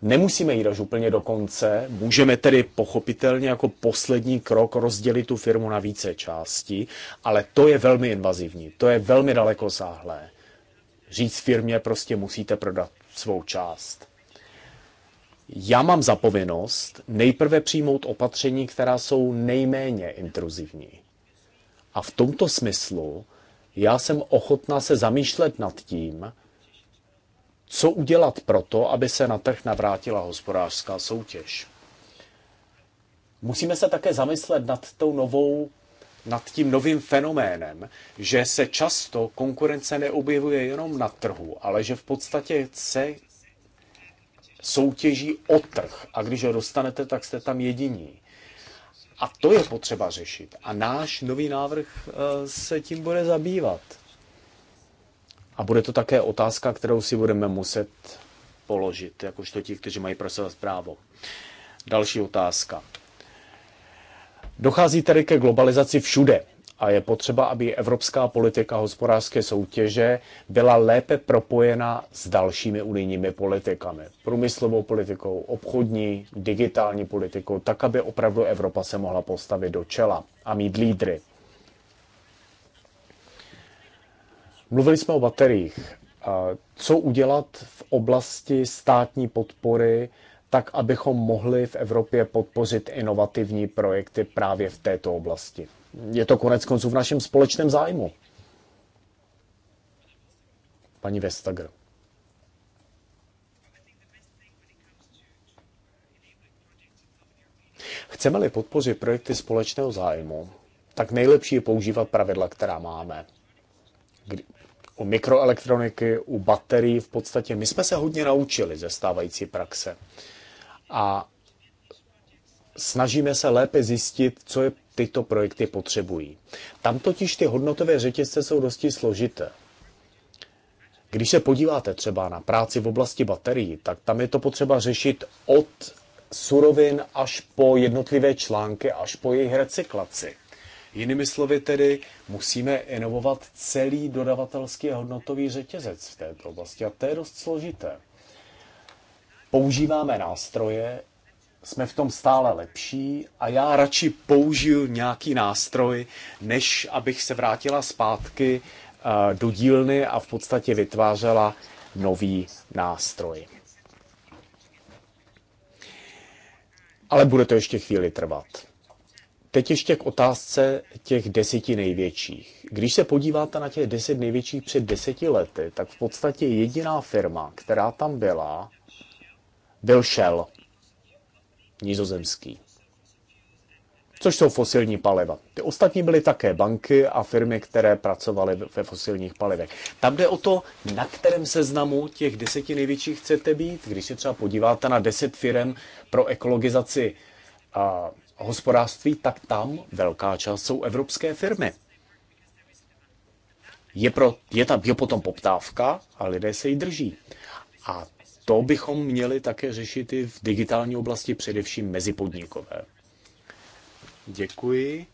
Nemusíme jít až úplně do konce, můžeme tedy pochopitelně jako poslední krok rozdělit tu firmu na více části, ale to je velmi invazivní, to je velmi sáhlé. Říct firmě prostě musíte prodat svou část. Já mám zapovinnost nejprve přijmout opatření, která jsou nejméně intruzivní. A v tomto smyslu já jsem ochotná se zamýšlet nad tím, co udělat proto, aby se na trh navrátila hospodářská soutěž. Musíme se také zamyslet nad tou novou nad tím novým fenoménem, že se často konkurence neobjevuje jenom na trhu, ale že v podstatě se soutěží o trh a když ho dostanete, tak jste tam jediní. A to je potřeba řešit. A náš nový návrh eh, se tím bude zabývat. A bude to také otázka, kterou si budeme muset položit, jakožto ti, kteří mají prosazovat právo. Další otázka. Dochází tedy ke globalizaci všude a je potřeba, aby evropská politika hospodářské soutěže byla lépe propojena s dalšími unijními politikami. Průmyslovou politikou, obchodní, digitální politikou, tak, aby opravdu Evropa se mohla postavit do čela a mít lídry. Mluvili jsme o bateriích. Co udělat v oblasti státní podpory, tak abychom mohli v Evropě podpořit inovativní projekty právě v této oblasti? je to konec konců v našem společném zájmu. Paní Vestager. Chceme-li podpořit projekty společného zájmu, tak nejlepší je používat pravidla, která máme. Kdy, u mikroelektroniky, u baterií v podstatě my jsme se hodně naučili ze stávající praxe. A snažíme se lépe zjistit, co je tyto projekty potřebují. Tam totiž ty hodnotové řetězce jsou dosti složité. Když se podíváte třeba na práci v oblasti baterií, tak tam je to potřeba řešit od surovin až po jednotlivé články, až po jejich recyklaci. Jinými slovy tedy, musíme inovovat celý dodavatelský a hodnotový řetězec v této oblasti a to je dost složité. Používáme nástroje, jsme v tom stále lepší a já radši použiju nějaký nástroj, než abych se vrátila zpátky eh, do dílny a v podstatě vytvářela nový nástroj. Ale bude to ještě chvíli trvat. Teď ještě k otázce těch deseti největších. Když se podíváte na těch deset největších před deseti lety, tak v podstatě jediná firma, která tam byla, byl Shell nizozemský což jsou fosilní paliva. Ty ostatní byly také banky a firmy, které pracovaly ve fosilních palivech. Tam jde o to, na kterém seznamu těch deseti největších chcete být. Když se třeba podíváte na deset firm pro ekologizaci a hospodářství, tak tam velká část jsou evropské firmy. Je, pro, je, tam, je potom poptávka a lidé se ji drží. A to bychom měli také řešit i v digitální oblasti, především mezipodnikové. Děkuji.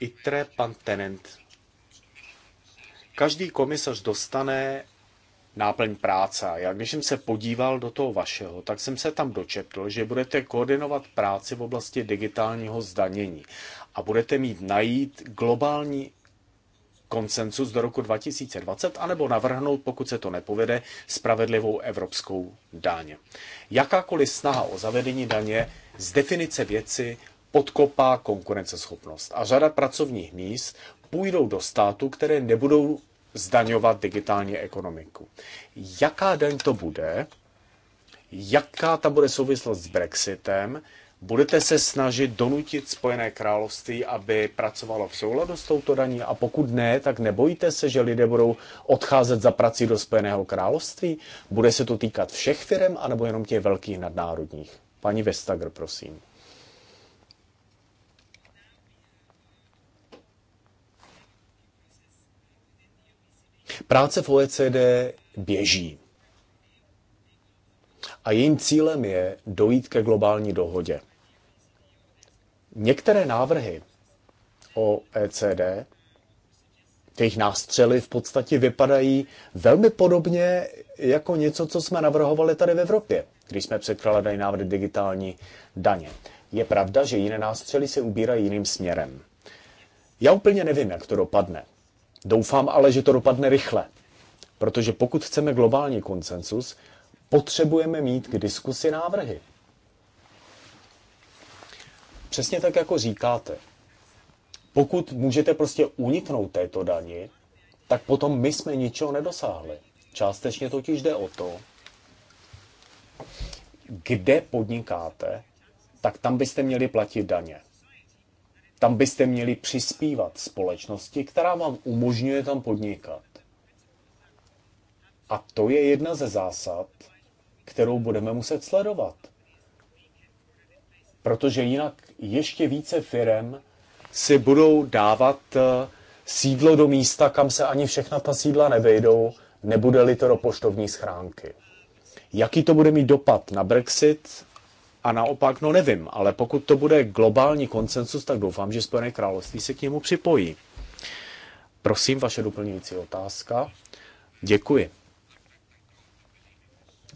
ITRE pan Tenent. Každý komisař dostane náplň práce. Já když jsem se podíval do toho vašeho, tak jsem se tam dočetl, že budete koordinovat práci v oblasti digitálního zdanění a budete mít najít globální konsensus do roku 2020, anebo navrhnout, pokud se to nepovede, spravedlivou evropskou daň. Jakákoliv snaha o zavedení daně z definice věci podkopá konkurenceschopnost a řada pracovních míst půjdou do států, které nebudou zdaňovat digitální ekonomiku. Jaká daň to bude? Jaká tam bude souvislost s Brexitem? Budete se snažit donutit Spojené království, aby pracovalo v souladu s touto daní? A pokud ne, tak nebojíte se, že lidé budou odcházet za prací do Spojeného království? Bude se to týkat všech firm, anebo jenom těch velkých nadnárodních? Paní Vestager, prosím. Práce v OECD běží. A jejím cílem je dojít ke globální dohodě. Některé návrhy o ECD, těch nástřely v podstatě vypadají velmi podobně jako něco, co jsme navrhovali tady v Evropě, když jsme předkládali návrh digitální daně. Je pravda, že jiné nástřely se ubírají jiným směrem. Já úplně nevím, jak to dopadne. Doufám ale, že to dopadne rychle. Protože pokud chceme globální konsensus, potřebujeme mít k diskusi návrhy. Přesně tak, jako říkáte. Pokud můžete prostě uniknout této dani, tak potom my jsme ničeho nedosáhli. Částečně totiž jde o to, kde podnikáte, tak tam byste měli platit daně. Tam byste měli přispívat společnosti, která vám umožňuje tam podnikat. A to je jedna ze zásad, kterou budeme muset sledovat protože jinak ještě více firem si budou dávat eh, sídlo do místa, kam se ani všechna ta sídla nevejdou, nebude-li to do poštovní schránky. Jaký to bude mít dopad na Brexit a naopak, no nevím, ale pokud to bude globální konsensus, tak doufám, že Spojené království se k němu připojí. Prosím, vaše doplňující otázka. Děkuji.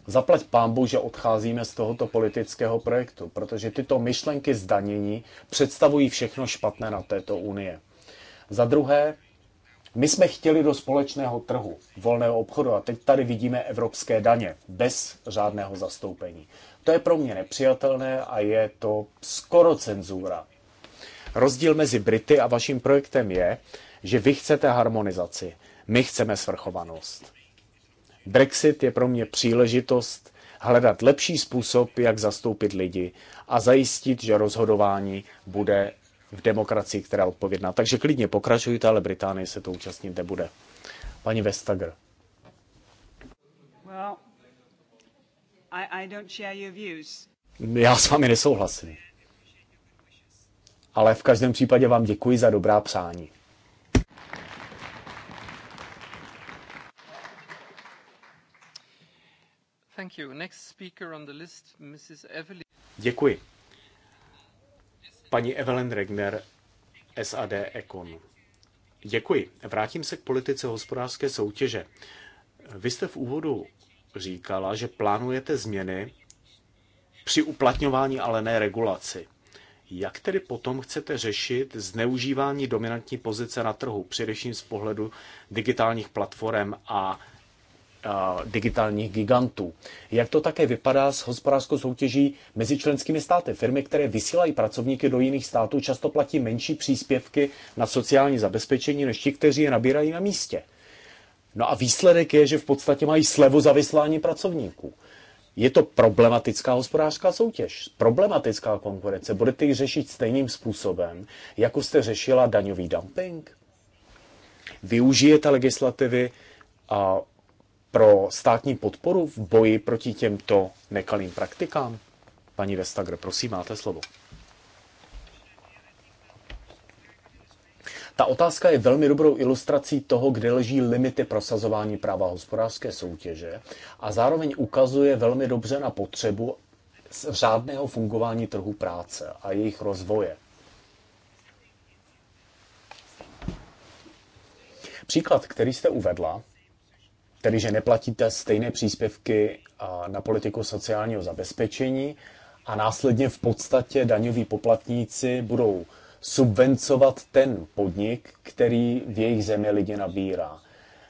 Zaplať pámbu, že odcházíme z tohoto politického projektu, protože tyto myšlenky zdanění představují všechno špatné na této unie. Za druhé, my jsme chtěli do společného trhu, volného obchodu a teď tady vidíme evropské daně bez řádného zastoupení. To je pro mě nepřijatelné a je to skoro cenzura. Rozdíl mezi Brity a vaším projektem je, že vy chcete harmonizaci, my chceme svrchovanost. Brexit je pro mě příležitost hledat lepší způsob, jak zastoupit lidi a zajistit, že rozhodování bude v demokracii, která odpovědná. Takže klidně pokračujte, ale Británie se to účastnit nebude. Paní Vestager. Well, I, I don't share your views. Já s vámi nesouhlasím. Ale v každém případě vám děkuji za dobrá přání. Děkuji. Paní Evelyn Regner, SAD Econ. Děkuji. Vrátím se k politice hospodářské soutěže. Vy jste v úvodu říkala, že plánujete změny při uplatňování, ale ne regulaci. Jak tedy potom chcete řešit zneužívání dominantní pozice na trhu, především z pohledu digitálních platform a digitálních gigantů. Jak to také vypadá s hospodářskou soutěží mezi členskými státy? Firmy, které vysílají pracovníky do jiných států, často platí menší příspěvky na sociální zabezpečení než ti, kteří je nabírají na místě. No a výsledek je, že v podstatě mají slevu za vyslání pracovníků. Je to problematická hospodářská soutěž, problematická konkurence. Budete ji řešit stejným způsobem, jako jste řešila daňový dumping? Využijete legislativy a pro státní podporu v boji proti těmto nekalým praktikám? Paní Vestager, prosím, máte slovo. Ta otázka je velmi dobrou ilustrací toho, kde leží limity prosazování práva hospodářské soutěže a zároveň ukazuje velmi dobře na potřebu řádného fungování trhu práce a jejich rozvoje. Příklad, který jste uvedla, tedy že neplatíte stejné příspěvky na politiku sociálního zabezpečení a následně v podstatě daňoví poplatníci budou subvencovat ten podnik, který v jejich zemi lidi nabírá.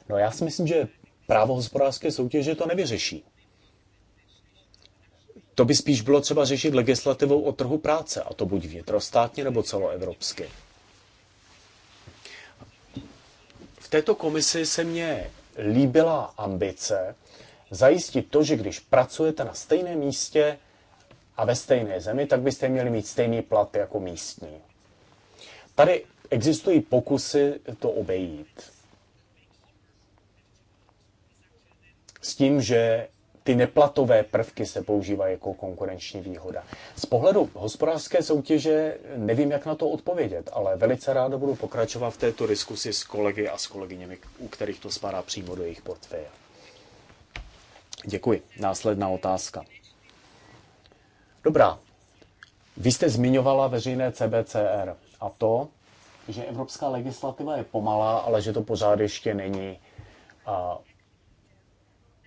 No já si myslím, že právo hospodářské soutěže to nevyřeší. To by spíš bylo třeba řešit legislativou o trhu práce, a to buď vnitrostátně nebo celoevropsky. V této komisi se mě líbila ambice zajistit to, že když pracujete na stejném místě a ve stejné zemi, tak byste měli mít stejný plat jako místní. Tady existují pokusy to obejít. S tím, že ty neplatové prvky se používají jako konkurenční výhoda. Z pohledu hospodářské soutěže nevím, jak na to odpovědět, ale velice ráda budu pokračovat v této diskusi s kolegy a s kolegyněmi, u kterých to spadá přímo do jejich portfeje. Děkuji. Následná otázka. Dobrá. Vy jste zmiňovala veřejné CBCR a to, že evropská legislativa je pomalá, ale že to pořád ještě není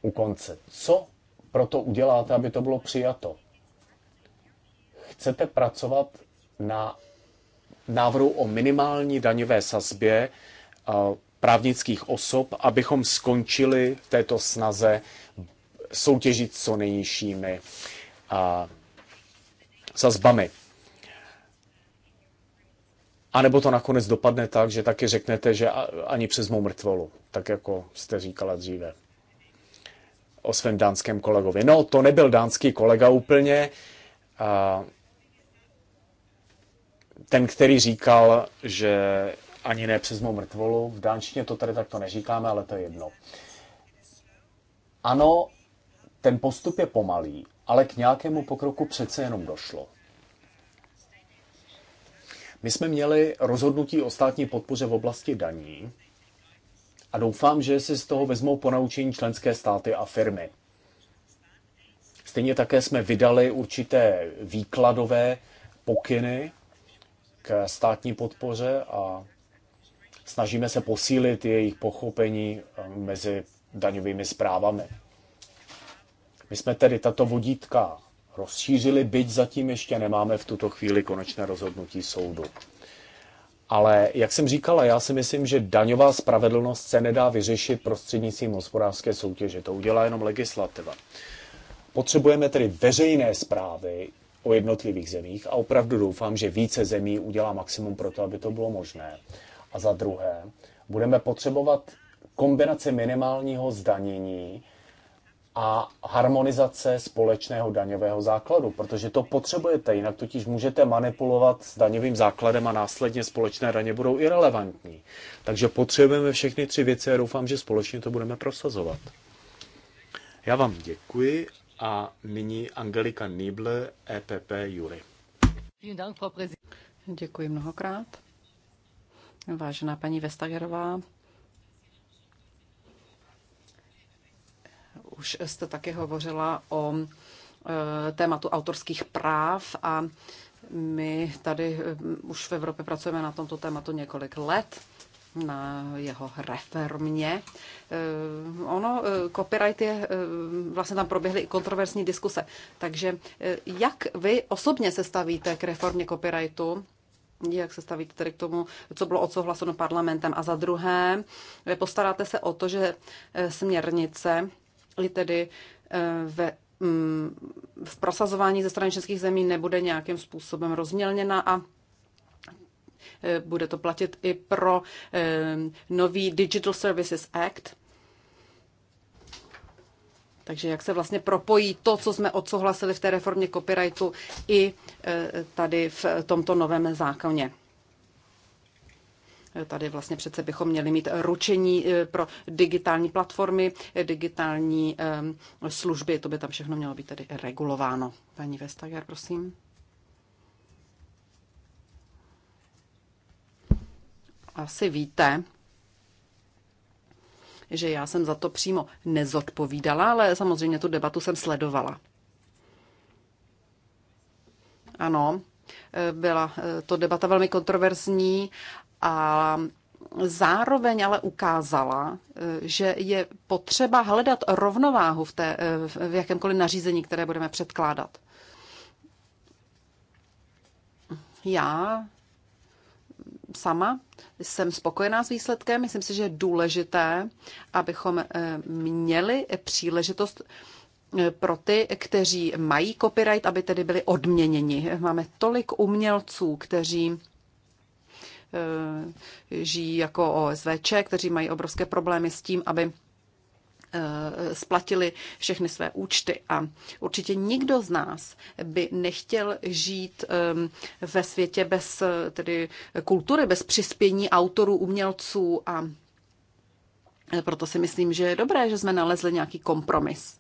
u konce. Co proto uděláte, aby to bylo přijato? Chcete pracovat na návrhu o minimální daňové sazbě eh, právnických osob, abychom skončili v této snaze soutěžit co nejnižšími eh, sazbami. A nebo to nakonec dopadne tak, že taky řeknete, že ani přes mou mrtvolu, tak jako jste říkala dříve o svém dánském kolegovi. No, to nebyl dánský kolega úplně. Ten, který říkal, že ani ne přes mou mrtvolu, v dánštině to tady takto neříkáme, ale to je jedno. Ano, ten postup je pomalý, ale k nějakému pokroku přece jenom došlo. My jsme měli rozhodnutí o státní podpoře v oblasti daní, a doufám, že si z toho vezmou ponaučení členské státy a firmy. Stejně také jsme vydali určité výkladové pokyny k státní podpoře a snažíme se posílit jejich pochopení eh, mezi daňovými zprávami. My jsme tedy tato vodítka rozšířili, byť zatím ještě nemáme v tuto chvíli konečné rozhodnutí soudu. Ale jak jsem říkala, já si myslím, že daňová spravedlnost se nedá vyřešit prostřednictvím hospodářské soutěže. To udělá jenom legislativa. Potřebujeme tedy veřejné zprávy o jednotlivých zemích a opravdu doufám, že více zemí udělá maximum pro to, aby to bylo možné. A za druhé, budeme potřebovat kombinaci minimálního zdanění a harmonizace společného daňového základu, protože to potřebujete, jinak totiž můžete manipulovat s daňovým základem a následně společné daně budou irrelevantní. Takže potřebujeme všechny tři věci a doufám, že společně to budeme prosazovat. Já vám děkuji a nyní Angelika Nible, EPP Jury. Děkuji mnohokrát. Vážená paní Vestagerová, Už jste také hovořila o e, tématu autorských práv a my tady e, už v Evropě pracujeme na tomto tématu několik let na jeho reformě. E, ono, copyright je, vlastně tam proběhly i kontroverzní diskuse. Takže jak vy osobně se stavíte k reformě copyrightu? Jak se stavíte tedy k tomu, co bylo odsouhlaseno parlamentem? A za druhé, postaráte se o to, že směrnice tedy eh, ve, mm, v prosazování ze strany českých zemí nebude nějakým způsobem rozmělněna a eh, bude to platit i pro eh, nový Digital Services Act. Takže jak se vlastně propojí to, co jsme odsouhlasili v té reformě copyrightu, i tady v tomto novém zákoně. Tady vlastně přece bychom měli mít ručení eh, pro digitální platformy, digitální eh, služby, to by tam všechno mělo být tedy regulováno. Paní Vestager, prosím. Asi víte, že já jsem za to přímo nezodpovídala, ale samozřejmě tu debatu jsem sledovala. Ano, eh, byla to debata velmi kontroverzní a zároveň ale ukázala, eh, že je potřeba hledat rovnováhu v, té, eh, v jakémkoliv nařízení, které budeme předkládat. Já sama jsem spokojená s výsledkem. Myslím si, že je důležité, abychom eh, měli příležitost pro ty, kteří mají copyright, aby tedy byli odměněni. Máme tolik umělců, kteří Eh, žijí jako OSVČ, kteří mají obrovské problémy s tím, aby eh, splatili všechny své účty. A určitě nikdo z nás by nechtěl žít eh, ve světě bez tedy kultury, bez přispění autorů, umělců a proto si myslím, že je dobré, že jsme nalezli nějaký kompromis.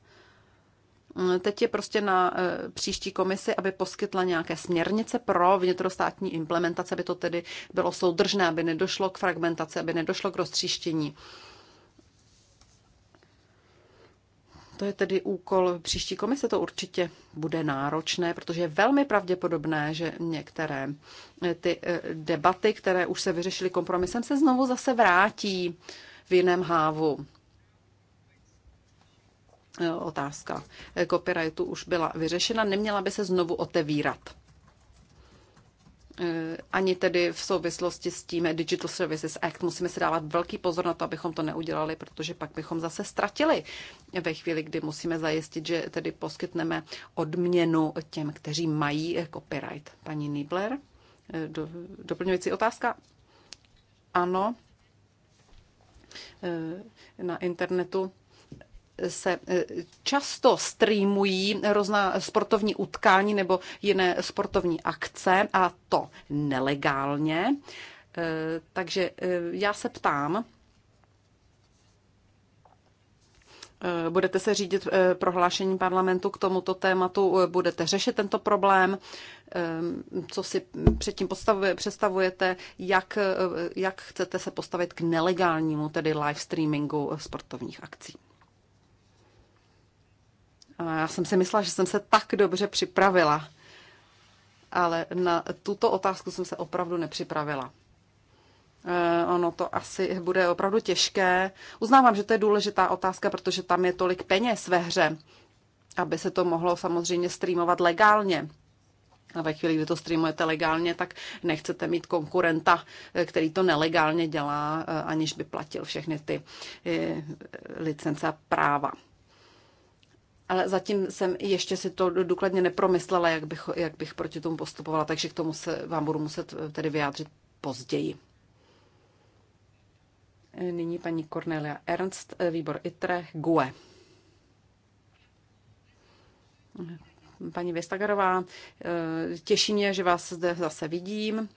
Mm, teď je prostě na eh, příští komisi, aby poskytla nějaké směrnice pro vnitrostátní implementace, aby to tedy bylo soudržné, aby nedošlo k fragmentaci, aby nedošlo k roztříštění. To je tedy úkol příští komise, to určitě bude náročné, protože je velmi pravděpodobné, že některé eh, ty eh, debaty, které už se vyřešily kompromisem, se znovu zase vrátí v jiném hávu. Eh, otázka eh, copyrightu už byla vyřešena, neměla by se znovu otevírat. Eh, ani tedy v souvislosti s tím Digital Services Act musíme si dávat velký pozor na to, abychom to neudělali, protože pak bychom zase ztratili ve chvíli, kdy musíme zajistit, že tedy poskytneme odměnu těm, kteří mají copyright. Paní Nibler, do, doplňující otázka? Ano, na internetu se e, často streamují různá sportovní utkání nebo jiné sportovní akce a to nelegálně. E, takže e, já se ptám, budete se řídit prohlášení parlamentu k tomuto tématu, budete řešit tento problém, co si předtím představujete, jak, jak chcete se postavit k nelegálnímu, tedy live streamingu sportovních akcí. Já jsem si myslela, že jsem se tak dobře připravila, ale na tuto otázku jsem se opravdu nepřipravila. Eh, ono to asi bude opravdu těžké. Uznávám, že to je důležitá otázka, protože tam je tolik peněz ve hře, aby se to mohlo samozřejmě streamovat legálně. A ve chvíli, kdy to streamujete legálně, tak nechcete mít konkurenta, eh, který to nelegálně dělá, eh, aniž by platil všechny ty licence a práva ale zatím jsem ještě si to důkladně nepromyslela, jak bych, jak bych proti tomu postupovala, takže k tomu se vám budu muset eh, tedy vyjádřit později. Eh, nyní paní Cornelia Ernst, eh, výbor ITRE, GUE. Paní Vestagarová, těší mě, že vás zde zase vidím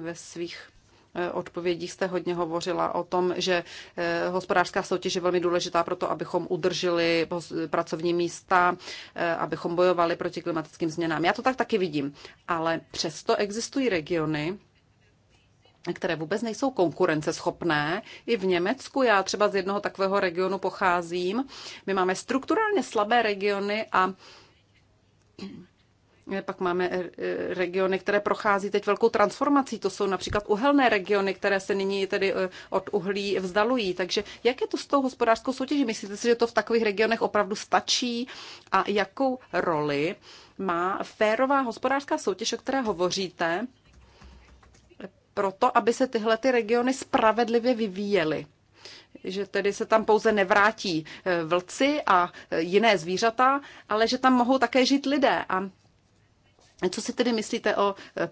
ve svých Eh, odpovědích jste hodně hovořila o tom, že eh, hospodářská soutěž je velmi důležitá pro to, abychom udrželi pracovní místa, eh, abychom bojovali proti klimatickým změnám. Já to tak taky vidím, ale přesto existují regiony, které vůbec nejsou konkurenceschopné. I v Německu, já třeba z jednoho takového regionu pocházím, my máme strukturálně slabé regiony a Eh, pak máme eh, regiony, které prochází teď velkou transformací. To jsou například uhelné regiony, které se nyní tedy eh, od uhlí vzdalují. Takže jak je to s tou hospodářskou soutěží? Myslíte si, že to v takových regionech opravdu stačí? A jakou roli má férová hospodářská soutěž, o které hovoříte, proto, aby se tyhle ty regiony spravedlivě vyvíjely? že tedy se tam pouze nevrátí vlci a jiné zvířata, ale že tam mohou také žít lidé. A co si tedy myslíte o eh,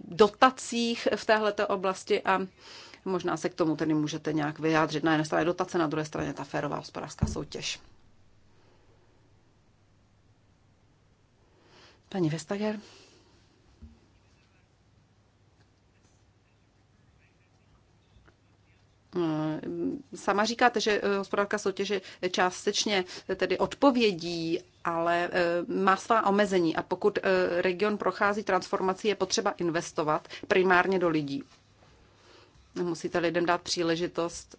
dotacích v této oblasti a možná se k tomu tedy můžete nějak vyjádřit. Na jedné straně dotace, na druhé straně ta férová hospodářská soutěž. Paní Vestager. Eh, sama říkáte, že eh, hospodářská soutěž je částečně tedy odpovědí ale eh, má svá omezení a pokud eh, region prochází transformací, je potřeba investovat primárně do lidí. Musíte lidem dát příležitost,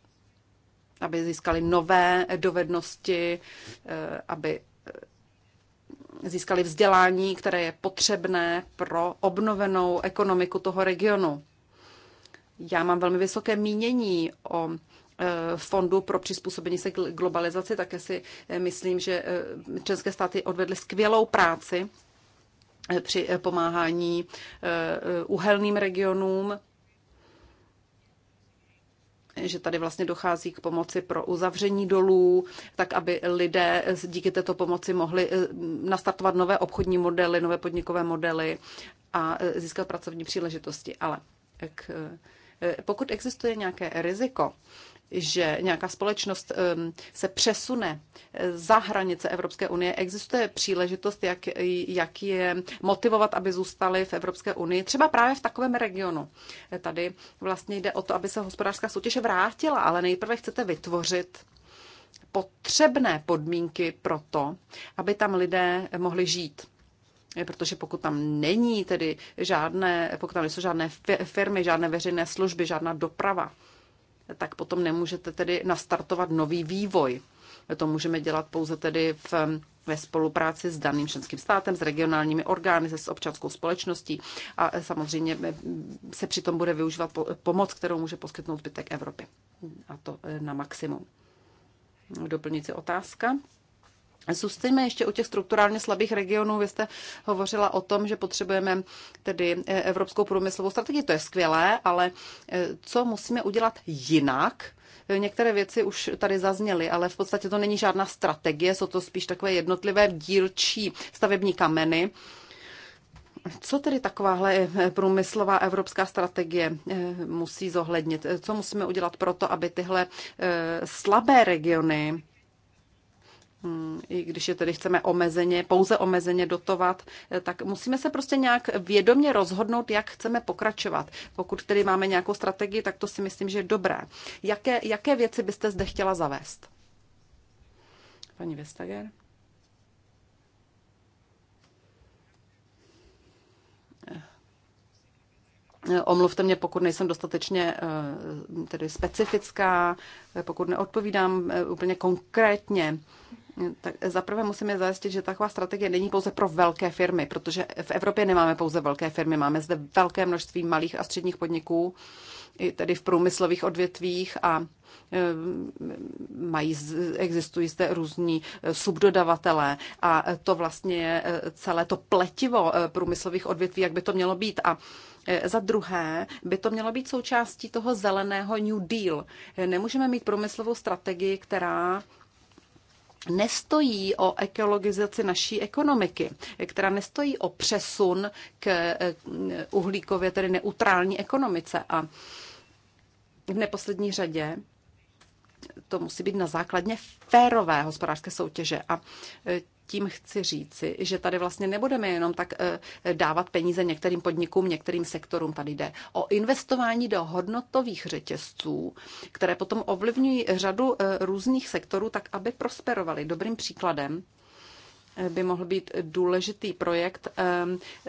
aby získali nové dovednosti, eh, aby získali vzdělání, které je potřebné pro obnovenou ekonomiku toho regionu. Já mám velmi vysoké mínění o Eh, fondu pro přizpůsobení se globalizaci. Také si eh, myslím, že eh, české státy odvedly skvělou práci při pomáhání uhelným regionům, že tady vlastně dochází k pomoci pro uzavření dolů, tak aby lidé díky této pomoci mohli nastartovat nové obchodní modely, nové podnikové modely a získat pracovní příležitosti. Ale k Eh, pokud existuje nějaké riziko, že nějaká společnost ehm, se přesune eh, za hranice Evropské unie, existuje příležitost, jak, jak je motivovat, aby zůstali v Evropské unii, třeba právě v takovém regionu. Eh, tady vlastně jde o to, aby se hospodářská soutěž vrátila, ale nejprve chcete vytvořit potřebné podmínky pro to, aby tam lidé mohli žít. Eh, protože pokud tam není tedy žádné, pokud tam nejsou žádné firmy, žádné veřejné služby, žádná doprava, tak potom nemůžete tedy nastartovat nový vývoj. Eh, to můžeme dělat pouze tedy v, ve spolupráci s daným členským státem, s regionálními orgány, se s občanskou společností a eh, samozřejmě se přitom bude využívat pomoc, kterou může poskytnout zbytek Evropy. A to na maximum. Doplňující otázka. Zůstaňme ještě u těch strukturálně slabých regionů. Vy jste hovořila o tom, že potřebujeme tedy eh, evropskou průmyslovou strategii. To je skvělé, ale eh, co musíme udělat jinak? Eh, některé věci už tady zazněly, ale v podstatě to není žádná strategie, jsou to spíš takové jednotlivé dílčí stavební kameny. Co tedy takováhle průmyslová evropská strategie musí zohlednit? Co musíme udělat pro to, aby tyhle slabé regiony Hmm, i když je tedy chceme omezeně, pouze omezeně dotovat, eh, tak musíme se prostě nějak vědomě rozhodnout, jak chceme pokračovat. Pokud tedy máme nějakou strategii, tak to si myslím, že je dobré. Jaké, jaké věci byste zde chtěla zavést? Paní Vestager? Eh, eh, omluvte mě, pokud nejsem dostatečně tedy specifická, pokud neodpovídám úplně konkrétně tak zaprvé musíme zajistit, že taková strategie není pouze pro velké firmy, protože v Evropě nemáme pouze velké firmy, máme zde velké množství malých a středních podniků, i tedy v průmyslových odvětvích a eh, mají, existují zde různí eh, subdodavatelé a eh, to vlastně je celé to pletivo průmyslových odvětví, jak by to mělo být. A za druhé, by to mělo být součástí toho zeleného New Deal. Nemůžeme mít průmyslovou strategii, která nestojí o ekologizaci naší ekonomiky, která nestojí o přesun k eh, uhlíkově, tedy neutrální ekonomice. A v neposlední řadě to musí být na základně férové hospodářské soutěže. A eh, tím chci říci, že tady vlastně nebudeme jenom tak eh, dávat peníze některým podnikům, některým sektorům. Tady jde o investování do hodnotových řetězců, které potom ovlivňují řadu eh, různých sektorů, tak aby prosperovaly. Dobrým příkladem by mohl být důležitý projekt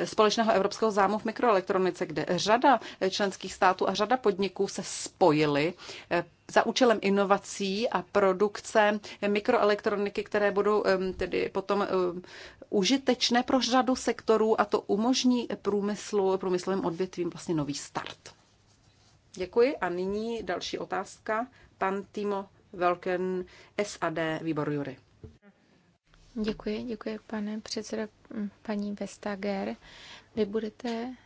společného evropského zámu v mikroelektronice, kde řada členských států a řada podniků se spojily eh, za účelem inovací a produkce mikroelektroniky, které budou tedy potom eh, užitečné pro řadu sektorů a to umožní průmyslu, průmyslovým odvětvím vlastně nový start. Děkuji a nyní další otázka. Pan Timo Velken, SAD, výbor Jury. Děkuji, děkuji, pane předseda, paní Vestager. Vy budete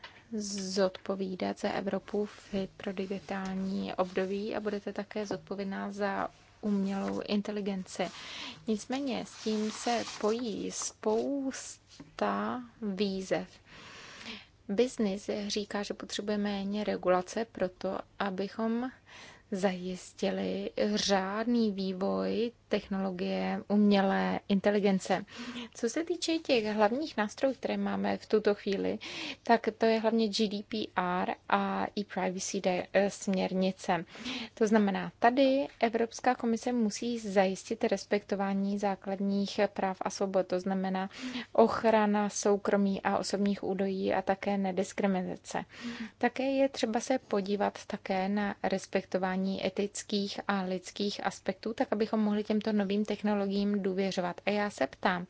zodpovídat za Evropu pro digitální období a budete také zodpovědná za umělou inteligenci. Nicméně s tím se pojí spousta výzev. Biznis říká, že potřebujeme méně regulace proto, abychom zajistili řádný vývoj technologie umělé inteligence. Co se týče těch hlavních nástrojů, které máme v tuto chvíli, tak to je hlavně GDPR a e-privacy eh, směrnice. To znamená, tady Evropská komise musí zajistit respektování základních práv a svobod, to znamená ochrana soukromí a osobních údajů a také nediskriminace. Také je třeba se podívat také na respektování etických a lidských aspektů, tak abychom mohli těm těmto novým technologiím důvěřovat. A já se ptám,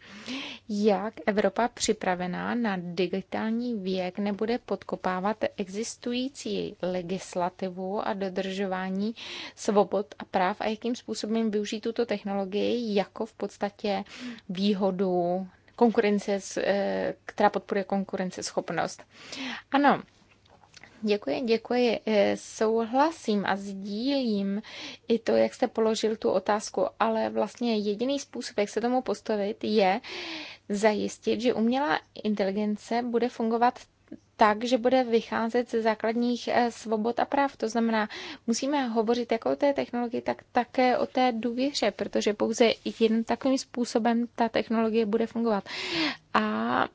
jak Evropa připravená na digitální věk nebude podkopávat existující legislativu a dodržování svobod a práv a jakým způsobem využít tuto technologii jako v podstatě výhodu konkurence, eh, která podporuje konkurenceschopnost. Ano, Děkuji, děkuji. E, souhlasím a sdílím i to, jak jste položil tu otázku, ale vlastně jediný způsob, jak se tomu postavit, je zajistit, že umělá inteligence bude fungovat tak, že bude vycházet ze základních eh, svobod a práv. To znamená, musíme hovořit jak o té technologii, tak také o té důvěře, protože pouze jedním takovým způsobem ta technologie bude fungovat. A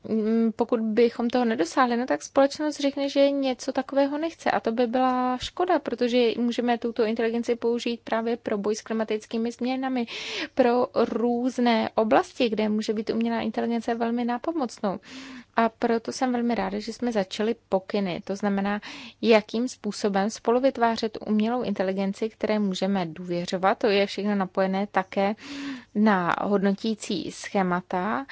mm, pokud bychom toho nedosáhli, no tak společnost řekne, že něco takového nechce. A to by byla škoda, protože můžeme tuto inteligenci použít právě pro boj s klimatickými změnami, pro různé oblasti, kde může být umělá inteligence velmi nápomocnou. A proto jsem velmi ráda, že jsme začali pokyny, to znamená, jakým způsobem spolu vytvářet umělou inteligenci, které můžeme důvěřovat. To je všechno napojené také na hodnotící schémata.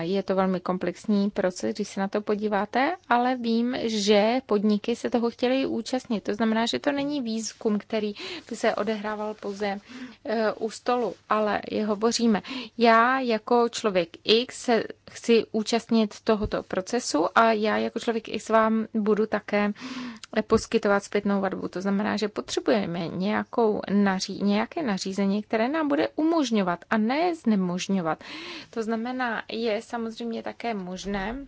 Je to velmi komplexní proces, když se na to podíváte, ale vím, že podniky se toho chtěly účastnit. To znamená, že to není výzkum, který by se odehrával pouze eh, u stolu, ale je hovoříme. Já jako člověk X se chci účastnit to tohoto procesu a já jako člověk s vám budu také poskytovat zpětnou vadbu. To znamená, že potřebujeme nějakou naří, nějaké nařízení, které nám bude umožňovat a ne znemožňovat. To znamená, je samozřejmě také možné,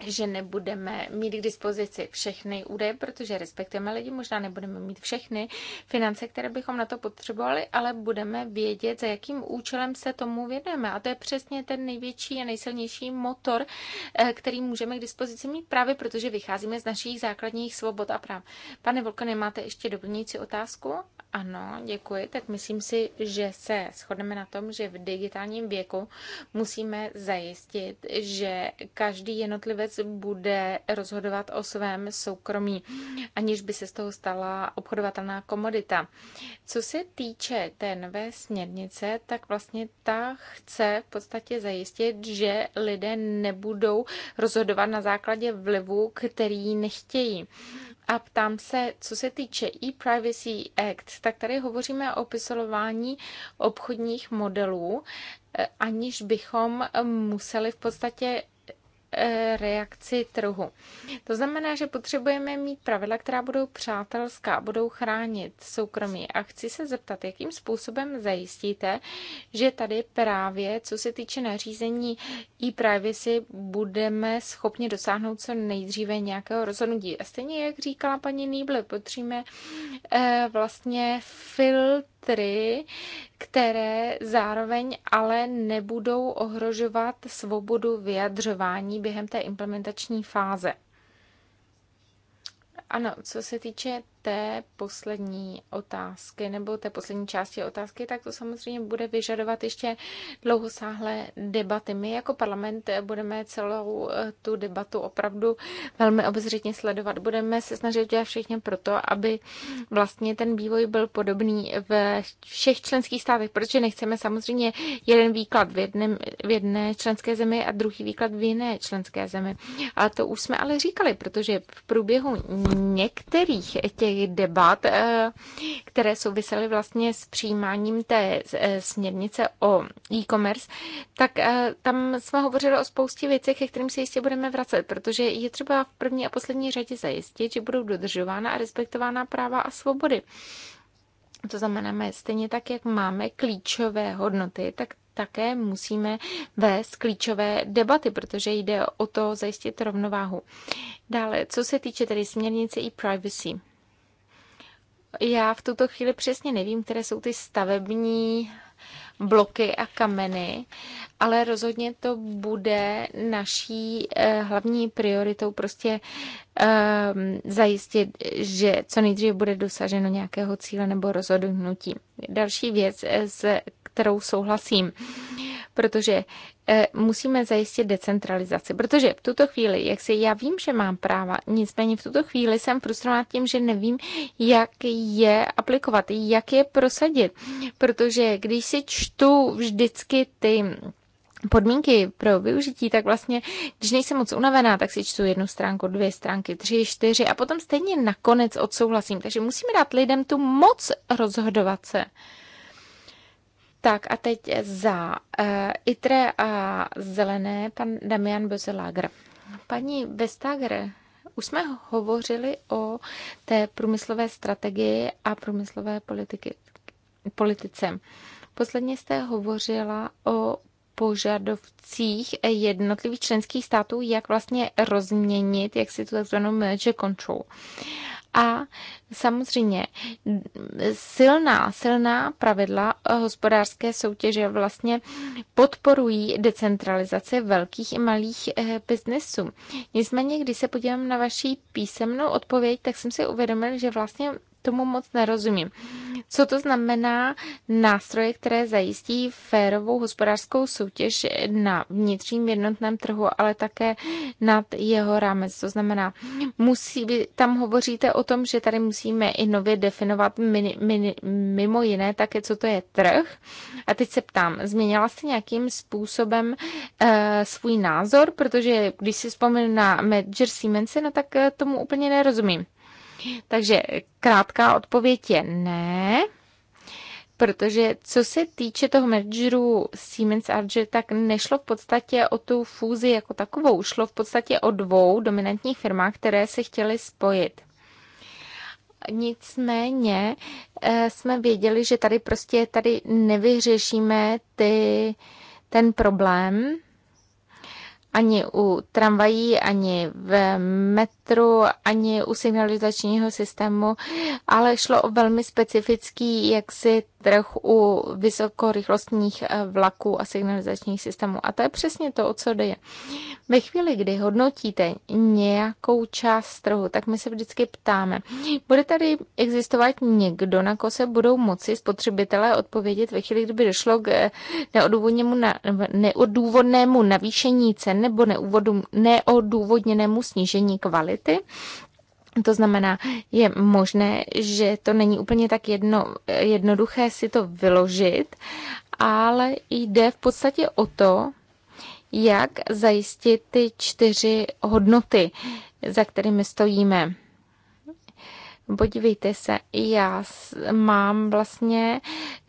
že nebudeme mít k dispozici všechny údaje, protože respektujeme lidi, možná nebudeme mít všechny finance, které bychom na to potřebovali, ale budeme vědět, za jakým účelem se tomu věnujeme. A to je přesně ten největší a nejsilnější motor, eh, který můžeme k dispozici mít právě protože vycházíme z našich základních svobod a práv. Pane Volko, nemáte ještě doplňující otázku? Ano, děkuji. Tak myslím si, že se shodneme na tom, že v digitálním věku musíme zajistit, že každý jednotlivec bude rozhodovat o svém soukromí, aniž by se z toho stala obchodovatelná komodita. Co se týče té nové směrnice, tak vlastně ta chce v podstatě zajistit, že lidé nebudou rozhodovat na základě vlivu, který nechtějí a ptám se, co se týče e-Privacy Act, tak tady hovoříme o opisování obchodních modelů, eh, aniž bychom museli v podstatě Eh, reakci trhu. To znamená, že potřebujeme mít pravidla, která budou přátelská, budou chránit soukromí. A chci se zeptat, jakým způsobem zajistíte, že tady právě, co se týče nařízení e-privacy, budeme schopni dosáhnout co nejdříve nějakého rozhodnutí. A stejně jak říkala paní Nýble, potřebujeme eh, vlastně filtr sestry, které zároveň ale nebudou ohrožovat svobodu vyjadřování během té implementační fáze. Ano, co se týče té poslední otázky nebo té poslední části otázky, tak to samozřejmě bude vyžadovat ještě dlouhosáhlé debaty. My jako parlament budeme celou eh, tu debatu opravdu velmi obezřetně sledovat. Budeme se snažit dělat všechno proto, aby vlastně ten vývoj byl podobný ve všech členských státech, protože nechceme samozřejmě jeden výklad v, jedném, v jedné členské zemi a druhý výklad v jiné členské zemi. a to už jsme ale říkali, protože v průběhu některých těch debat, eh, které souvisely vlastně s přijímáním té eh, směrnice o e-commerce, tak eh, tam jsme hovořili o spoustě věcí, ke kterým se jistě budeme vracet, protože je třeba v první a poslední řadě zajistit, že budou dodržována a respektována práva a svobody. To znamená, stejně tak, jak máme klíčové hodnoty, tak také musíme vést klíčové debaty, protože jde o to zajistit rovnováhu. Dále, co se týče tedy směrnice i privacy já v tuto chvíli přesně nevím, které jsou ty stavební bloky a kameny, ale rozhodně to bude naší eh, hlavní prioritou prostě ehm, zajistit, že co nejdříve bude dosaženo nějakého cíle nebo rozhodnutí. Další věc, eh, s kterou souhlasím, protože e, musíme zajistit decentralizaci. Protože v tuto chvíli, jak si já vím, že mám práva, nicméně v tuto chvíli jsem frustrovaná tím, že nevím, jak je aplikovat, jak je prosadit. Protože když si čtu vždycky ty podmínky pro využití, tak vlastně, když nejsem moc unavená, tak si čtu jednu stránku, dvě stránky, tři, čtyři a potom stejně nakonec odsouhlasím. Takže musíme dát lidem tu moc rozhodovat se. Tak a teď za uh, ITRE a zelené pan Damian Bozelágr. Paní Vestager, už jsme hovořili o té průmyslové strategii a průmyslové politiky, politice. Posledně jste hovořila o požadovcích jednotlivých členských států, jak vlastně rozměnit, jak si to takzvanou merge control a samozřejmě silná, silná pravidla hospodářské soutěže vlastně podporují decentralizaci velkých i malých eh, biznesů. Nicméně, když se podívám na vaší písemnou odpověď, tak jsem si uvědomil, že vlastně tomu moc nerozumím. Co to znamená nástroje, které zajistí férovou hospodářskou soutěž na vnitřním jednotném trhu, ale také nad jeho rámec. To znamená, musí, tam hovoříte o tom, že tady musíme i nově definovat mini, mini, mimo jiné také, co to je trh. A teď se ptám, změnila jste nějakým způsobem e, svůj názor? Protože když si vzpomínám na Major Siemens, no tak eh, tomu úplně nerozumím. Takže krátká odpověď je ne. Protože co se týče toho mergeru Siemens Arger, tak nešlo v podstatě o tu fúzi jako takovou. Šlo v podstatě o dvou dominantních firmách, které se chtěly spojit. Nicméně eh, jsme věděli, že tady prostě tady nevyřešíme ty, ten problém ani u tramvají, ani v met registru ani u signalizačního systému, ale šlo o velmi specifický jaksi trh u vysokorychlostních eh, vlaků a signalizačních systémů. A to je přesně to, o co jde. Ve chvíli, kdy hodnotíte nějakou část trhu, tak my se vždycky ptáme, bude tady existovat někdo, na koho se budou moci spotřebitelé odpovědět ve chvíli, kdyby došlo k eh, neodůvodněmu, neodůvodnému navýšení cen nebo neodůvodněnému snížení kvality? reality. To znamená, je možné, že to není úplně tak jedno, jednoduché si to vyložit, ale jde v podstatě o to, jak zajistit ty čtyři hodnoty, za kterými stojíme. Podívejte se, já mám vlastně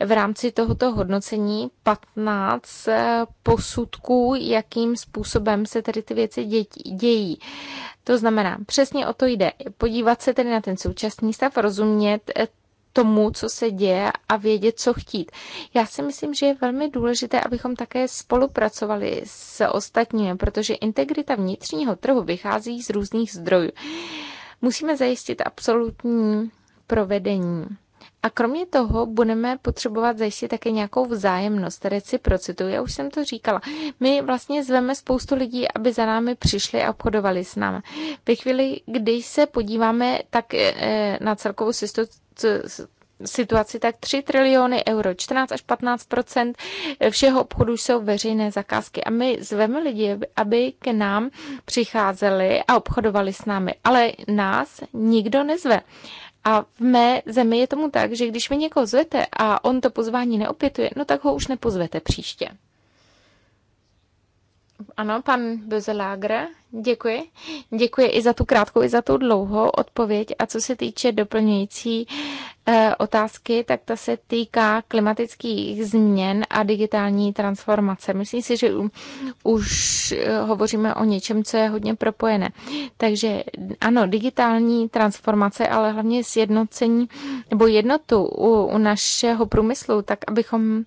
v rámci tohoto hodnocení 15 eh, posudků, jakým způsobem se tedy ty věci dějí. To znamená, přesně o to jde. Podívat se tedy na ten současný stav, rozumět eh, tomu, co se děje a vědět, co chtít. Já si myslím, že je velmi důležité, abychom také spolupracovali s ostatními, protože integrita vnitřního trhu vychází z různých zdrojů. Musíme zajistit absolutní provedení. A kromě toho budeme potřebovat zajistit také nějakou vzájemnost, reciprocitu. Já už jsem to říkala. My vlastně zveme spoustu lidí, aby za námi přišli a obchodovali s námi. Ve chvíli, když se podíváme tak eh, na celkovou situaci, tak 3 triliony euro, 14 až 15 všeho obchodu jsou veřejné zakázky. A my zveme lidi, aby k nám přicházeli a obchodovali s námi, ale nás nikdo nezve. A v mé zemi je tomu tak, že když mi někoho zvete a on to pozvání neopětuje, no tak ho už nepozvete příště. Ano, pan Bezelágre, Děkuji. Děkuji i za tu krátkou, i za tu dlouhou odpověď. A co se týče doplňující eh, otázky, tak ta se týká klimatických změn a digitální transformace. Myslím si, že už eh, hovoříme o něčem, co je hodně propojené. Takže ano, digitální transformace, ale hlavně sjednocení nebo jednotu u, u našeho průmyslu, tak abychom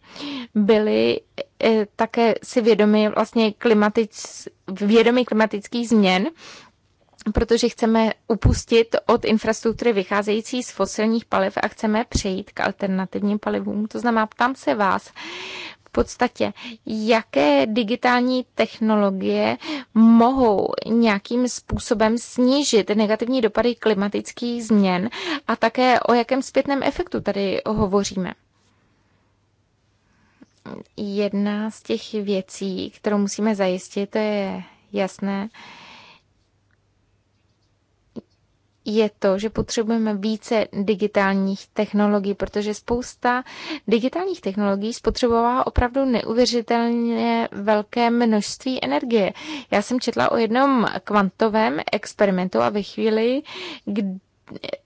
byli eh, také si vědomi vlastně klimatických vědomí klimatických změn, protože chceme upustit od infrastruktury vycházející z fosilních paliv a chceme přejít k alternativním palivům. To znamená, ptám se vás, v podstatě, jaké digitální technologie mohou nějakým způsobem snížit negativní dopady klimatických změn a také o jakém zpětném efektu tady hovoříme jedna z těch věcí, kterou musíme zajistit, to je jasné, je to, že potřebujeme více digitálních technologií, protože spousta digitálních technologií spotřebová opravdu neuvěřitelně velké množství energie. Já jsem četla o jednom kvantovém experimentu a ve chvíli, kdy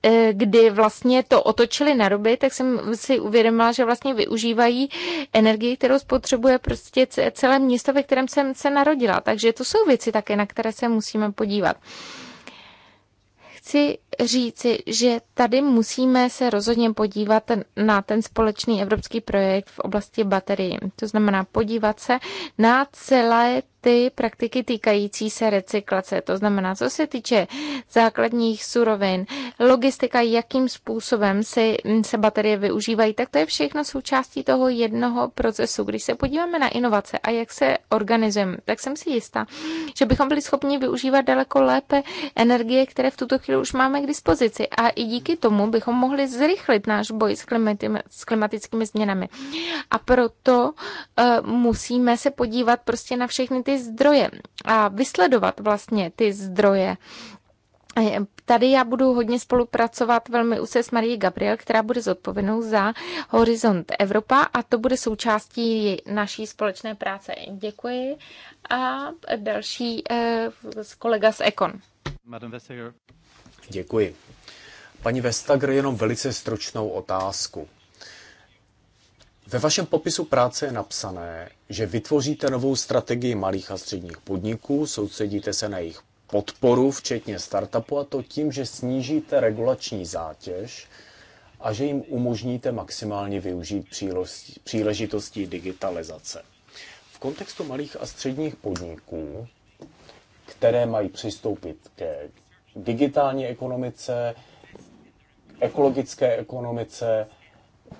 E, kdy vlastně to otočili na ruby, tak jsem si uvědomila, že vlastně využívají energii, kterou spotřebuje prostě celé město, ve kterém jsem se narodila. Takže to jsou věci také, na které se musíme podívat chci říci, že tady musíme se rozhodně podívat na ten společný evropský projekt v oblasti baterií. To znamená podívat se na celé ty praktiky týkající se recyklace. To znamená, co se týče základních surovin, logistika, jakým způsobem si, mm, se baterie využívají, tak to je všechno součástí toho jednoho procesu. Když se podíváme na inovace a jak se organizujeme, tak jsem si jistá, že bychom byli schopni využívat daleko lépe energie, které v tuto chvíli už máme k dispozici. A i díky tomu bychom mohli zrychlit náš boj s, klimati- s klimatickými změnami. A proto uh, musíme se podívat prostě na všechny ty ty zdroje a vysledovat vlastně ty zdroje Tady já budu hodně spolupracovat velmi úzce s Marie Gabriel, která bude zodpovědnou za Horizont Evropa a to bude součástí naší společné práce. Děkuji. A další eh, kolega z Ekon. Děkuji. Paní Vestager, jenom velice stručnou otázku. Ve vašem popisu práce je napsané, že vytvoříte novou strategii malých a středních podniků, soustředíte se na jejich podporu, včetně startupu, a to tím, že snížíte regulační zátěž a že jim umožníte maximálně využít příležitostí digitalizace. V kontextu malých a středních podniků, které mají přistoupit ke digitální ekonomice, ekologické ekonomice,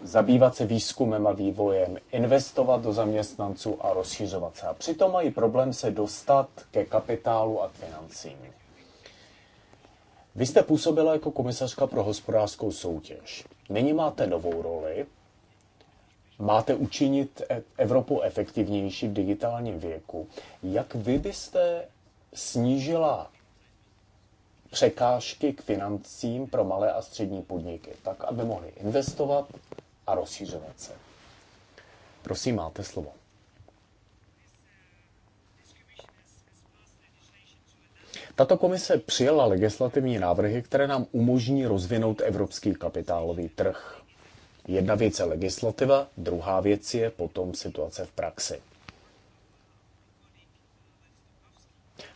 zabývat se výzkumem a vývojem, investovat do zaměstnanců a rozšířovat. se. A přitom mají problém se dostat ke kapitálu a k financím. Vy jste působila jako komisařka pro hospodářskou soutěž. Nyní máte novou roli. Máte učinit e- Evropu efektivnější v digitálním věku. Jak vy byste snížila překážky k financím pro malé a střední podniky, tak aby mohli investovat a rozšířovat se. Prosím, máte slovo. Tato komise přijala legislativní návrhy, které nám umožní rozvinout evropský kapitálový trh. Jedna věc je legislativa, druhá věc je potom situace v praxi.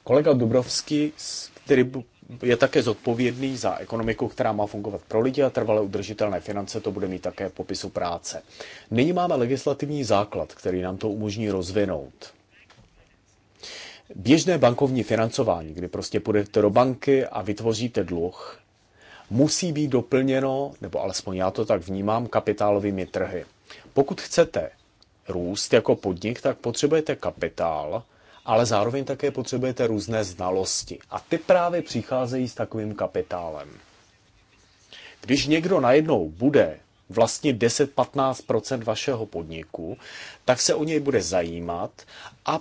Kolega Dubrovský, který je také zodpovědný za ekonomiku, která má fungovat pro lidi a trvale udržitelné finance, to bude mít také popisu práce. Nyní máme legislativní základ, který nám to umožní rozvinout. Běžné bankovní financování, kdy prostě půjdete do banky a vytvoříte dluh, musí být doplněno, nebo alespoň já to tak vnímám, kapitálovými trhy. Pokud chcete růst jako podnik, tak potřebujete kapitál, ale zároveň také potřebujete různé znalosti. A ty právě přicházejí s takovým kapitálem. Když někdo najednou bude vlastně 10-15 vašeho podniku, tak se o něj bude zajímat a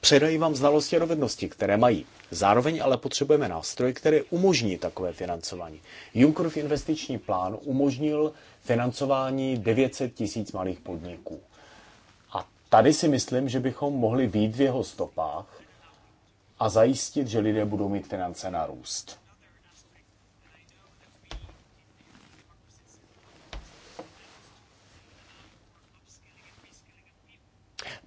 předají vám znalosti a dovednosti, které mají. Zároveň ale potřebujeme nástroj, který umožní takové financování. Junckerův investiční plán umožnil financování 900 tisíc malých podniků. Tady si myslím, že bychom mohli výjít v jeho stopách a zajistit, že lidé budou mít finance na růst.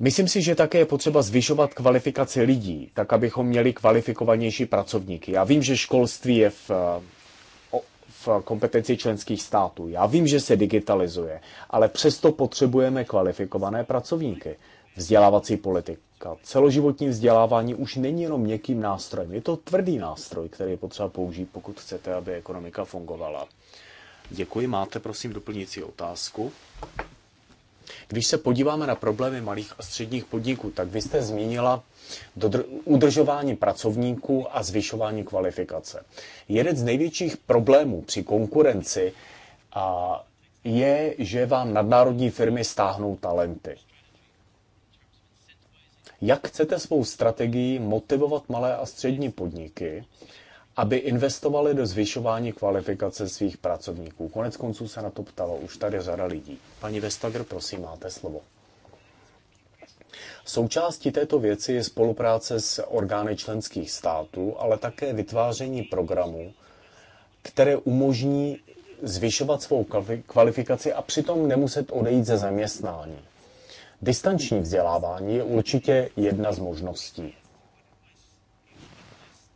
Myslím si, že také je potřeba zvyšovat kvalifikaci lidí, tak abychom měli kvalifikovanější pracovníky. Já vím, že školství je v eh, kompetenci členských států. Já vím, že se digitalizuje, ale přesto potřebujeme kvalifikované pracovníky. Vzdělávací politika. Celoživotní vzdělávání už není jenom měkkým nástrojem, je to tvrdý nástroj, který je potřeba použít, pokud chcete, aby ekonomika fungovala. Děkuji, máte prosím doplňující otázku. Když se podíváme na problémy malých a středních podniků, tak vy jste zmínila udržování pracovníků a zvyšování kvalifikace. Jeden z největších problémů při konkurenci a je, že vám nadnárodní firmy stáhnou talenty. Jak chcete svou strategii motivovat malé a střední podniky, aby investovali do zvyšování kvalifikace svých pracovníků? Konec konců se na to ptalo už tady řada lidí. Paní Vestager, prosím, máte slovo. Součástí této věci je spolupráce s orgány členských států, ale také vytváření programů, které umožní zvyšovat svou kvalifikaci a přitom nemuset odejít ze zaměstnání. Distanční vzdělávání je určitě jedna z možností.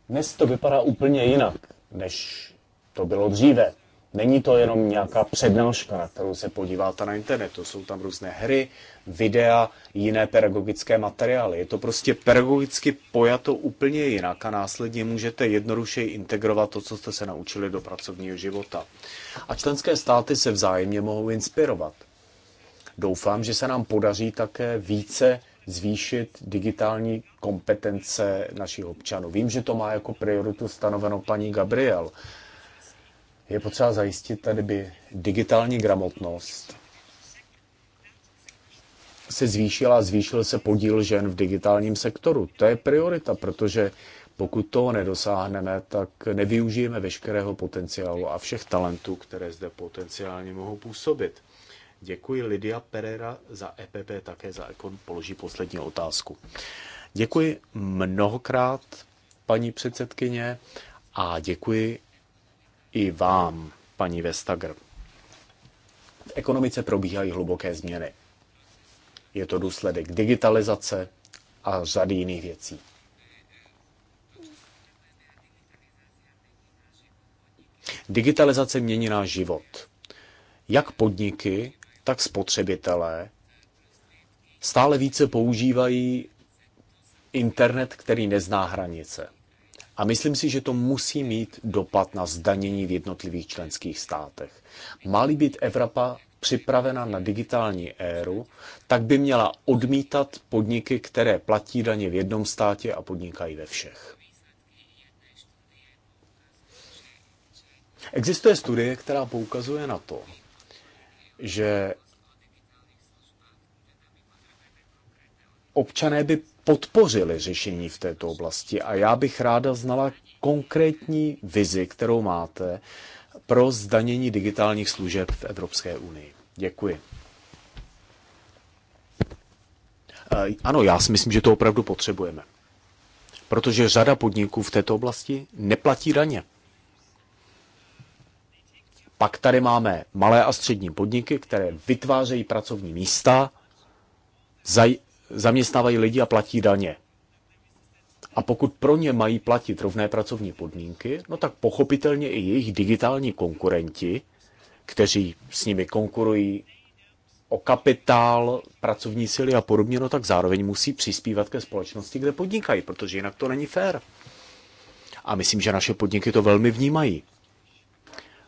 Dnes to vypadá úplně jinak, než to bylo dříve. Není to jenom nějaká přednáška, na kterou se podíváte na internetu. Jsou tam různé hry, videa, jiné pedagogické materiály. Je to prostě pedagogicky pojato úplně jinak a následně můžete jednodušeji integrovat to, co jste se naučili do pracovního života. A členské státy se vzájemně mohou inspirovat. Doufám, že se nám podaří také více zvýšit digitální kompetence našich občanů. Vím, že to má jako prioritu stanoveno paní Gabriel je potřeba zajistit tady by digitální gramotnost se zvýšila zvýšil se podíl žen v digitálním sektoru. To je priorita, protože pokud toho nedosáhneme, tak nevyužijeme veškerého potenciálu a všech talentů, které zde potenciálně mohou působit. Děkuji Lidia Pereira za EPP, také za Ekon položí poslední otázku. Děkuji mnohokrát, paní předsedkyně, a děkuji i vám, paní Vestager. V ekonomice probíhají hluboké změny. Je to důsledek digitalizace a řady jiných věcí. Digitalizace mění náš život. Jak podniky, tak spotřebitelé stále více používají internet, který nezná hranice. A myslím si, že to musí mít dopad na zdanění v jednotlivých členských státech. Má-li být Evropa připravena na digitální éru, tak by měla odmítat podniky, které platí daně v jednom státě a podnikají ve všech. Existuje studie, která poukazuje na to, že občané by podpořili řešení v této oblasti a já bych ráda znala konkrétní vizi, kterou máte pro zdanění digitálních služeb v Evropské unii. Děkuji. E, ano, já si myslím, že to opravdu potřebujeme. Protože řada podniků v této oblasti neplatí daně. Pak tady máme malé a střední podniky, které vytvářejí pracovní místa, zaměstnávají lidi a platí daně. A pokud pro ně mají platit rovné pracovní podmínky, no tak pochopitelně i jejich digitální konkurenti, kteří s nimi konkurují o kapitál, pracovní síly a podobně, no tak zároveň musí přispívat ke společnosti, kde podnikají, protože jinak to není fér. A myslím, že naše podniky to velmi vnímají.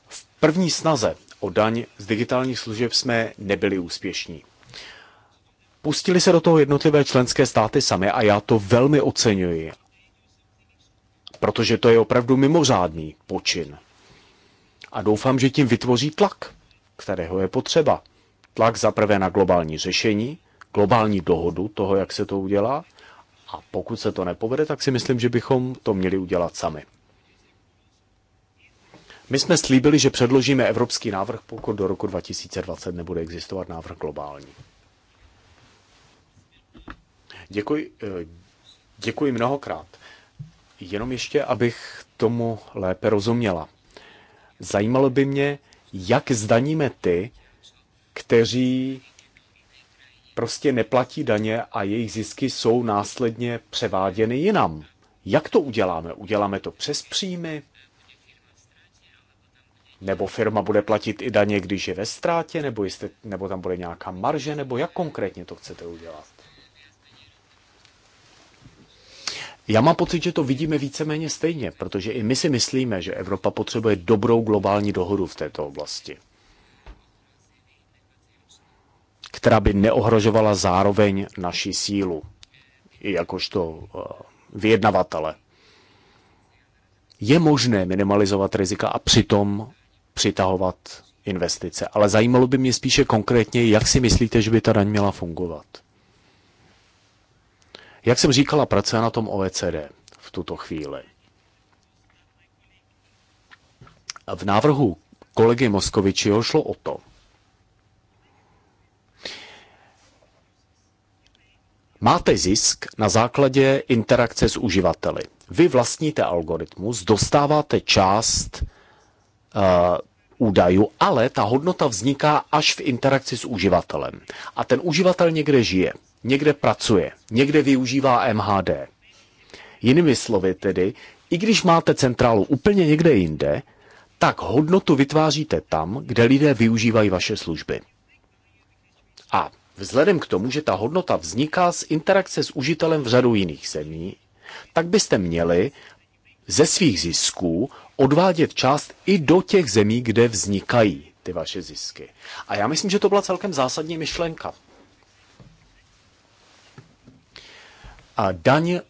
V první snaze o daň z digitálních služeb jsme nebyli úspěšní. Pustili se do toho jednotlivé členské státy sami a já to velmi oceňuji, protože to je opravdu mimořádný počin. A doufám, že tím vytvoří tlak, kterého je potřeba. Tlak zaprvé na globální řešení, globální dohodu toho, jak se to udělá, a pokud se to nepovede, tak si myslím, že bychom to měli udělat sami. My jsme slíbili, že předložíme evropský návrh, pokud do roku 2020 nebude existovat návrh globální. Děkuji, eh, děkuji mnohokrát. Jenom ještě, abych tomu lépe rozuměla. Zajímalo by mě, jak zdaníme ty, kteří prostě neplatí daně a jejich zisky jsou následně převáděny jinam. Jak to uděláme? Uděláme to přes příjmy? Nebo firma bude platit i daně, když je ve ztrátě, nebo, jste, nebo tam bude nějaká marže, nebo jak konkrétně to chcete udělat? Já mám pocit, že to vidíme víceméně stejně, protože i my si myslíme, že Evropa potřebuje dobrou globální dohodu v této oblasti, která by neohrožovala zároveň naši sílu, jakožto eh, vyjednavatele. Je možné minimalizovat rizika a přitom přitahovat investice, ale zajímalo by mě spíše konkrétně, jak si myslíte, že by ta daň měla fungovat. Jak jsem říkala, pracuje na tom OECD v tuto chvíli. V návrhu kolegy Moskovičiho šlo o to, Máte zisk na základě interakce s uživateli. Vy vlastníte algoritmus, dostáváte část uh, údajů, ale ta hodnota vzniká až v interakci s uživatelem. A ten uživatel někde žije někde pracuje, někde využívá MHD. Jinými slovy tedy, i když máte centrálu úplně někde jinde, tak hodnotu vytváříte tam, kde lidé využívají vaše služby. A vzhledem k tomu, že ta hodnota vzniká z interakce s užitelem v řadu jiných zemí, tak byste měli ze svých zisků odvádět část i do těch zemí, kde vznikají ty vaše zisky. A já myslím, že to byla celkem zásadní myšlenka. a daň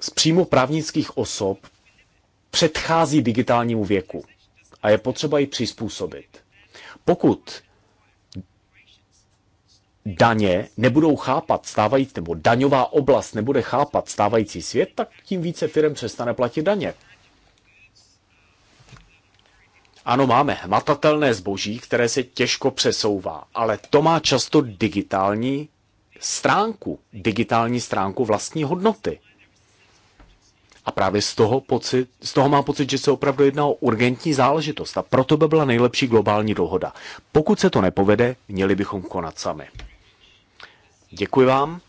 z příjmu právnických osob předchází digitálnímu věku a je potřeba ji přizpůsobit. Pokud daně nebudou chápat stávající, nebo daňová oblast nebude chápat stávající svět, tak tím více firm přestane platit daně. Ano, máme hmatatelné zboží, které se těžko přesouvá, ale to má často digitální stránku, digitální stránku vlastní hodnoty. A právě z toho, pocit, z toho má pocit, že se opravdu jedná o urgentní záležitost a proto by byla nejlepší globální dohoda. Pokud se to nepovede, měli bychom konat sami. Děkuji vám.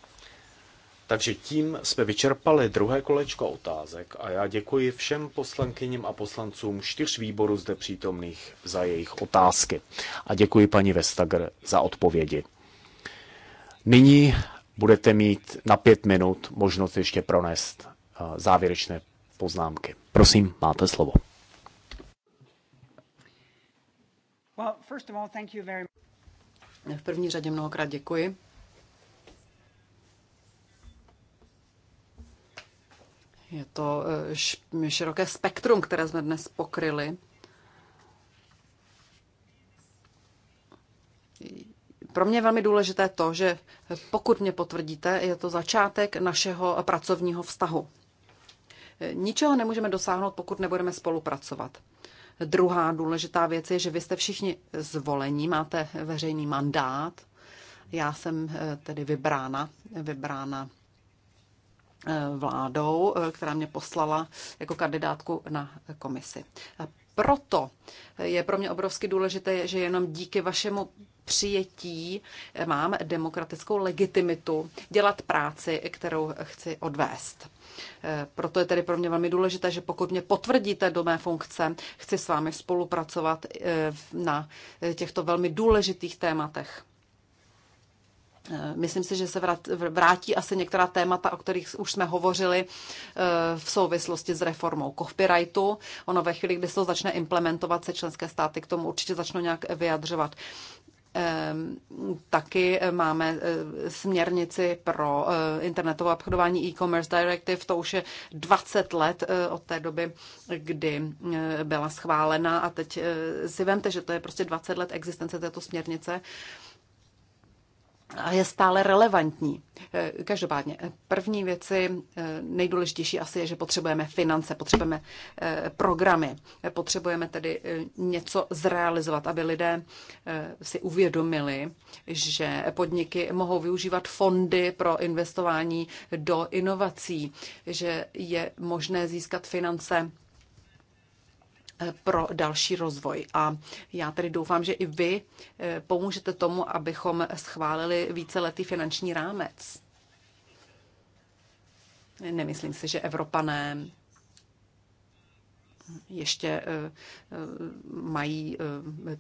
Takže tím jsme vyčerpali druhé kolečko otázek a já děkuji všem poslankyním a poslancům čtyř výborů zde přítomných za jejich otázky. A děkuji paní Vestager za odpovědi. Nyní budete mít na pět minut možnost ještě pronést eh, závěrečné poznámky. Prosím, máte slovo. V první řadě mnohokrát děkuji. Je to eh, široké spektrum, které jsme dnes pokryli. Pro mě je velmi důležité to, že pokud mě potvrdíte, je to začátek našeho pracovního vztahu. Ničeho nemůžeme dosáhnout, pokud nebudeme spolupracovat. Druhá důležitá věc je, že vy jste všichni zvolení, máte veřejný mandát. Já jsem eh, tedy vybrána, vybrána eh, vládou, eh, která mě poslala jako kandidátku na komisi. Proto je pro mě obrovsky důležité, že jenom díky vašemu přijetí eh, mám demokratickou legitimitu dělat práci, kterou chci odvést. Eh, proto je tedy pro mě velmi důležité, že pokud mě potvrdíte do mé funkce, chci s vámi spolupracovat eh, na těchto velmi důležitých tématech. Myslím si, že se vrátí asi některá témata, o kterých už jsme hovořili v souvislosti s reformou copyrightu. Ono ve chvíli, kdy se to začne implementovat, se členské státy k tomu určitě začnou nějak vyjadřovat. Ehm, taky eh, máme eh, směrnici pro eh, internetové obchodování e-commerce directive, to už je 20 let od té doby, kdy byla schválena a teď si vemte, že to je prostě 20 let existence této směrnice a je stále relevantní. Eh, každopádně, eh, první věci, eh, nejdůležitější asi je, že potřebujeme finance, potřebujeme programy, potřebujeme tedy něco zrealizovat, aby lidé si uvědomili, že podniky mohou využívat fondy pro investování do inovací, že je možné získat finance pro další rozvoj. A já tedy doufám, že i vy eh, pomůžete tomu, abychom schválili víceletý finanční rámec. Nemyslím si, že Evropané ještě eh, eh, mají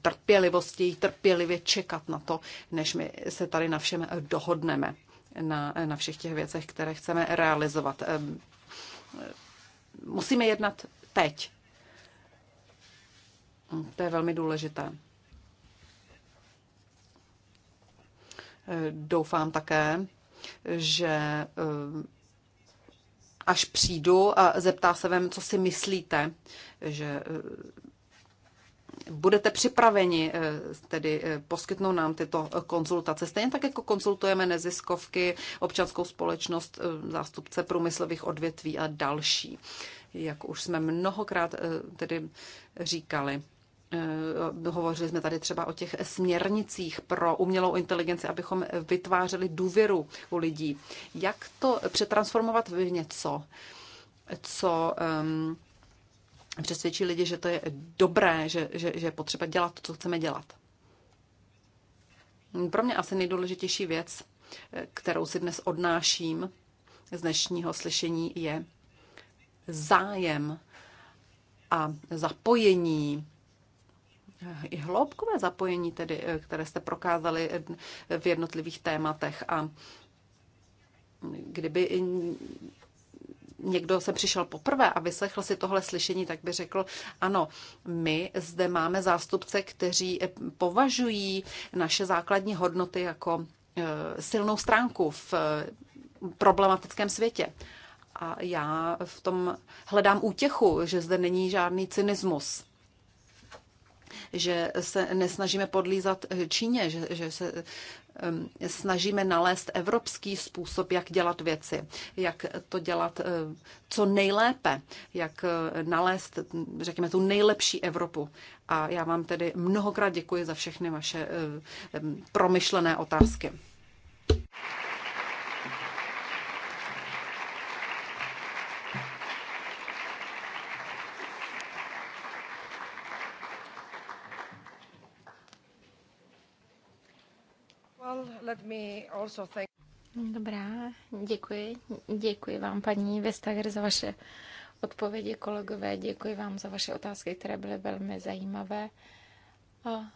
trpělivosti, trpělivě čekat na to, než my se tady na všem dohodneme, na, na všech těch věcech, které chceme realizovat. Ehm, musíme jednat teď, to je velmi důležité. Eh, doufám také, že eh, až přijdu a zeptá se vám, co si myslíte, že eh, budete připraveni tedy poskytnout nám tyto konzultace. Stejně tak, jako konzultujeme neziskovky, občanskou společnost, zástupce průmyslových odvětví a další, jak už jsme mnohokrát tedy říkali. Eh, hovořili jsme tady třeba o těch směrnicích pro umělou inteligenci, abychom vytvářeli důvěru u lidí. Jak to přetransformovat v něco, co um, přesvědčí lidi, že to je dobré, že, že, že je potřeba dělat to, co chceme dělat? Pro mě asi nejdůležitější věc, eh, kterou si dnes odnáším z dnešního slyšení, je zájem a zapojení i hloubkové zapojení, tedy, eh, které jste prokázali eh, v jednotlivých tématech. A kdyby někdo se přišel poprvé a vyslechl si tohle slyšení, tak by řekl, ano, my zde máme zástupce, kteří eh, považují naše základní hodnoty jako silnou stránku v problematickém světě. A já v tom hledám útěchu, že zde není žádný cynismus že se nesnažíme podlízat Číně, že, že se snažíme nalézt evropský způsob, jak dělat věci, jak to dělat eh, co nejlépe, jak eh, nalézt, řekněme, tu nejlepší Evropu. A já vám tedy mnohokrát děkuji za všechny vaše eh, promyšlené otázky. Dobrá, děkuji. Děkuji vám, paní Vestager, za vaše odpovědi, kolegové. Děkuji vám za vaše otázky, které byly velmi zajímavé. A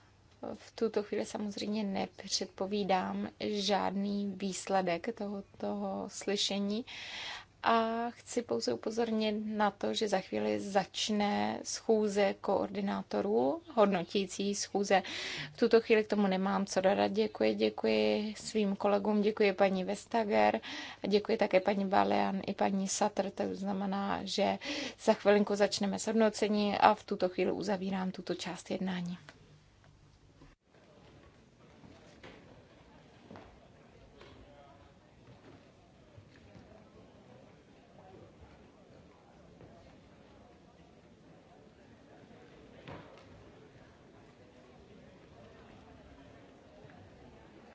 v tuto chvíli samozřejmě nepředpovídám žádný výsledek toho, toho slyšení, a chci pouze upozornit na to, že za chvíli začne schůze koordinátorů, hodnotící schůze. V tuto chvíli k tomu nemám co dodat. Děkuji, děkuji svým kolegům, děkuji paní Vestager děkuji také paní Balean i paní Satr. To znamená, že za chvilinku začneme s hodnocení a v tuto chvíli uzavírám tuto část jednání.